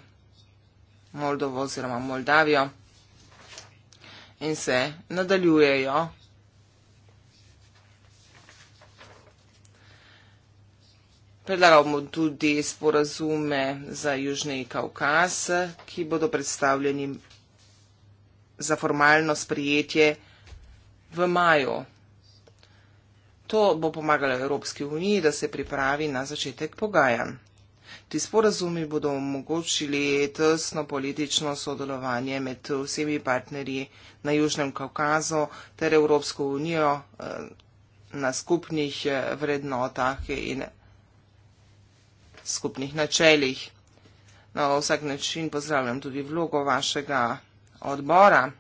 Moldovo oziroma Moldavijo in se nadaljujejo. Predlagal bom tudi sporazume za Južni Kaukaz, ki bodo predstavljeni za formalno sprijetje v maju. To bo pomagalo Evropski uniji, da se pripravi na začetek pogajanj. Ti sporazumi bodo omogočili tesno politično sodelovanje med vsemi partnerji na Južnem Kaukazu ter Evropsko unijo eh, na skupnih eh, vrednotah in skupnih načeljih. Na vsak način pozdravljam tudi vlogo vašega odbora.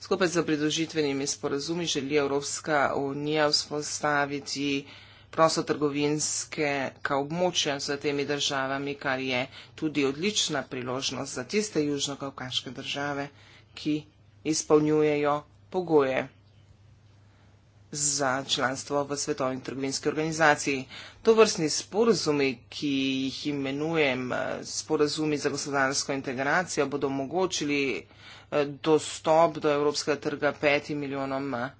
Skupaj z pridružitvenimi sporazumi želi Evropska unija vzpostaviti prostotrgovinske območja z temi državami, kar je tudi odlična priložnost za tiste južno-kaukaške države, ki izpolnjujejo pogoje za članstvo v Svetovni trgovinski organizaciji. To vrstni sporazumi, ki jih imenujem eh, sporazumi za gospodarsko integracijo, bodo omogočili eh, dostop do evropskega trga petim milijonom eh,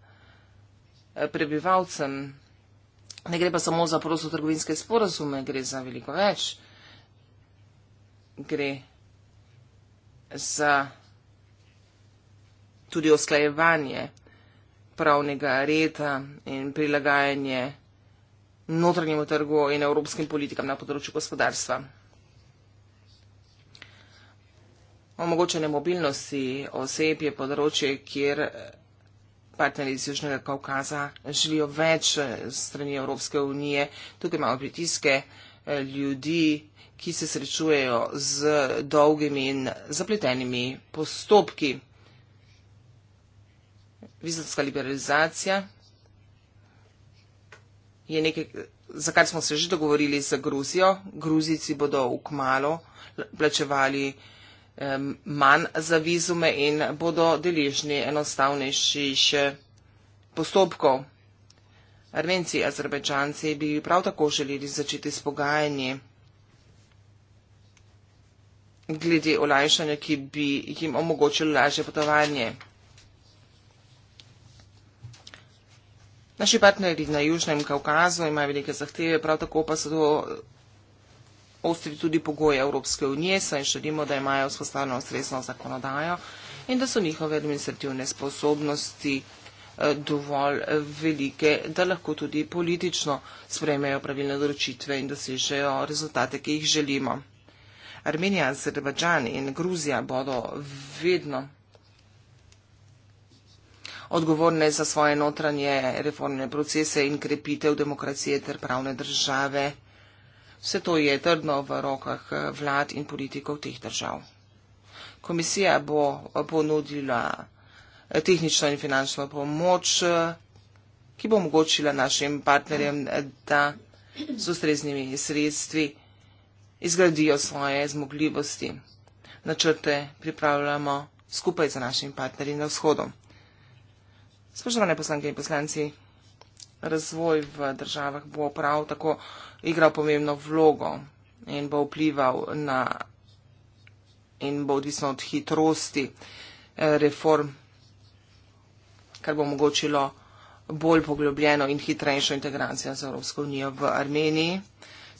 prebivalcem. Ne gre pa samo za prostotrgovinske sporazume, gre za veliko več. Gre za tudi osklajevanje pravnega reda in prilagajanje notranjemu trgu in evropskim politikam na področju gospodarstva. Omogočanje mobilnosti oseb je področje, kjer partnerji iz Južnega Kaukaza želijo več strani Evropske unije. Tukaj imamo pritiske eh, ljudi, ki se srečujejo z dolgimi in zapletenimi postopki vizelska liberalizacija je nekaj, za kar smo se že dogovorili z Gruzijo. Gruzici bodo ukmalo plačevali eh, manj za vizume in bodo deležni enostavnejših postopkov. Armenci in Azerbejčanci bi prav tako želeli začeti s pogajanji glede olajšanja, ki bi jim omogočilo lažje potovanje. Naši partnerji na Južnem Kaukazu imajo velike zahteve, prav tako pa so to ostri tudi pogoje Evropske unije, saj želimo, da imajo vzpostavljeno ustrezno zakonodajo in da so njihove administrativne sposobnosti eh, dovolj eh, velike, da lahko tudi politično sprejmejo pravilne odločitve in dosežejo rezultate, ki jih želimo. Armenija, Azerbajdžan in Gruzija bodo vedno odgovorne za svoje notranje reformne procese in krepitev demokracije ter pravne države. Vse to je trdno v rokah eh, vlad in politikov teh držav. Komisija bo eh, ponudila eh, tehnično in finančno pomoč, ki bo omogočila našim partnerjem, da z ustreznimi sredstvi izgradijo svoje zmogljivosti. Načrte pripravljamo skupaj z našimi partnerji na vzhodu. Spoštovane poslanke in poslanci, razvoj v državah bo prav tako igral pomembno vlogo in bo vplival na in bo odvisno od hitrosti eh, reform, kar bo omogočilo bolj poglobljeno in hitrejšo integracijo z Evropsko unijo v Armeniji.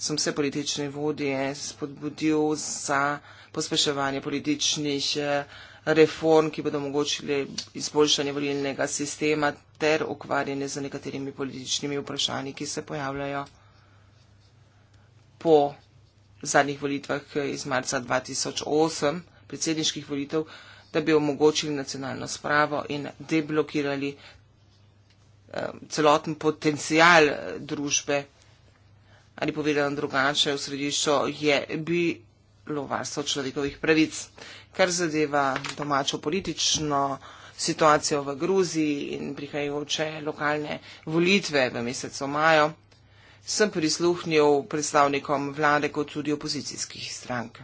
Sem vse politične vodje spodbudil za pospeševanje političnih eh, reform, ki bodo omogočili izboljšanje volilnega sistema ter ukvarjanje z nekaterimi političnimi vprašanji, ki se pojavljajo po zadnjih volitvah iz marca 2008, predsedniških volitev, da bi omogočili nacionalno spravo in deblokirali eh, celoten potencial eh, družbe. Ali povedano drugače, v središču je bilo varstvo človekovih pravic kar zadeva domačo politično situacijo v Gruziji in prihajajoče lokalne volitve v mesecu majo, sem prisluhnil predstavnikom vlade kot tudi opozicijskih strank.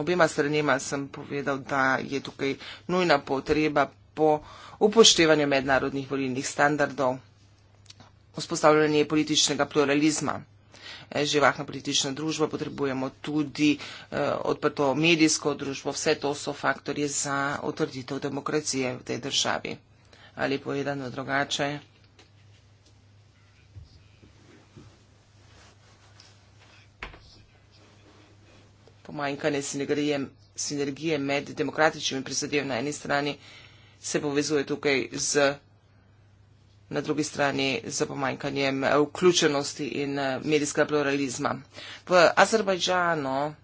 Obema stranima sem povedal, da je tukaj nujna potreba po upoštevanju mednarodnih volilnih standardov, vzpostavljanje političnega pluralizma živahna politična družba, potrebujemo tudi eh, odprto medijsko družbo. Vse to so faktorje za utrditev demokracije v tej državi. Ali povedano drugače? Pomanjkanje sinergije, sinergije med demokratičnimi prizadevami na eni strani se povezuje tukaj z na drugi strani za pomanjkanjem eh, vključenosti in eh, medijskega pluralizma. V Azerbajdžano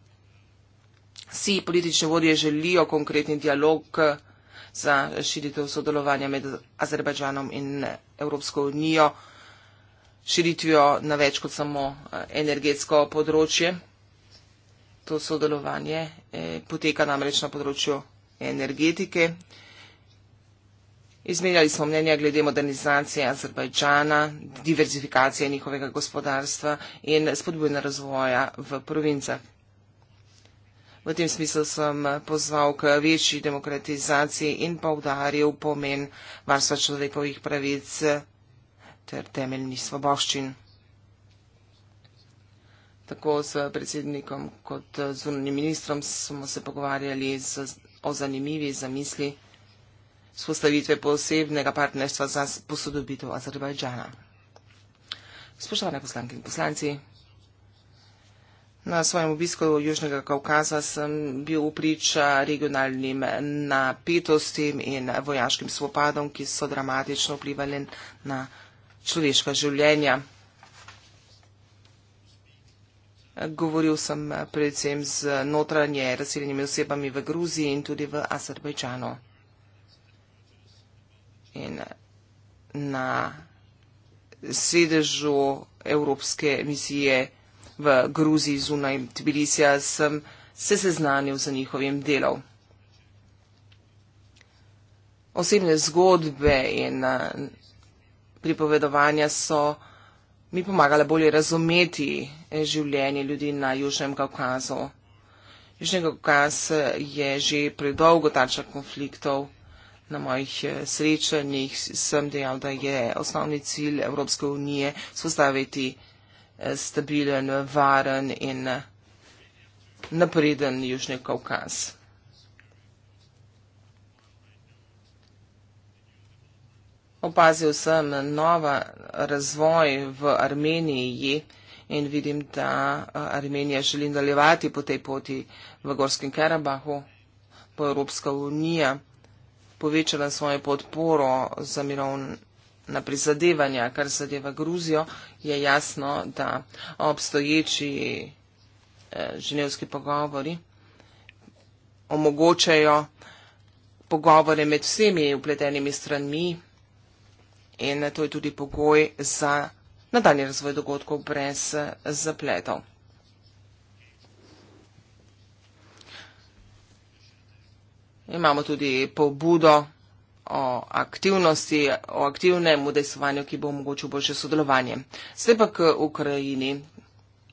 si politične vodje želijo konkretni dialog eh, za širitev sodelovanja med Azerbajdžanom in Evropsko unijo, širitvijo na več kot samo energetsko področje. To sodelovanje poteka namreč na področju energetike. Izmenjali smo mnenja glede modernizacije Azerbajdžana, diverzifikacije njihovega gospodarstva in spodbujna razvoja v provincah. V tem smislu sem pozval k večji demokratizaciji in povdaril pomen varstva človekovih pravic ter temeljnih svoboščin. Tako s predsednikom kot z unim ministrom smo se pogovarjali z, o zanimivi zamisli vzpostavitve posebnega partnerstva za posodobitev Azerbajdžana. Spoštovane poslanke in poslanci, na svojem obisku Južnega Kaukaza sem bil upriča regionalnim napetostim in vojaškim spopadom, ki so dramatično vplivali na človeška življenja. Govoril sem predvsem z notranje razseljenimi osebami v Gruziji in tudi v Azerbajdžanu in na sedežu Evropske misije v Gruziji zunaj Tbilisija sem se seznanil z njihovim delom. Osebne zgodbe in pripovedovanja so mi pomagale bolje razumeti e, življenje ljudi na Južnem Kaukazu. Južnega Kaukaz e, je že predolgo tarča konfliktov na mojih eh, srečanjih sem dejal, da je osnovni cilj Evropske unije spostaviti eh, stabilen, varen in eh, napreden Južni Kaukaz. Opazil sem nova razvoj v Armeniji in vidim, da Armenija želi nadaljevati po tej poti v Gorskem Karabahu, po Evropska unija povečala svojo podporo za mirovna prizadevanja, kar zadeva Gruzijo, je jasno, da obstoječi eh, ženevski pogovori omogočajo pogovore med vsemi upletenimi stranmi in to je tudi pogoj za nadaljni razvoj dogodkov brez eh, zapletov. Imamo tudi pobudo o aktivnosti, o aktivnem udejstvovanju, ki bo omogočil boljše sodelovanje. Zdaj pa k Ukrajini.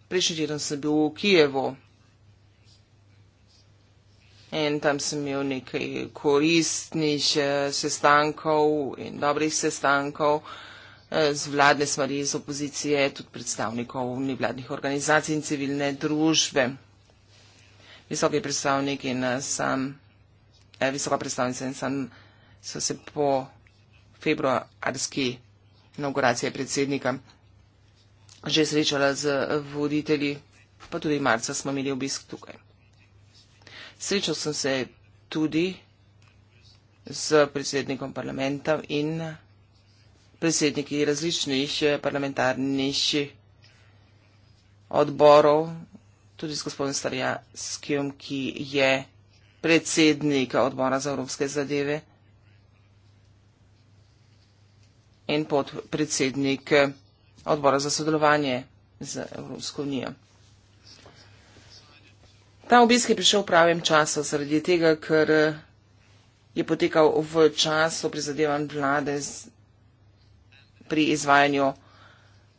Prejšnji teden sem bil v Kijevu in tam sem imel nekaj koristnih eh, sestankov in dobrih sestankov eh, z vladne smeri, z opozicije, tudi predstavnikov nevladnih organizacij in civilne družbe. Visoki predstavnik in eh, sam Eh, visoka predstavnica in sem, so se po februarski inauguraciji predsednika že srečala z voditelji, pa tudi marca smo imeli obisk tukaj. Srečal sem se tudi z predsednikom parlamenta in predsedniki različnih parlamentarnih odborov, tudi s gospodom Starjaskim, ki je predsednika odbora za evropske zadeve in podpredsednik odbora za sodelovanje z Evropsko unijo. Ta obisk je prišel v pravem času zaradi tega, ker je potekal v času prizadevanj vlade z, pri izvajanju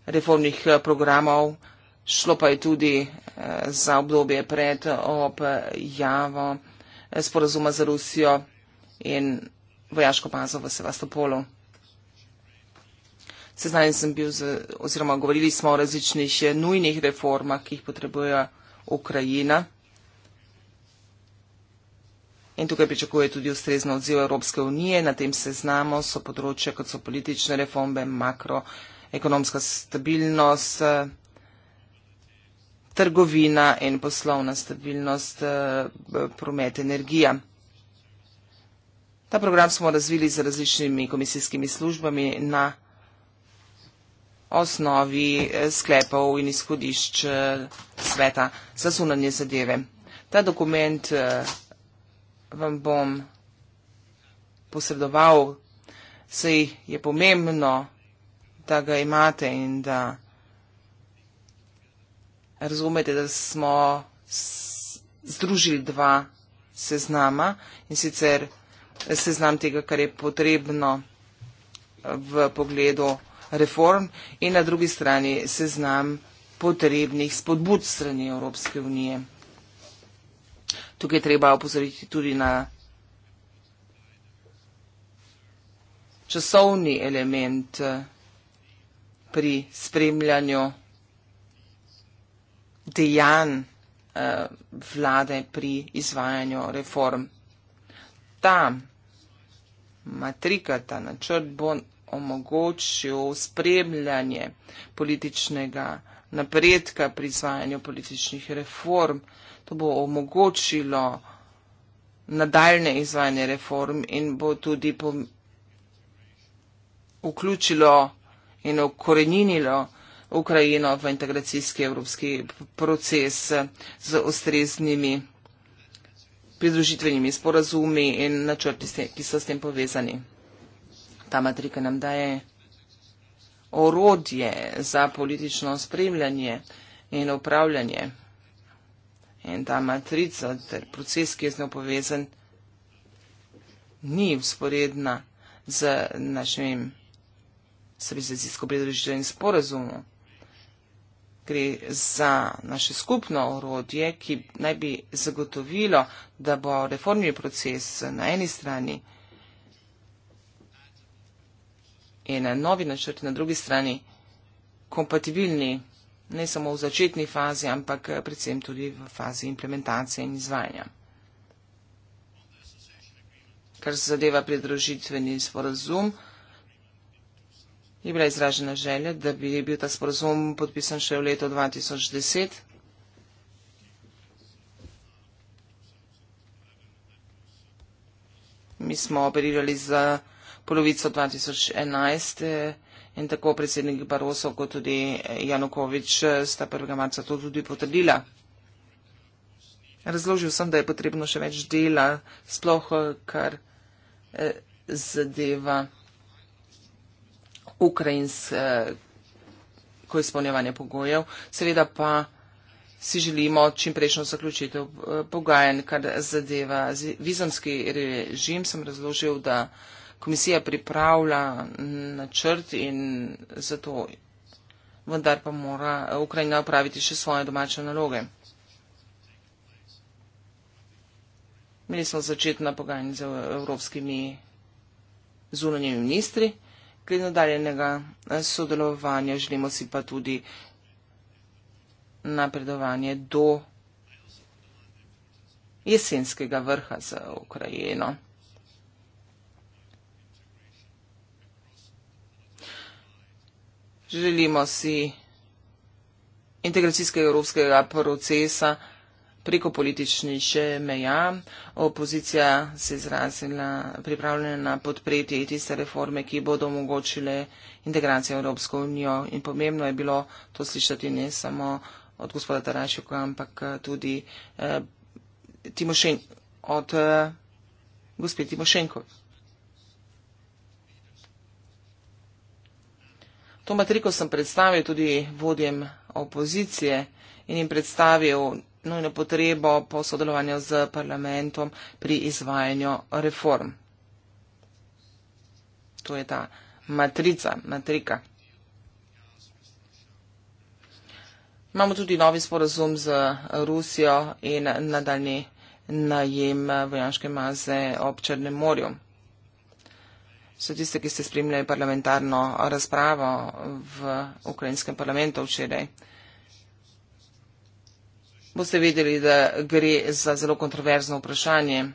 reformnih programov, šlo pa je tudi eh, za obdobje pred objavo sporazuma za Rusijo in vojaško bazo v Sevastopolu. Seznanjen sem bil, z, oziroma govorili smo o različnih eh, nujnih reformah, ki jih potrebuje Ukrajina. In tukaj pričakuje tudi ustrezno odziv Evropske unije. Na tem seznamu so področja, kot so politične reforme, makroekonomska stabilnost, trgovina in poslovna stabilnost, eh, promet, energija. Ta program smo razvili z različnimi komisijskimi službami na osnovi eh, sklepov in izhodišč eh, sveta za sunanje zadeve. Ta dokument vam bom posredoval, saj je pomembno, da ga imate in da razumete, da smo združili dva seznama in sicer seznam tega, kar je potrebno eh, v pogledu reform in na drugi strani seznam potrebnih spodbud strani Evropske unije. Tukaj treba opozoriti tudi na časovni element eh, pri spremljanju dejanj eh, vlade pri izvajanju reform. Ta matrika, ta načrt bo omogočil spremljanje političnega napredka pri izvajanju političnih reform. To bo omogočilo nadaljne izvajanje reform in bo tudi vključilo in okoreninilo Ukrajino v integracijski evropski proces z ustreznimi pridružitvenimi sporazumi in načrti, ki so s tem povezani. Ta matrika nam daje orodje za politično spremljanje in upravljanje. In ta matrica ter proces, ki je z njo povezan, ni usporedna z našim srednjezijsko pridružitvenim sporazumom gre za naše skupno orodje, ki naj bi zagotovilo, da bo reformni proces na eni strani in novi načrt na drugi strani kompatibilni ne samo v začetni fazi, ampak predvsem tudi v fazi implementacije in izvajanja. Kar se zadeva pridružitveni sporazum, je bila izražena želja, da bi bil ta sporozum podpisan še v letu 2010. Mi smo operirali za polovico 2011 eh, in tako predsednik Baroso kot tudi Janukovič eh, sta 1. marca to tudi potrdila. Razložil sem, da je potrebno še več dela, sploh eh, kar zadeva ukrajinsko izpolnjevanje pogojev. Seveda pa si želimo čimprejšnjo zaključitev eh, pogajanj, kar zadeva vizumski režim. Sem razložil, da komisija pripravlja načrt in zato vendar pa mora Ukrajina opraviti še svoje domače naloge. Mi smo začetna pogajanja z evropskimi zunanjimi ministri kaj nadaljenega eh, sodelovanja, želimo si pa tudi napredovanje do jesenskega vrha za Ukrajino. Želimo si integracijskega evropskega procesa, preko političnejše meja. Opozicija se je izrazila pripravljena podpreti tiste reforme, ki bodo omogočile integracijo Evropsko unijo in pomembno je bilo to slišati ne samo od gospoda Tarašuka, ampak tudi eh, Timošen, od eh, gospe Timošenko. To matriko sem predstavil tudi vodjem opozicije in jim predstavil nujno potrebo po sodelovanju z parlamentom pri izvajanju reform. To je ta matrica, matrika. Imamo tudi novi sporazum z Rusijo in nadaljni najem vojaške maze ob Črnem morju. Vse tiste, ki ste spremljali parlamentarno razpravo v ukrajinskem parlamentu včeraj boste vedeli, da gre za zelo kontroverzno vprašanje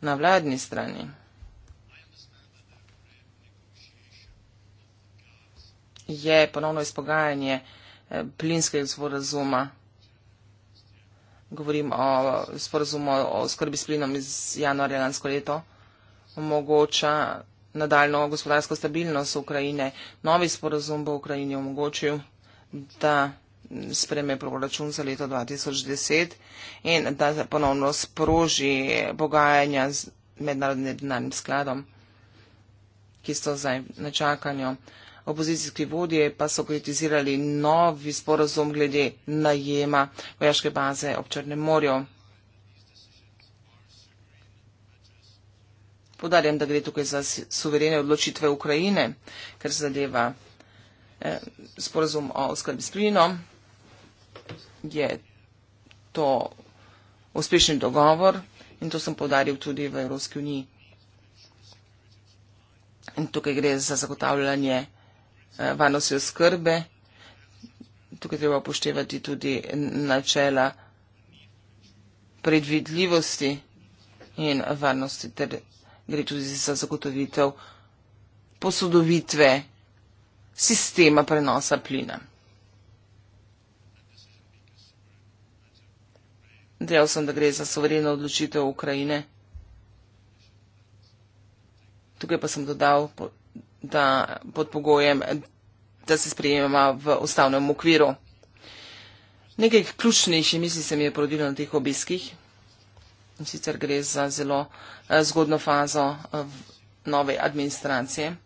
na vladni strani. Je ponovno izpogajanje eh, plinskega sporazuma. Govorim o eh, sporazumu o skrbi s plinom iz januarja lansko leto. Omogoča nadaljno gospodarsko stabilnost Ukrajine. Novi sporazum bo Ukrajini omogočil, da spreme proračun za leto 2010 in da ponovno sproži pogajanja z mednarodnim denarnim skladom, ki so zdaj na čakanju. Opozicijski vodje pa so kritizirali novi sporozum glede najema vojaške baze ob Črnem morju. Podarjam, da gre tukaj za suverene odločitve Ukrajine, ker zadeva eh, sporozum o skrbi s plinom je to uspešen dogovor in to sem povdaril tudi v Evropski uniji. In tukaj gre za zagotavljanje eh, varnosti oskrbe. Tukaj treba upoštevati tudi načela predvidljivosti in varnosti, ter gre tudi za zagotovitev posodovitve sistema prenosa plina. Dejal sem, da gre za soveren odločitev Ukrajine. Tukaj pa sem dodal, da pod pogojem, da se sprejema v ustavnem okviru. Nekaj ključnejših misli se mi je porodilo na teh obiskih. In sicer gre za zelo eh, zgodno fazo eh, nove administracije.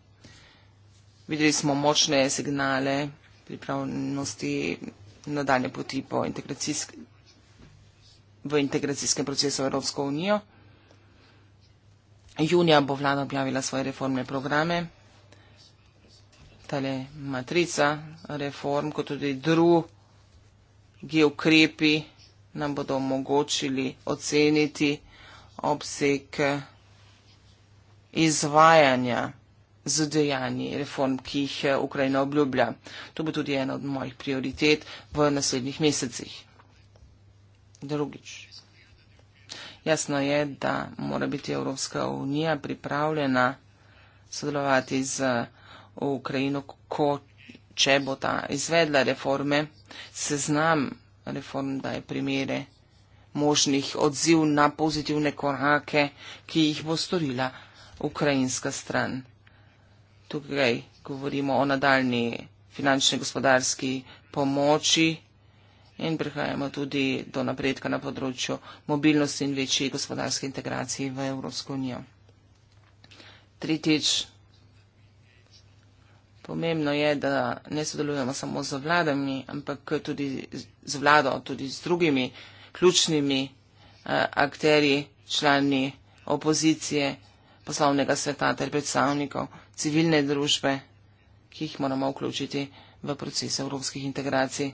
Videli smo močne signale pripravljenosti nadaljne poti po integracijski v integracijskem procesu Evropsko unijo. Junija bo vlada objavila svoje reformne programe, tale matrica reform, kot tudi drugi ukrepi nam bodo omogočili oceniti obseg izvajanja z dejanji reform, ki jih Ukrajina obljublja. To bo tudi ena od mojih prioritet v naslednjih mesecih. Drugič. Jasno je, da mora biti Evropska unija pripravljena sodelovati z Ukrajino, ko, če bo ta izvedla reforme, seznam reform daje primere možnih odziv na pozitivne korake, ki jih bo storila ukrajinska stran. Tukaj govorimo o nadaljni finančni gospodarski pomoči in prihajamo tudi do napredka na področju mobilnosti in večji gospodarske integracije v Evropsko unijo. Tretjič, pomembno je, da ne sodelujemo samo z vladami, ampak tudi z vlado, tudi z drugimi ključnimi eh, akterji, člani opozicije, poslovnega sveta ter predstavnikov civilne družbe, ki jih moramo vključiti v proces evropskih integracij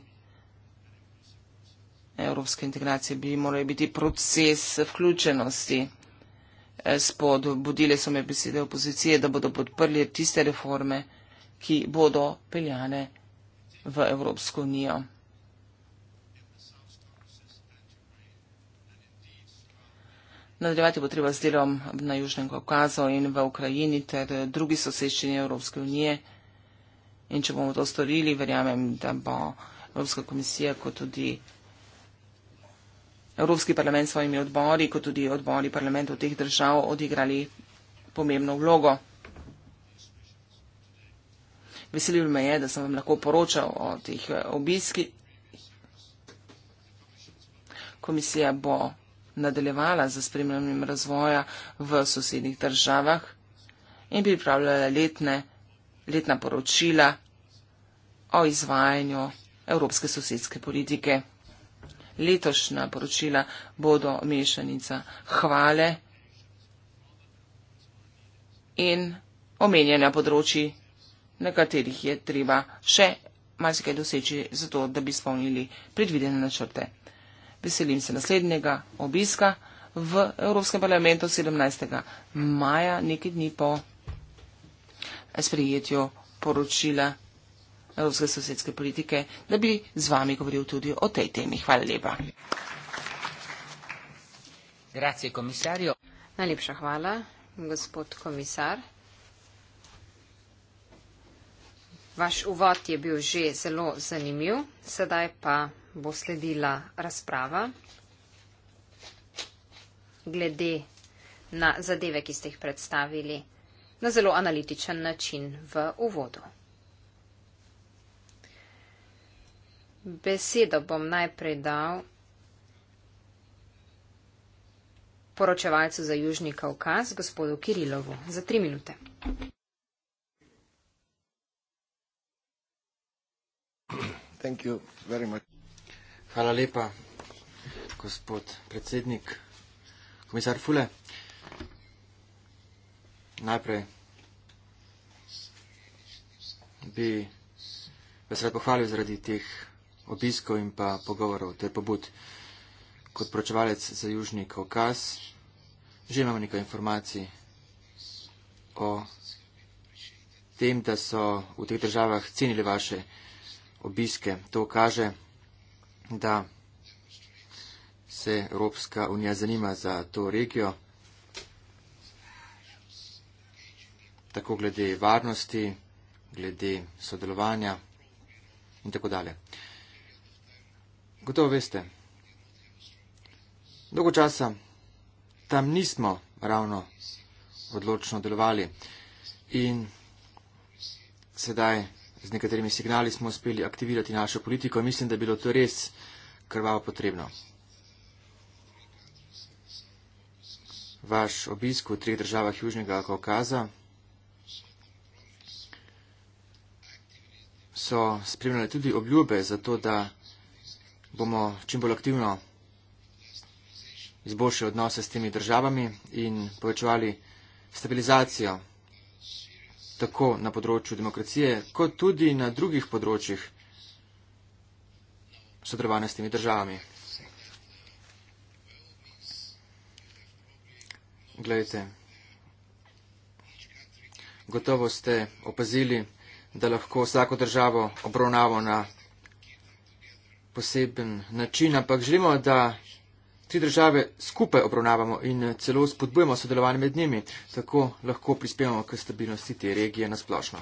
evropske integracije bi morali biti proces vključenosti. Eh, spodbudile so me besede opozicije, da bodo podprli tiste reforme, ki bodo peljane v Evropsko unijo. Nadaljevati bo treba z delom na Južnem Kaukazu in v Ukrajini ter drugi soseščini Evropske unije. In če bomo to storili, verjamem, da bo Evropska komisija kot tudi. Evropski parlament s svojimi odbori, kot tudi odbori parlamentov teh držav odigrali pomembno vlogo. Veselil me je, da sem vam lahko poročal o teh eh, obiski. Komisija bo nadaljevala za spremljanjem razvoja v sosednih državah in pripravljala letne, letna poročila o izvajanju evropske sosedske politike letošnja poročila bodo mešanica hvale in omenjanja področji, na katerih je treba še marsikaj doseči, zato da bi spomnili predvidene načrte. Veselim se naslednjega obiska v Evropskem parlamentu 17. maja, nekaj dni po sprejetju poročila evropske sosedske politike, da bi z vami govoril tudi o tej temi. Hvala lepa. Grazie, Najlepša hvala, gospod komisar. Vaš uvod je bil že zelo zanimiv, sedaj pa bo sledila razprava glede na zadeve, ki ste jih predstavili na zelo analitičen način v uvodu. besedo bom najprej dal poročevalcu za Južni Kaukaz, gospodu Kirilovu, za tri minute. Hvala lepa, gospod predsednik, komisar Fule. Najprej bi vas rad pohvalil zaradi teh obiskov in pa pogovorov ter pobud. Kot pročevalec za Južni Kaukas že imamo nekaj informacij o tem, da so v teh državah cenili vaše obiske. To kaže, da se Evropska unija zanima za to regijo, tako glede varnosti, glede sodelovanja in tako dalje. Gotovo veste, dolgo časa tam nismo ravno odločno delovali in sedaj z nekaterimi signali smo uspeli aktivirati našo politiko in mislim, da je bilo to res krvavo potrebno. Vaš obisk v treh državah Južnega Kaukaza so spremljali tudi obljube za to, da bomo čim bolj aktivno izboljšali odnose s temi državami in povečevali stabilizacijo tako na področju demokracije, kot tudi na drugih področjih sodelovanja s temi državami. Glejte, gotovo ste opazili, da lahko vsako državo obravnavamo na poseben način, ampak želimo, da tri države skupaj obravnavamo in celo spodbujemo sodelovanje med njimi, tako lahko prispevamo k stabilnosti te regije nasplošno.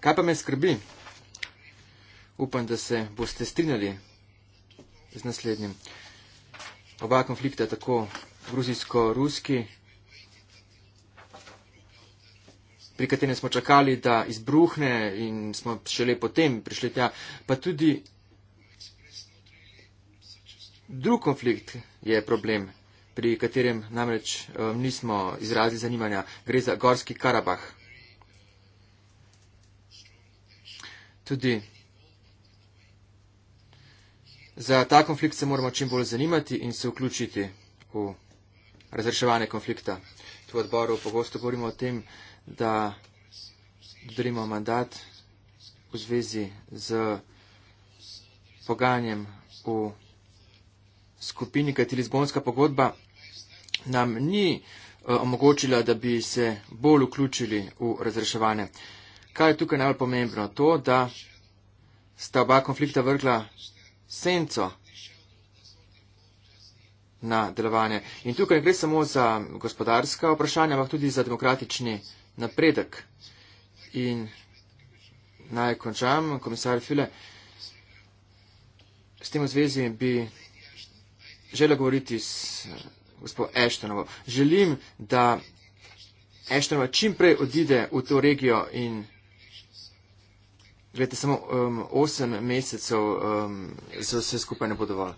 Kaj pa me skrbi? Upam, da se boste strinjali z naslednjim. Oba konflikta, tako gruzijsko-ruski, pri katerem smo čakali, da izbruhne in smo šele potem prišli tja, pa tudi drug konflikt je problem, pri katerem namreč um, nismo izrazili zanimanja. Gre za Gorski Karabah. Tudi za ta konflikt se moramo čim bolj zanimati in se vključiti v razreševanje konflikta. Tu v odboru pogosto govorimo o tem, da drimo mandat v zvezi z poganjem v skupini, kajti Lizbonska pogodba nam ni eh, omogočila, da bi se bolj vključili v razreševanje. Kaj je tukaj najbolj pomembno? To, da sta oba konflikta vrgla senco na delovanje. In tukaj ne gre samo za gospodarska vprašanja, ampak tudi za demokratični napredek. In naj končam, komisar File, s tem v zvezi bi želel govoriti s eh, gospod Eštenovo. Želim, da Eštenova čim prej odide v to regijo in Gledajte, samo um, 8 mesecev um, za vse skupaj ne bo dovolj.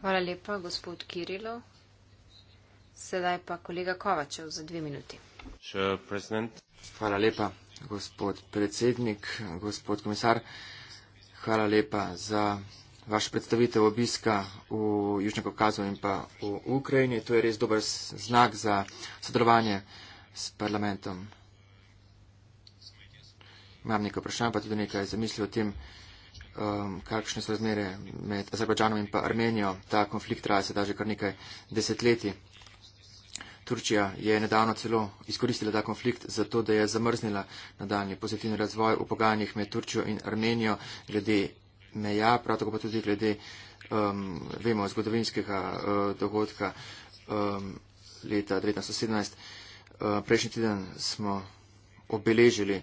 Hvala lepa, gospod Kirilo. Sedaj pa kolega Kovačev za dve minuti. Hvala lepa, gospod predsednik, gospod komisar. Hvala lepa za vaš predstavitev obiska v Južnem Kokazu in pa v Ukrajini. To je res dober znak za sodelovanje s parlamentom. Imam nekaj vprašanj, pa tudi nekaj zamisli o tem, um, kakšne so razmere med Azerbajdžanom in pa Armenijo. Ta konflikt traja sedaj že kar nekaj desetletij. Turčija je nedavno celo izkoristila ta konflikt za to, da je zamrznila nadaljni pozitivni razvoj v pogajanjih med Turčijo in Armenijo glede meja, prav tako pa tudi glede, um, vemo, zgodovinskega uh, dogodka um, leta 1917. Uh, prejšnji teden smo obeležili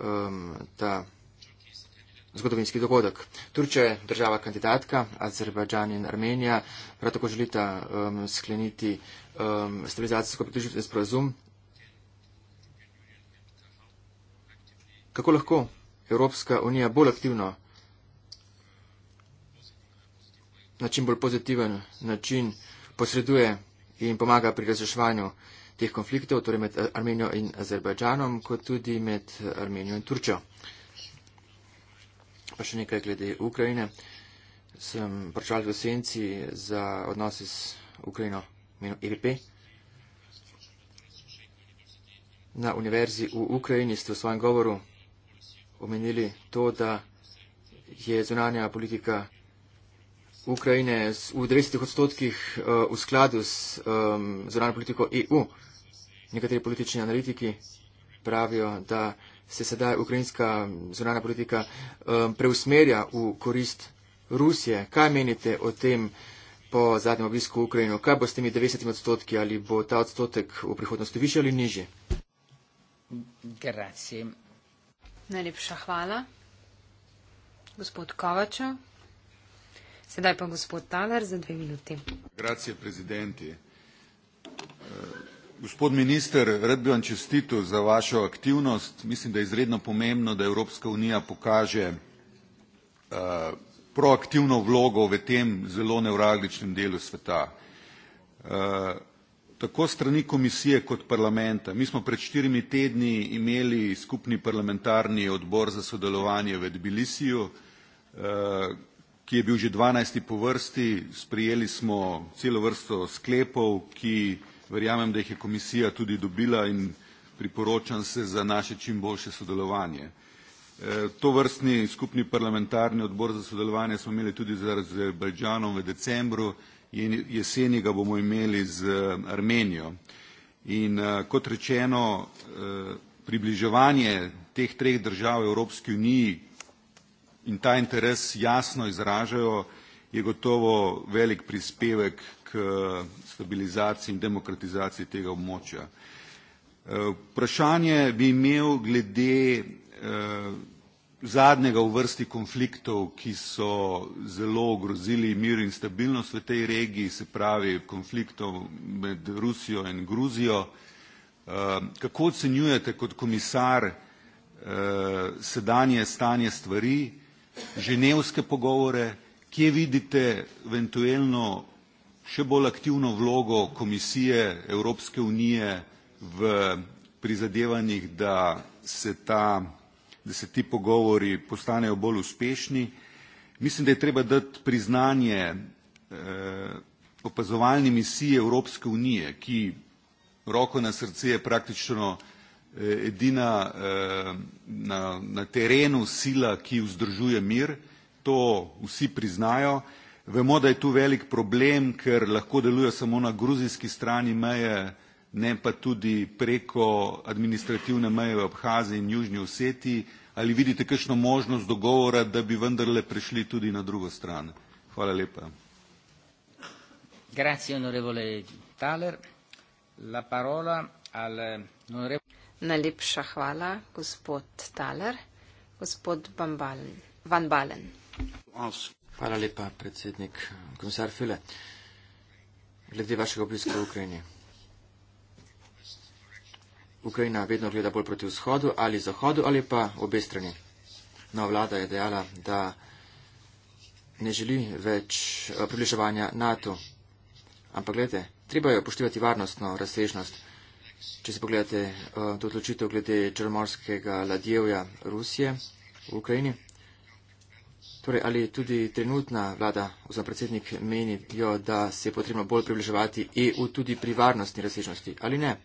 um, ta zgodovinski dogodek. Turčija je država kandidatka, Azerbajdžan in Armenija, prav tako želita um, skleniti uh, um, stabilizacijsko pritožitveni sporazum. Kako lahko Evropska unija bolj aktivno na čim bolj pozitiven način posreduje in pomaga pri razreševanju teh konfliktov, torej med eh, Armenijo in Azerbajdžanom, kot tudi med eh, Armenijo in Turčjo. Pa še nekaj glede Ukrajine. Sem pričal v senci za odnose s Ukrajino menu EVP. Na univerzi v Ukrajini ste v svojem govoru omenili to, da je zunanja politika Ukrajine v 90 odstotkih eh, v skladu z zunanjo politiko EU. Nekateri politični analitiki pravijo, da se sedaj ukrajinska zunanja politika preusmerja v korist Rusije. Kaj menite o tem? po zadnjem obisku v Ukrajino. Kaj bo s temi 90 odstotki? Ali bo ta odstotek v prihodnosti višji ali nižji? Gracije. Najlepša hvala. Gospod Kovačev. Sedaj pa gospod Taler za dve minuti. Gracije, prezidenti. Eh, gospod minister, rad bi vam čestitil za vašo aktivnost. Mislim, da je izredno pomembno, da Evropska unija pokaže uh, proaktivno vlogo v tem zelo nevralgičnem delu sveta. Eh, tako strani komisije kot parlamenta. Mi smo pred štirimi tedni imeli skupni parlamentarni odbor za sodelovanje v Tbilisiju, eh, ki je bil že dvanajsti po vrsti. Sprijeli smo celo vrsto sklepov, ki verjamem, da jih je komisija tudi dobila in priporočam se za naše čim boljše sodelovanje. To vrstni skupni parlamentarni odbor za sodelovanje smo imeli tudi z Azerbajdžanom v decembru in jeseni ga bomo imeli z eh, Armenijo. In eh, kot rečeno, eh, približevanje teh treh držav Evropski uniji in ta interes jasno izražajo, je gotovo velik prispevek k stabilizaciji in demokratizaciji tega območja. Vprašanje bi imel glede zadnjega v vrsti konfliktov, ki so zelo ogrozili mir in stabilnost v tej regiji, se pravi konfliktov med Rusijo in Gruzijo. Eh, kako ocenjujete kot komisar eh, sedanje stanje stvari, ženevske pogovore, kje vidite eventuelno še bolj aktivno vlogo komisije Evropske unije v prizadevanjih, da se ta da se ti pogovori postanejo bolj uspešni. Mislim, da je treba dati priznanje eh, opazovalni misiji Evropske unije, ki roko na srce je praktično eh, edina eh, na, na terenu sila, ki vzdržuje mir. To vsi priznajo. Vemo, da je tu velik problem, ker lahko delujejo samo na gruzijski strani meje ne pa tudi preko administrativne meje v Abhaziji in Južni Osetiji. Ali vidite kakšno možnost dogovora, da bi vendarle prišli tudi na drugo stran? Hvala lepa. Najlepša hvala, gospod Taler. Gospod Van Balen. Hvala lepa, predsednik komisar File. Glede vašega obiska v Ukrajini. Ukrajina vedno gleda bolj proti vzhodu ali zahodu ali pa obe strani. No, vlada je dejala, da ne želi več eh, približevanja NATO. Ampak gledajte, treba je upoštevati varnostno razsežnost. Če si pogledate eh, to odločitev glede črnomorskega ladjevja Rusije v Ukrajini, torej ali tudi trenutna vlada oziroma predsednik menijo, da se je potrebno bolj približevati EU tudi pri varnostni razsežnosti ali ne.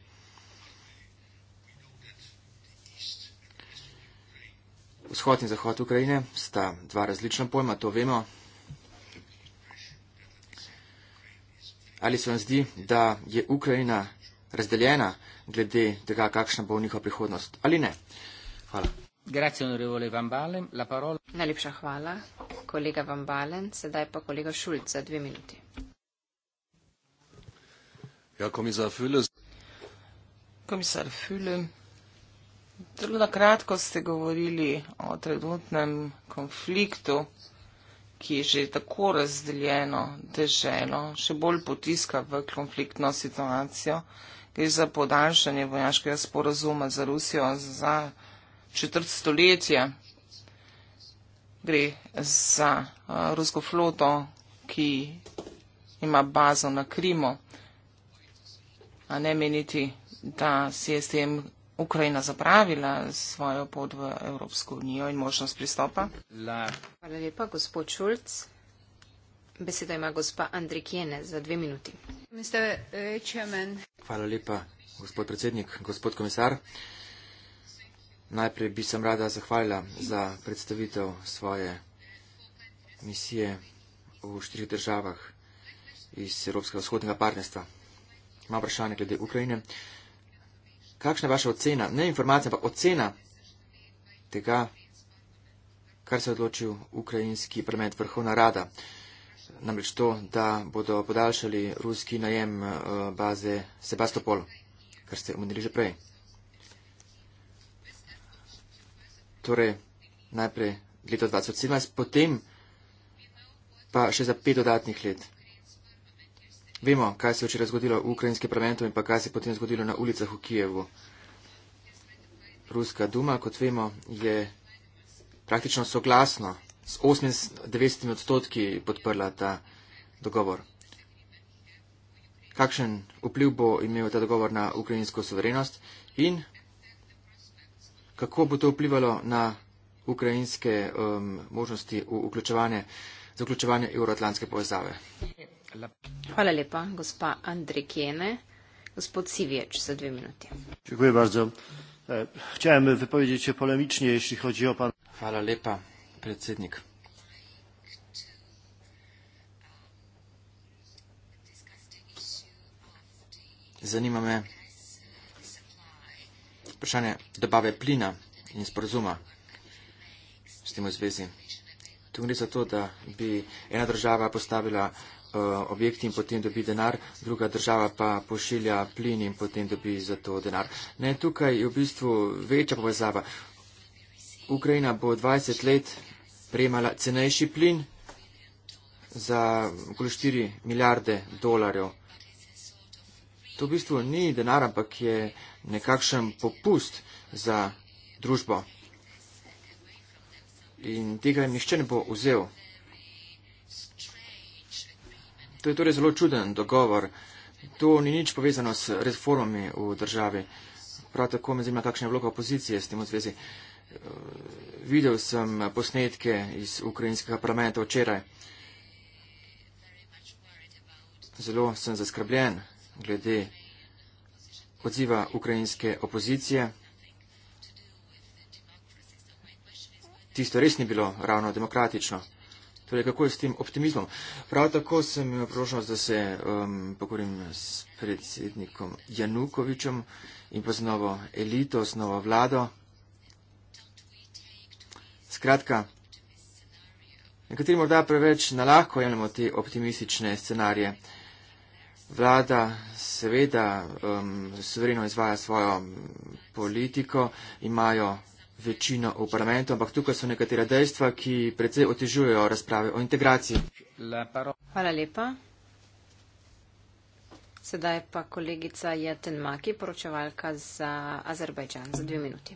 vzhod in zahod Ukrajine sta dva različna pojma, to vemo. Ali se vam zdi, da je Ukrajina razdeljena glede tega, kakšna bo njihova prihodnost ali ne? Hvala. Grazie, onorevole Van Balen. La parola. Najlepša hvala, kolega Van Balen. Sedaj pa kolega Šulc za dve minuti. Ja, komisar Füle. Komisar Füle. Zelo na kratko ste govorili o trenutnem konfliktu, ki je že tako razdeljeno deželo, še bolj potiska v konfliktno situacijo. Gre za podaljšanje vojaškega sporazuma za Rusijo za četrt stoletje. Gre za uh, rusko floto, ki ima bazo na Krimu. A ne meniti, da si je s tem Ukrajina zapravila svojo pot v Evropsko unijo in možnost pristopa? Hvala lepa, gospod Šulc. Besedo ima gospa Andrikjene za dve minuti. Eh, Hvala lepa, gospod predsednik, gospod komisar. Najprej bi sem rada zahvalila za predstavitev svoje misije v štirih državah iz Evropskega vzhodnega partnerstva. Ima vprašanje glede Ukrajine. Uh, kakšna je vaša ocena, ne informacija, pa ocena tega, kar se je odločil ukrajinski parlament vrhovna rada. Namreč to, da bodo podaljšali ruski najem eh, baze Sebastopol, kar ste omenili že prej. Torej, najprej leto 2017, potem pa še za pet dodatnih let. Vemo, kaj se je včeraj zgodilo v ukrajinskem parlamentu in pa kaj se je potem zgodilo na ulicah v Kijevu. Ruska Duma, kot vemo, je praktično soglasno s 98 odstotki podprla ta dogovor. Kakšen vpliv bo imel ta dogovor na ukrajinsko suverenost in kako bo to vplivalo na ukrajinske um, možnosti v vključevanje, zaključevanje euroatlantske povezave? Hvala lepa, gospa Andrej Kene. Gospod Siviec za dve minuti. Dziękuję bardzo. E, chciałem wypowiedzieć się polemicznie, jeśli chodzi o pan... Hvala lepa, predsednik. Zanima me vprašanje dobave plina in sporozuma s tem v zvezi. Tu gre za to, da bi ena država postavila Eh, objekti in potem dobi denar, druga država pa pošilja plin in potem dobi za to denar. Ne, tukaj je v bistvu večja povezava. Ukrajina bo 20 let prejemala cenejši plin za okoli 4 milijarde dolarjev. To v bistvu ni denar, ampak je nekakšen popust za družbo. In tega nišče ne bo vzel. To je torej zelo čuden dogovor. To ni nič povezano s reformami v državi. Prav tako me zanima, kakšna je vloga opozicije s tem v zvezi. Eh, videl sem posnetke iz ukrajinskega parlamenta včeraj. Zelo sem zaskrbljen glede odziva ukrajinske opozicije. Tisto res ni bilo ravno demokratično. Torej, kako je s tem optimizmom? Prav tako sem imel prošnost, da se um, pogovorim s predsednikom Janukovičem in pa z novo elito, z novo vlado. Skratka, nekateri morda preveč nalahko jemljamo te optimistične scenarije. Vlada seveda um, suvereno izvaja svojo politiko, imajo večino v parlamentu, ampak tukaj so nekatera dejstva, ki predvsej otežujejo razprave o integraciji. Hvala lepa. Sedaj pa kolegica Jeten Maki, poročevalka za Azerbajdžan, za dve minuti.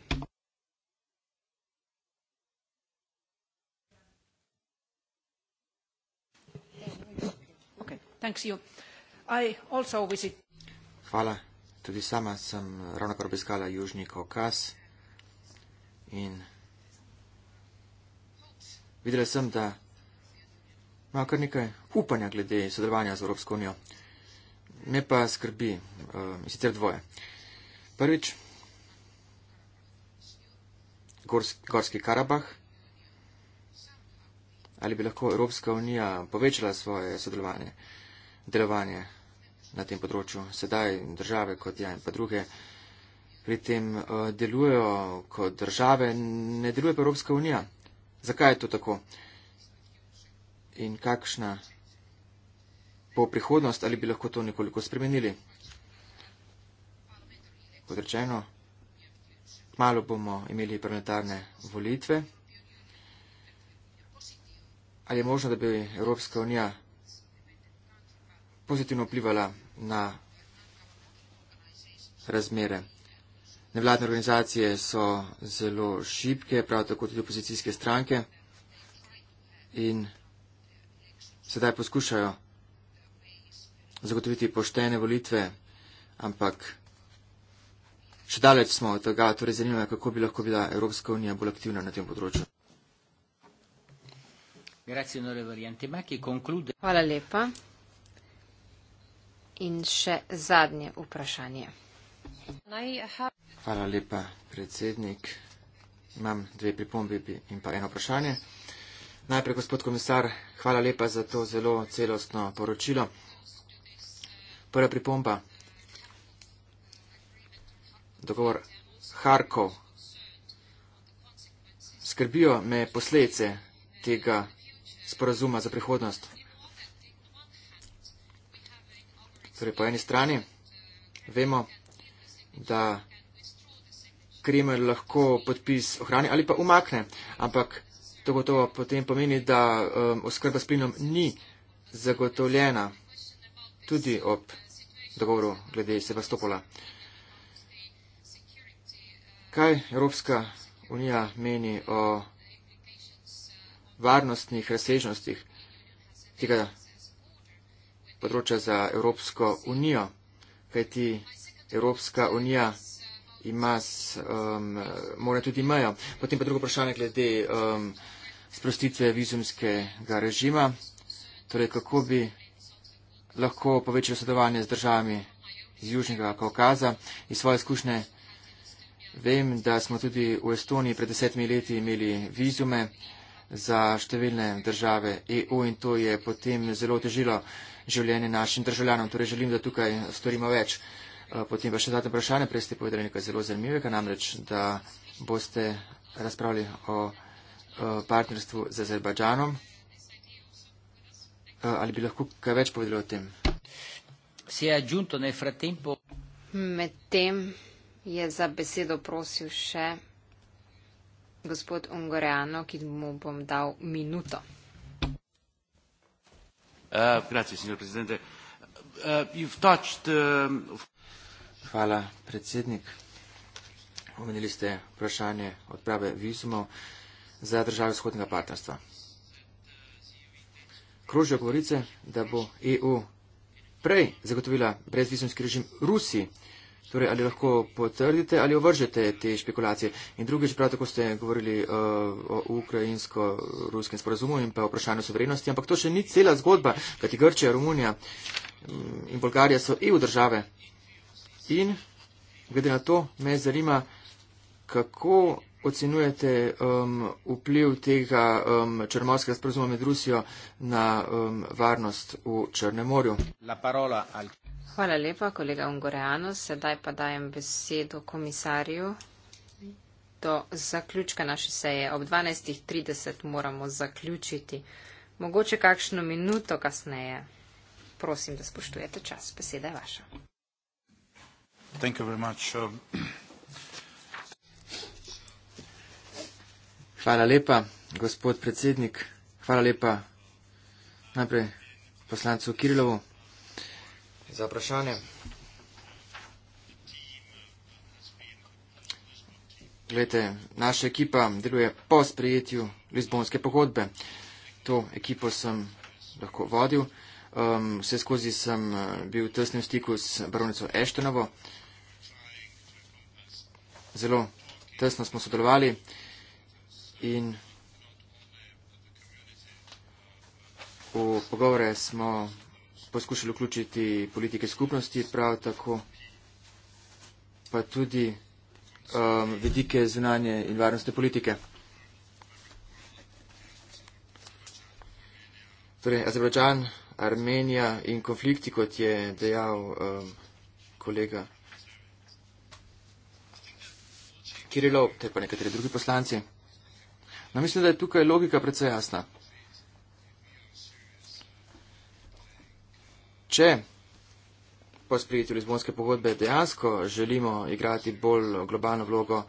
Hvala. Tudi sama sem ravno kar obiskala Južni Kaukaz. In videl sem, da ima kar nekaj upanja glede sodelovanja z Evropsko unijo. Me pa skrbi uh, sicer dvoje. Prvič, gors, Gorski Karabah. Ali bi lahko Evropska unija povečala svoje sodelovanje, delovanje na tem področju? Sedaj države, kot ja in pa druge, uh, pri tem eh, delujejo kot države, ne deluje pa Evropska unija. Zakaj je to tako? In kakšna bo prihodnost, ali bi lahko to nekoliko spremenili? Kot rečeno, malo bomo imeli parlamentarne volitve. Ali je možno, da bi Evropska unija pozitivno vplivala na razmere? Nevladne organizacije so zelo šibke, prav tako tudi opozicijske stranke in sedaj poskušajo zagotoviti poštene volitve, ampak še daleč smo od tega, torej zanima me, kako bi lahko bila Evropska unija bolj aktivna na tem področju. Hvala lepa. In še zadnje vprašanje. Hvala lepa, predsednik. Imam dve pripombi in pa eno vprašanje. Najprej, gospod komisar, hvala lepa za to zelo celostno poročilo. Prva pripomba. Dogovor Harkov. Skrbijo me posledice tega sporazuma za prihodnost. Torej, po eni strani vemo, da krimer lahko podpis ohrani ali pa umakne. Ampak to gotovo potem pomeni, da um, oskrba s plinom ni zagotovljena tudi ob dogovoru glede Sebastopola. Kaj Evropska unija meni o varnostnih razsežnostih tega področja za Evropsko unijo? Kajti Evropska unija ima, um, mora tudi imajo. Potem pa drugo vprašanje glede um, sprostitve vizumskega režima. Torej, kako bi lahko povečali sodelovanje z državami iz Južnega Kaukaza. Iz svoje izkušnje vem, da smo tudi v Estoniji pred desetimi leti imeli vizume za številne države EU in to je potem zelo otežilo življenje našim državljanom. Torej, želim, da tukaj storimo več. Eh, potem pa še zadnje vprašanje, prej ste povedali nekaj zelo zanimivega, namreč, da boste razpravljali o eh, partnerstvu z Azerbajdžanom. Eh, ali bi lahko kaj več povedali o tem? Medtem je za besedo prosil še gospod Ungorejano, ki mu bom dal minuto. Uh, grazie, signor Presidente. Uh, you've touched, um, Hvala, predsednik. Omenili ste vprašanje odprave vizumov za države vzhodnega partnerstva. Krožijo govorice, da bo EU prej zagotovila brezvizumski režim Rusiji. Torej, ali lahko potrdite ali ovržete te špekulacije? In drugič, prav tako ste govorili uh, o ukrajinsko-ruskem sporazumu in pa o vprašanju soverenosti, ampak to še ni cela zgodba, kajti Grčija, Romunija mm, in Bolgarija so EU države. In glede na to me zanima, kako ocenujete um, vpliv tega um, črnomorskega sporozuma med Rusijo na um, varnost v Črnem morju. Hvala lepa, kolega Ungorejano. Sedaj pa dajem besedo komisarju. Do zaključka naše seje ob 12.30 moramo zaključiti. Mogoče kakšno minuto kasneje. Prosim, da spoštujete čas. Beseda je vaša. Thank you very much. Um, hvala lepa, gospod predsednik. Hvala lepa najprej poslancu Kirilovu za vprašanje. Glede, naša ekipa deluje po sprejetju Lizbonske pogodbe. To ekipo sem lahko vodil. Um, vse skozi sem uh, bil v tesnem stiku s baronico Eštenovo. Uh, zelo tesno smo sodelovali in v pogovore smo poskušali vključiti politike skupnosti, prav tako pa tudi um, vidike zunanje in varnostne politike. Torej, Azerbajdžan, Armenija in konflikti, kot je dejal um, kolega Kirilov, te pa nekateri drugi poslanci. No, mislim, da je tukaj logika predvsej jasna. Če po sprejetju Lizbonske pogodbe dejansko želimo igrati bolj globalno vlogo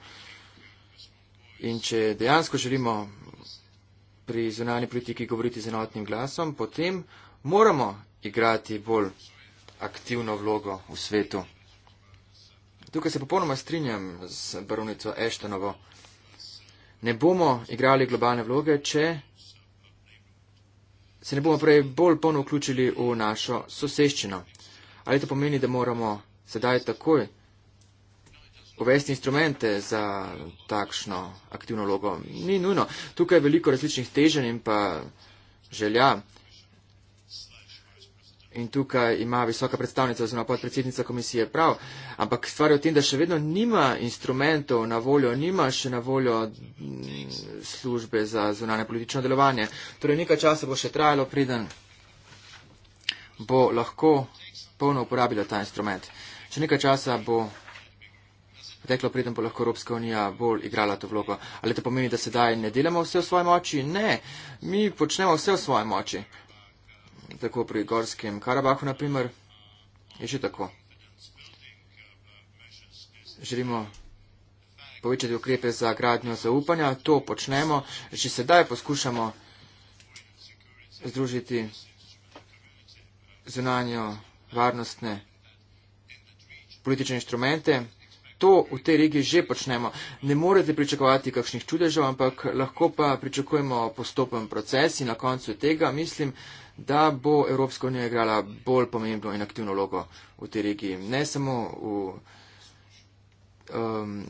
in če dejansko želimo pri zunanji politiki govoriti z enotnim glasom, potem moramo igrati bolj aktivno vlogo v svetu. Tukaj se popolnoma strinjam z baronico Eštonovo. Ne bomo igrali globalne vloge, če se ne bomo prej bolj polno vključili v našo soseščino. Ali to pomeni, da moramo sedaj takoj uvesti instrumente za takšno aktivno vlogo? Ni nujno. Tukaj je veliko različnih teženj in pa želja in tukaj ima visoka predstavnica oziroma podpredsednica komisije prav, ampak stvar je v tem, da še vedno nima instrumentov na voljo, nima še na voljo mm, službe za zunanje politično delovanje. Torej nekaj časa bo še trajalo, preden bo lahko polno uporabila ta instrument. Še nekaj časa bo teklo, preden bo lahko Evropska unija bolj igrala to vlogo. Ali to pomeni, da sedaj ne delamo vse v svoji moči? Ne, mi počnemo vse v svoji moči tako pri Gorskem Karabahu, naprimer, je že tako. Želimo povečati ukrepe za gradnjo zaupanja, to počnemo, že sedaj poskušamo združiti zunanjo varnostne politične inštrumente. To v tej regiji že počnemo. Ne morete pričakovati kakšnih čudežev, ampak lahko pa pričakujemo postopen proces in na koncu tega, mislim, da bo Evropska unija igrala bolj pomembno in aktivno logo v tej regiji. Ne samo v um,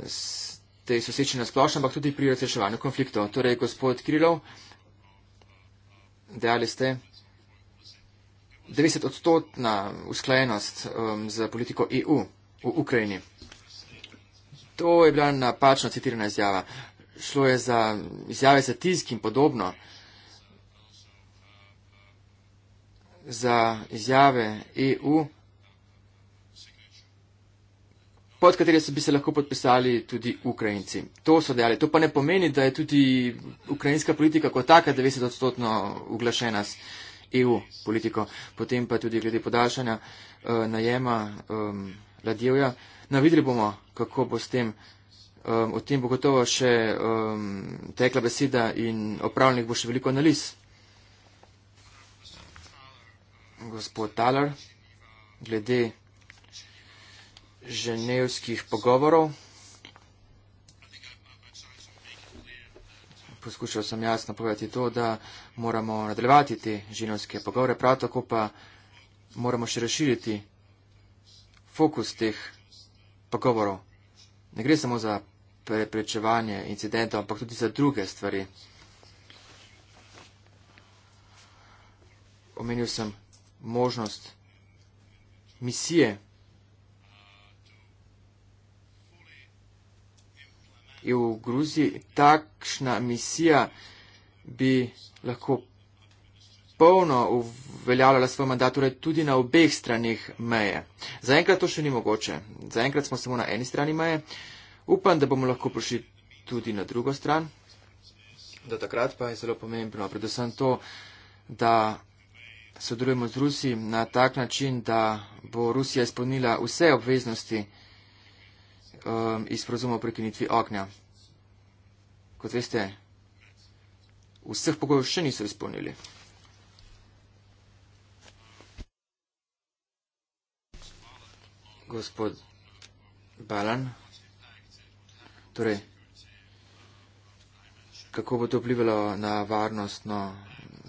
tej sosečini na splošno, ampak tudi pri razreševanju konfliktov. Torej, gospod Krilov, dejali ste 90 odstotna usklajenost um, z politiko EU v Ukrajini. To je bila napačno citirana izjava. Šlo je za izjave za tisk in podobno. za izjave EU, pod katere se bi se lahko podpisali tudi Ukrajinci. To so dejali. To pa ne pomeni, da je tudi ukrajinska politika kot taka 90 odstotno uglašena s EU politiko. Potem pa tudi glede podaljšanja eh, najema eh, ladjevja. Na no, videli bomo, kako bo s tem. Eh, o tem bo gotovo še eh, tekla beseda in opravljenih bo še veliko analiz gospod Talar, glede ženevskih pogovorov. Poskušal sem jasno povedati to, da moramo nadaljevati te ženevske pogovore, prav tako pa moramo še razširiti fokus teh pogovorov. Ne gre samo za preprečevanje incidentov, ampak tudi za druge stvari. Omenil sem možnost misije in v Gruziji takšna misija bi lahko polno uveljavljala svoj mandat, torej tudi na obeh stranih meje. Zaenkrat to še ni mogoče. Zaenkrat smo samo na eni strani meje. Upam, da bomo lahko prišli tudi na drugo stran. Do takrat pa je zelo pomembno, predvsem to, da sodelujemo z Rusi na tak način, da bo Rusija izpolnila vse obveznosti um, iz sporozuma o prekinitvi ognja. Kot veste, vseh pogojev še niso izpolnili. Gospod Balan, torej, kako bo to vplivalo na varnostno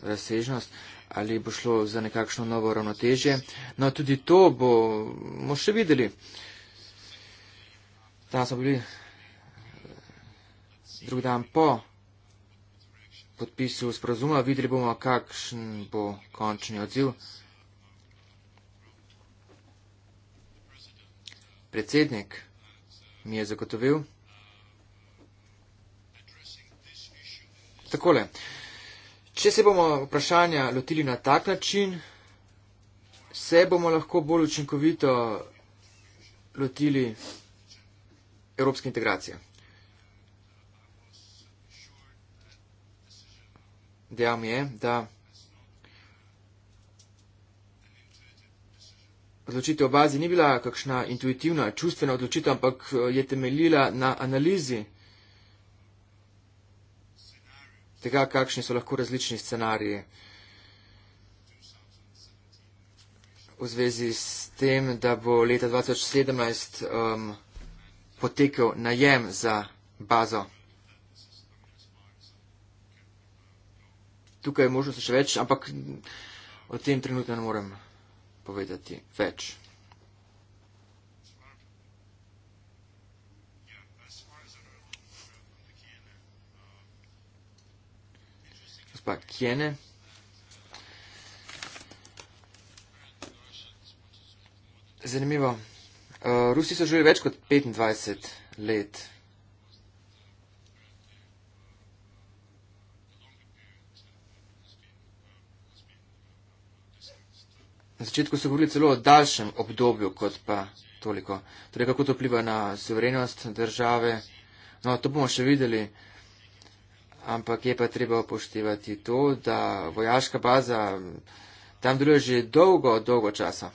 razsežnost? No, ali bo šlo za nekakšno novo ravnotežje. No, tudi to bomo še videli. Ta smo bili eh, drug dan po podpisu sporozuma, videli bomo, kakšen bo končni odziv. Predsednik mi je zagotovil takole. Uh, Če se bomo vprašanja lotili na tak način, se bomo lahko bolj učinkovito lotili evropske integracije. Dejal mi je, da odločitev bazi ni bila kakšna intuitivna, čustvena odločitev, ampak eh, je temeljila na analizi tega, kakšni so lahko različni scenariji. V zvezi s tem, da bo leta 2017 um, potekel najem za bazo. Tukaj je možnosti še več, ampak o tem trenutno ne morem povedati več. gospa Kjene. Zanimivo. Uh, Rusi so živeli več kot 25 let. Na začetku so govorili celo o daljšem obdobju, kot pa toliko. Torej, kako to pliva na suverenost države. No, to bomo še videli. Uh, ampak je pa treba upoštevati to, da vojaška baza tam druge že dolgo, dolgo časa.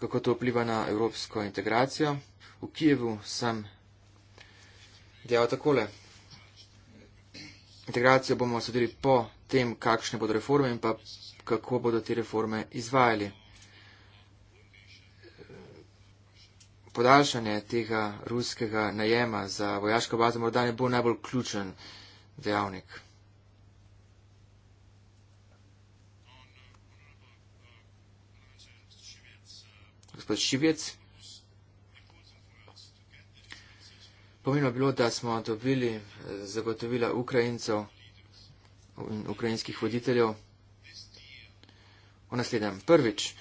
Kako to vpliva na evropsko integracijo? V Kijevu sem dejal takole. Integracijo bomo sodili po tem, kakšne bodo reforme in pa kako bodo te reforme izvajali. podaljšanje tega ruskega najema za vojaško bazo morda ne bo najbolj ključen dejavnik. Gospod Šivec. Pomembno je bilo, da smo dobili eh, zagotovila Ukrajincev in ukrajinskih voditeljev o naslednjem. Prvič,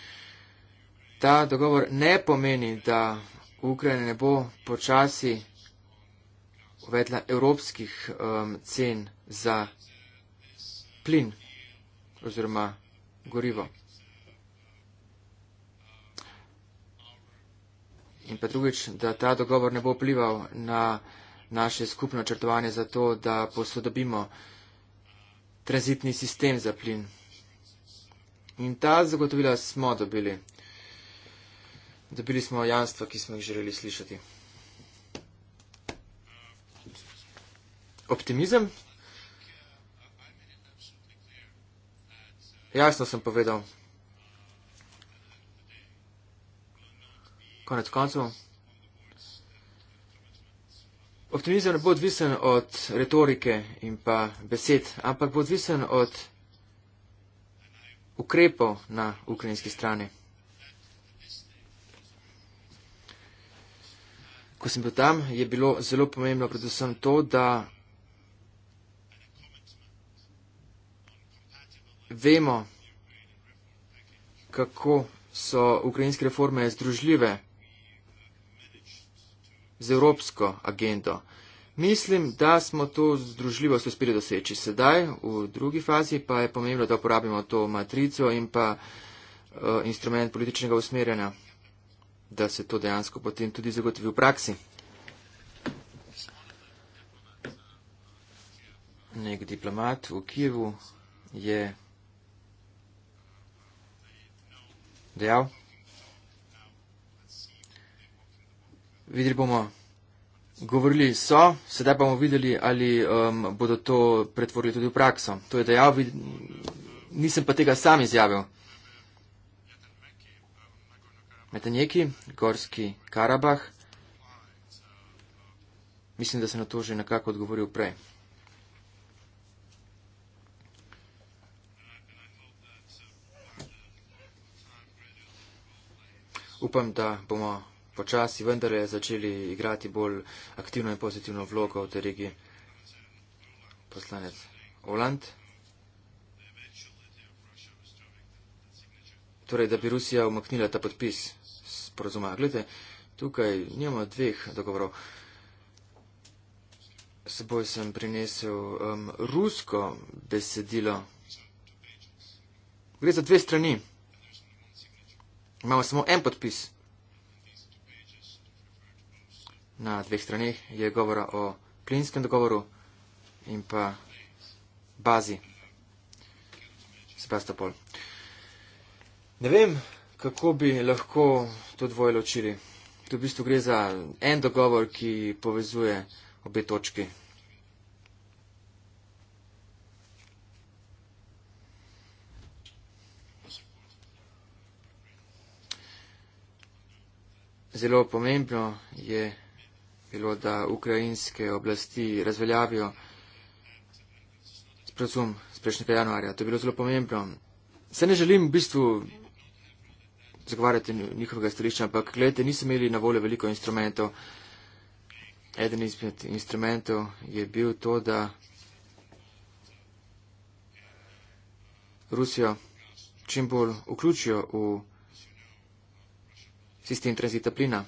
ta dogovor ne pomeni, da Ukrajina ne bo počasi uvedla evropskih um, cen za plin oziroma gorivo. In pa drugič, da ta dogovor ne bo plival na naše skupno črtovanje za to, da posodobimo tranzitni sistem za plin. In ta zagotovila smo dobili dobili smo jamstva, ki smo jih želeli slišati. Optimizem? Jasno sem povedal. Konec koncev. Optimizem ne bo odvisen od retorike in pa besed, ampak bo odvisen od ukrepov na ukrajinski strani. ko sem bil tam, je bilo zelo pomembno predvsem to, da vemo, kako so ukrajinske reforme združljive z evropsko agendo. Mislim, da smo to združljivost uspeli doseči sedaj, v drugi fazi pa je pomembno, da uporabimo to matrico in pa uh, instrument političnega usmerjanja da se to dejansko potem tudi zagotovi v praksi. Nek diplomat v Kijevu je dejal, videli bomo, govorili so, sedaj bomo videli, ali um, bodo to pretvorili tudi v prakso. To je dejal, vid, nisem pa tega sam izjavil. Это некий горский Карабах. Мислим да се на то же накак отговорил пре. Upam, da bomo počasi vendarle začeli igrati bolj aktivno in pozitivno vlogo v tej regiji. Poslanec Oland. Torej, da bi Rusija umaknila ta podpis sporozuma. Glede, tukaj nima dveh dogovorov. Seboj sem prinesel um, rusko besedilo. Gre za dve strani. Imamo samo en podpis. Na dveh straneh je govora o plinskem dogovoru in pa bazi Sebastopol. Ne vem, kako bi lahko to dvoje ločili. To v bistvu gre za en dogovor, ki povezuje obe točki. Zelo pomembno je bilo, da ukrajinske oblasti razveljavijo sporazum z prejšnjega januarja. To je bilo zelo pomembno. Se ne želim v bistvu zagovarjati njihovega stališča, ampak gledajte, niso imeli na voljo veliko instrumentov. Eden izmed instrumentov je bil to, da Rusijo čim bolj vključijo v sistem tranzita plina.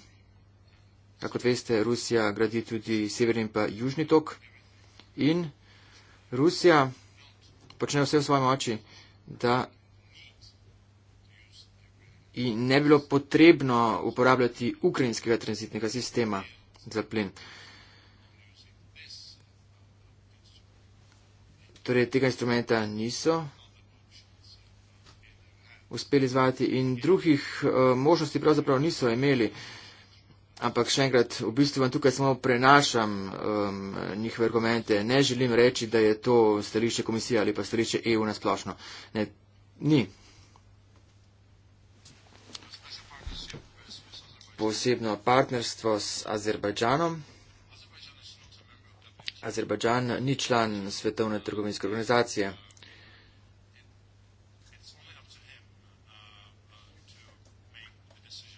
Kako veste, Rusija gradi tudi severni in pa južni tok in Rusija počne vse v svoji moči, da in ne bilo potrebno uporabljati ukrajinskega transitnega sistema za plin. Torej, tega instrumenta niso uspeli izvajati in drugih uh, možnosti pravzaprav niso imeli. Ampak še enkrat, v bistvu vam tukaj samo prenašam um, njihove argumente. Ne želim reči, da je to stališče komisije ali pa stališče EU nasplošno. Ne, ni. posebno partnerstvo s Azerbajdžanom. Azerbajdžan ni član svetovne trgovinske organizacije.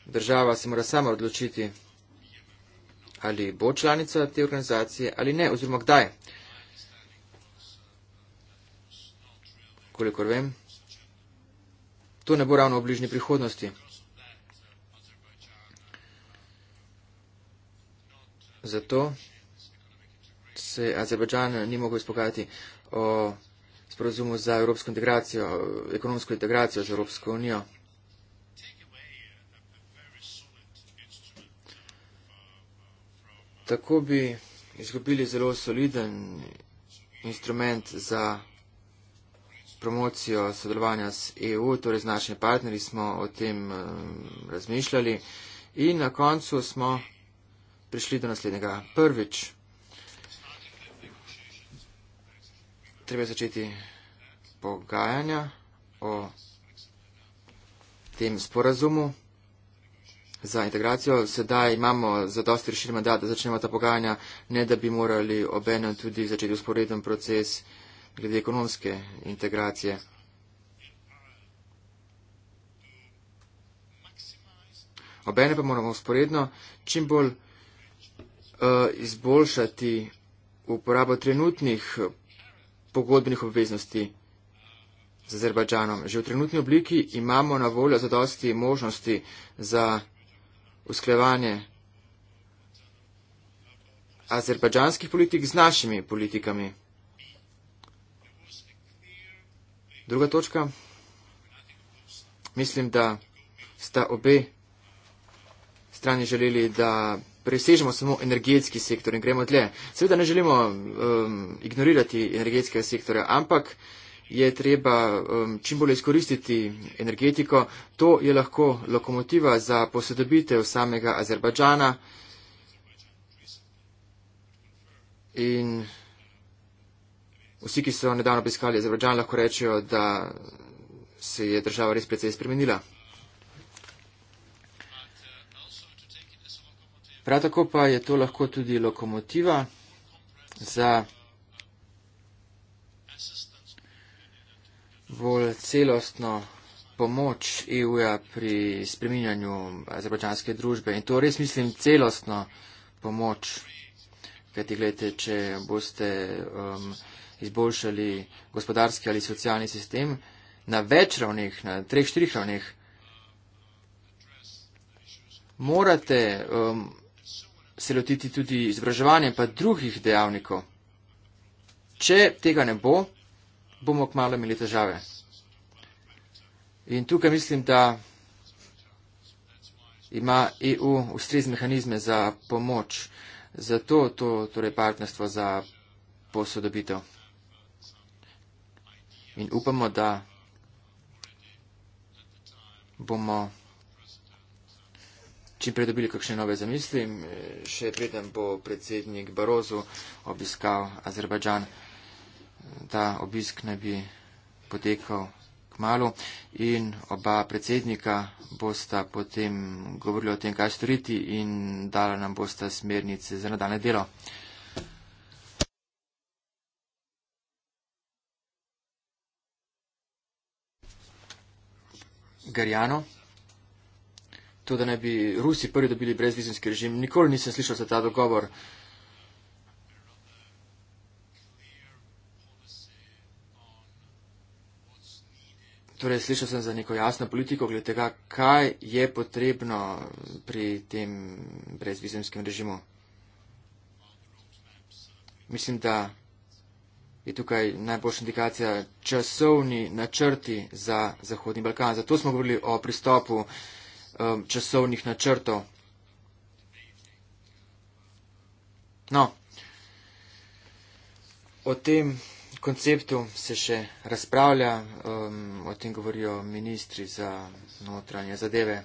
Država se mora sama odločiti, ali bo članica te organizacije ali ne, oziroma kdaj. Kolikor vem, to ne bo ravno v bližnji prihodnosti. Zato se Azerbajdžan ni mogel izpogajati o sporozumu za evropsko integracijo, ekonomsko integracijo z Evropsko unijo. Tako bi izgubili zelo soliden instrument za promocijo sodelovanja z EU, torej z našimi partnerji smo o tem eh, razmišljali in na koncu smo prišli do naslednjega. Prvič, treba začeti pogajanja o tem sporazumu za integracijo. Sedaj imamo za dosti rešilj mandat, da začnemo ta pogajanja, ne da bi morali obeno tudi začeti usporeden proces glede ekonomske integracije. Obene pa moramo usporedno čim bolj Eh, izboljšati uporabo trenutnih pogodbenih obveznosti z Azerbajdžanom. Že v trenutni obliki imamo na voljo zadosti možnosti za usklevanje azerbajdžanskih politik z našimi politikami. Druga točka. Mislim, da sta obe strani želeli, da presežemo samo energetski sektor in gremo dlje. Seveda ne želimo um, ignorirati energetskega sektorja, ampak je treba um, čim bolje izkoristiti energetiko. To je lahko lokomotiva za posodobitev samega Azerbajdžana. In vsi, ki so nedavno obiskali Azerbajdžan, lahko rečejo, da se je država res precej spremenila. Prav tako pa je to lahko tudi lokomotiva za bolj celostno pomoč EU-ja pri spreminjanju azerbajdžanske družbe. In to res mislim celostno pomoč, kajti gledajte, če boste um, izboljšali gospodarski ali socialni sistem na več ravneh, na treh, štirih ravneh, morate um, se lotiti tudi izobraževanja in pa drugih dejavnikov. Če tega ne bo, bomo kmalo imeli težave. In tukaj mislim, da ima EU ustrezne mehanizme za pomoč, zato to torej partnerstvo za posodobitev. In upamo, da bomo čim prej dobili kakšne nove zamisli, še preden bo predsednik Barozu obiskal Azerbajdžan. Ta obisk naj bi potekal k malu in oba predsednika bosta potem govorila o tem, kaj storiti in dala nam bosta smernice za nadaljne delo. Gariano to, da ne bi Rusi prvi dobili brezvizijski režim. Nikoli nisem slišal za ta dogovor. Torej, slišal sem za neko jasno politiko glede tega, kaj je potrebno pri tem brezvizijskem režimu. Mislim, da je tukaj najboljša indikacija časovni načrti za Zahodni Balkan. Zato smo govorili o pristopu um, časovnih načrtov. No, o tem konceptu se še razpravlja, um, o tem govorijo ministri za notranje zadeve,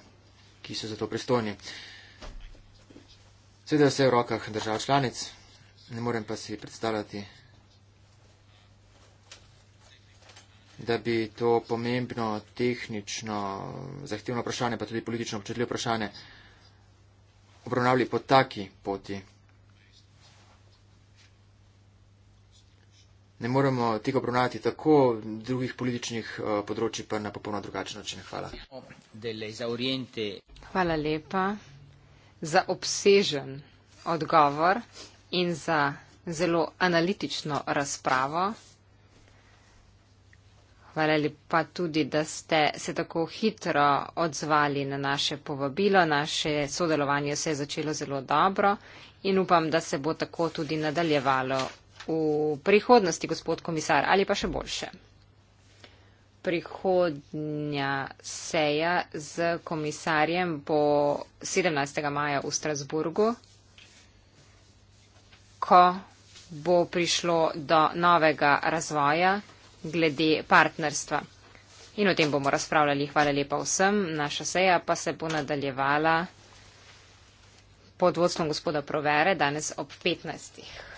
ki so za to pristojni. Sveda vse je v rokah držav članic, ne morem pa si predstavljati da bi to pomembno tehnično, zahtevno vprašanje, pa tudi politično občutljivo vprašanje obravnavali po taki poti. Ne moremo tega obravnavati tako, drugih političnih eh, področji pa na popolno drugačen način. Hvala. Hvala lepa za obsežen odgovor in za zelo analitično razpravo. Hvala lepa tudi, da ste se tako hitro odzvali na naše povabilo. Naše sodelovanje se je začelo zelo dobro in upam, da se bo tako tudi nadaljevalo v prihodnosti, gospod komisar, ali pa še boljše. Prihodnja seja z komisarjem bo 17. maja v Strasburgu, ko bo prišlo do novega razvoja glede partnerstva. In o tem bomo razpravljali. Hvala lepa vsem. Naša seja pa se bo nadaljevala pod vodstvom gospoda Provere danes ob 15.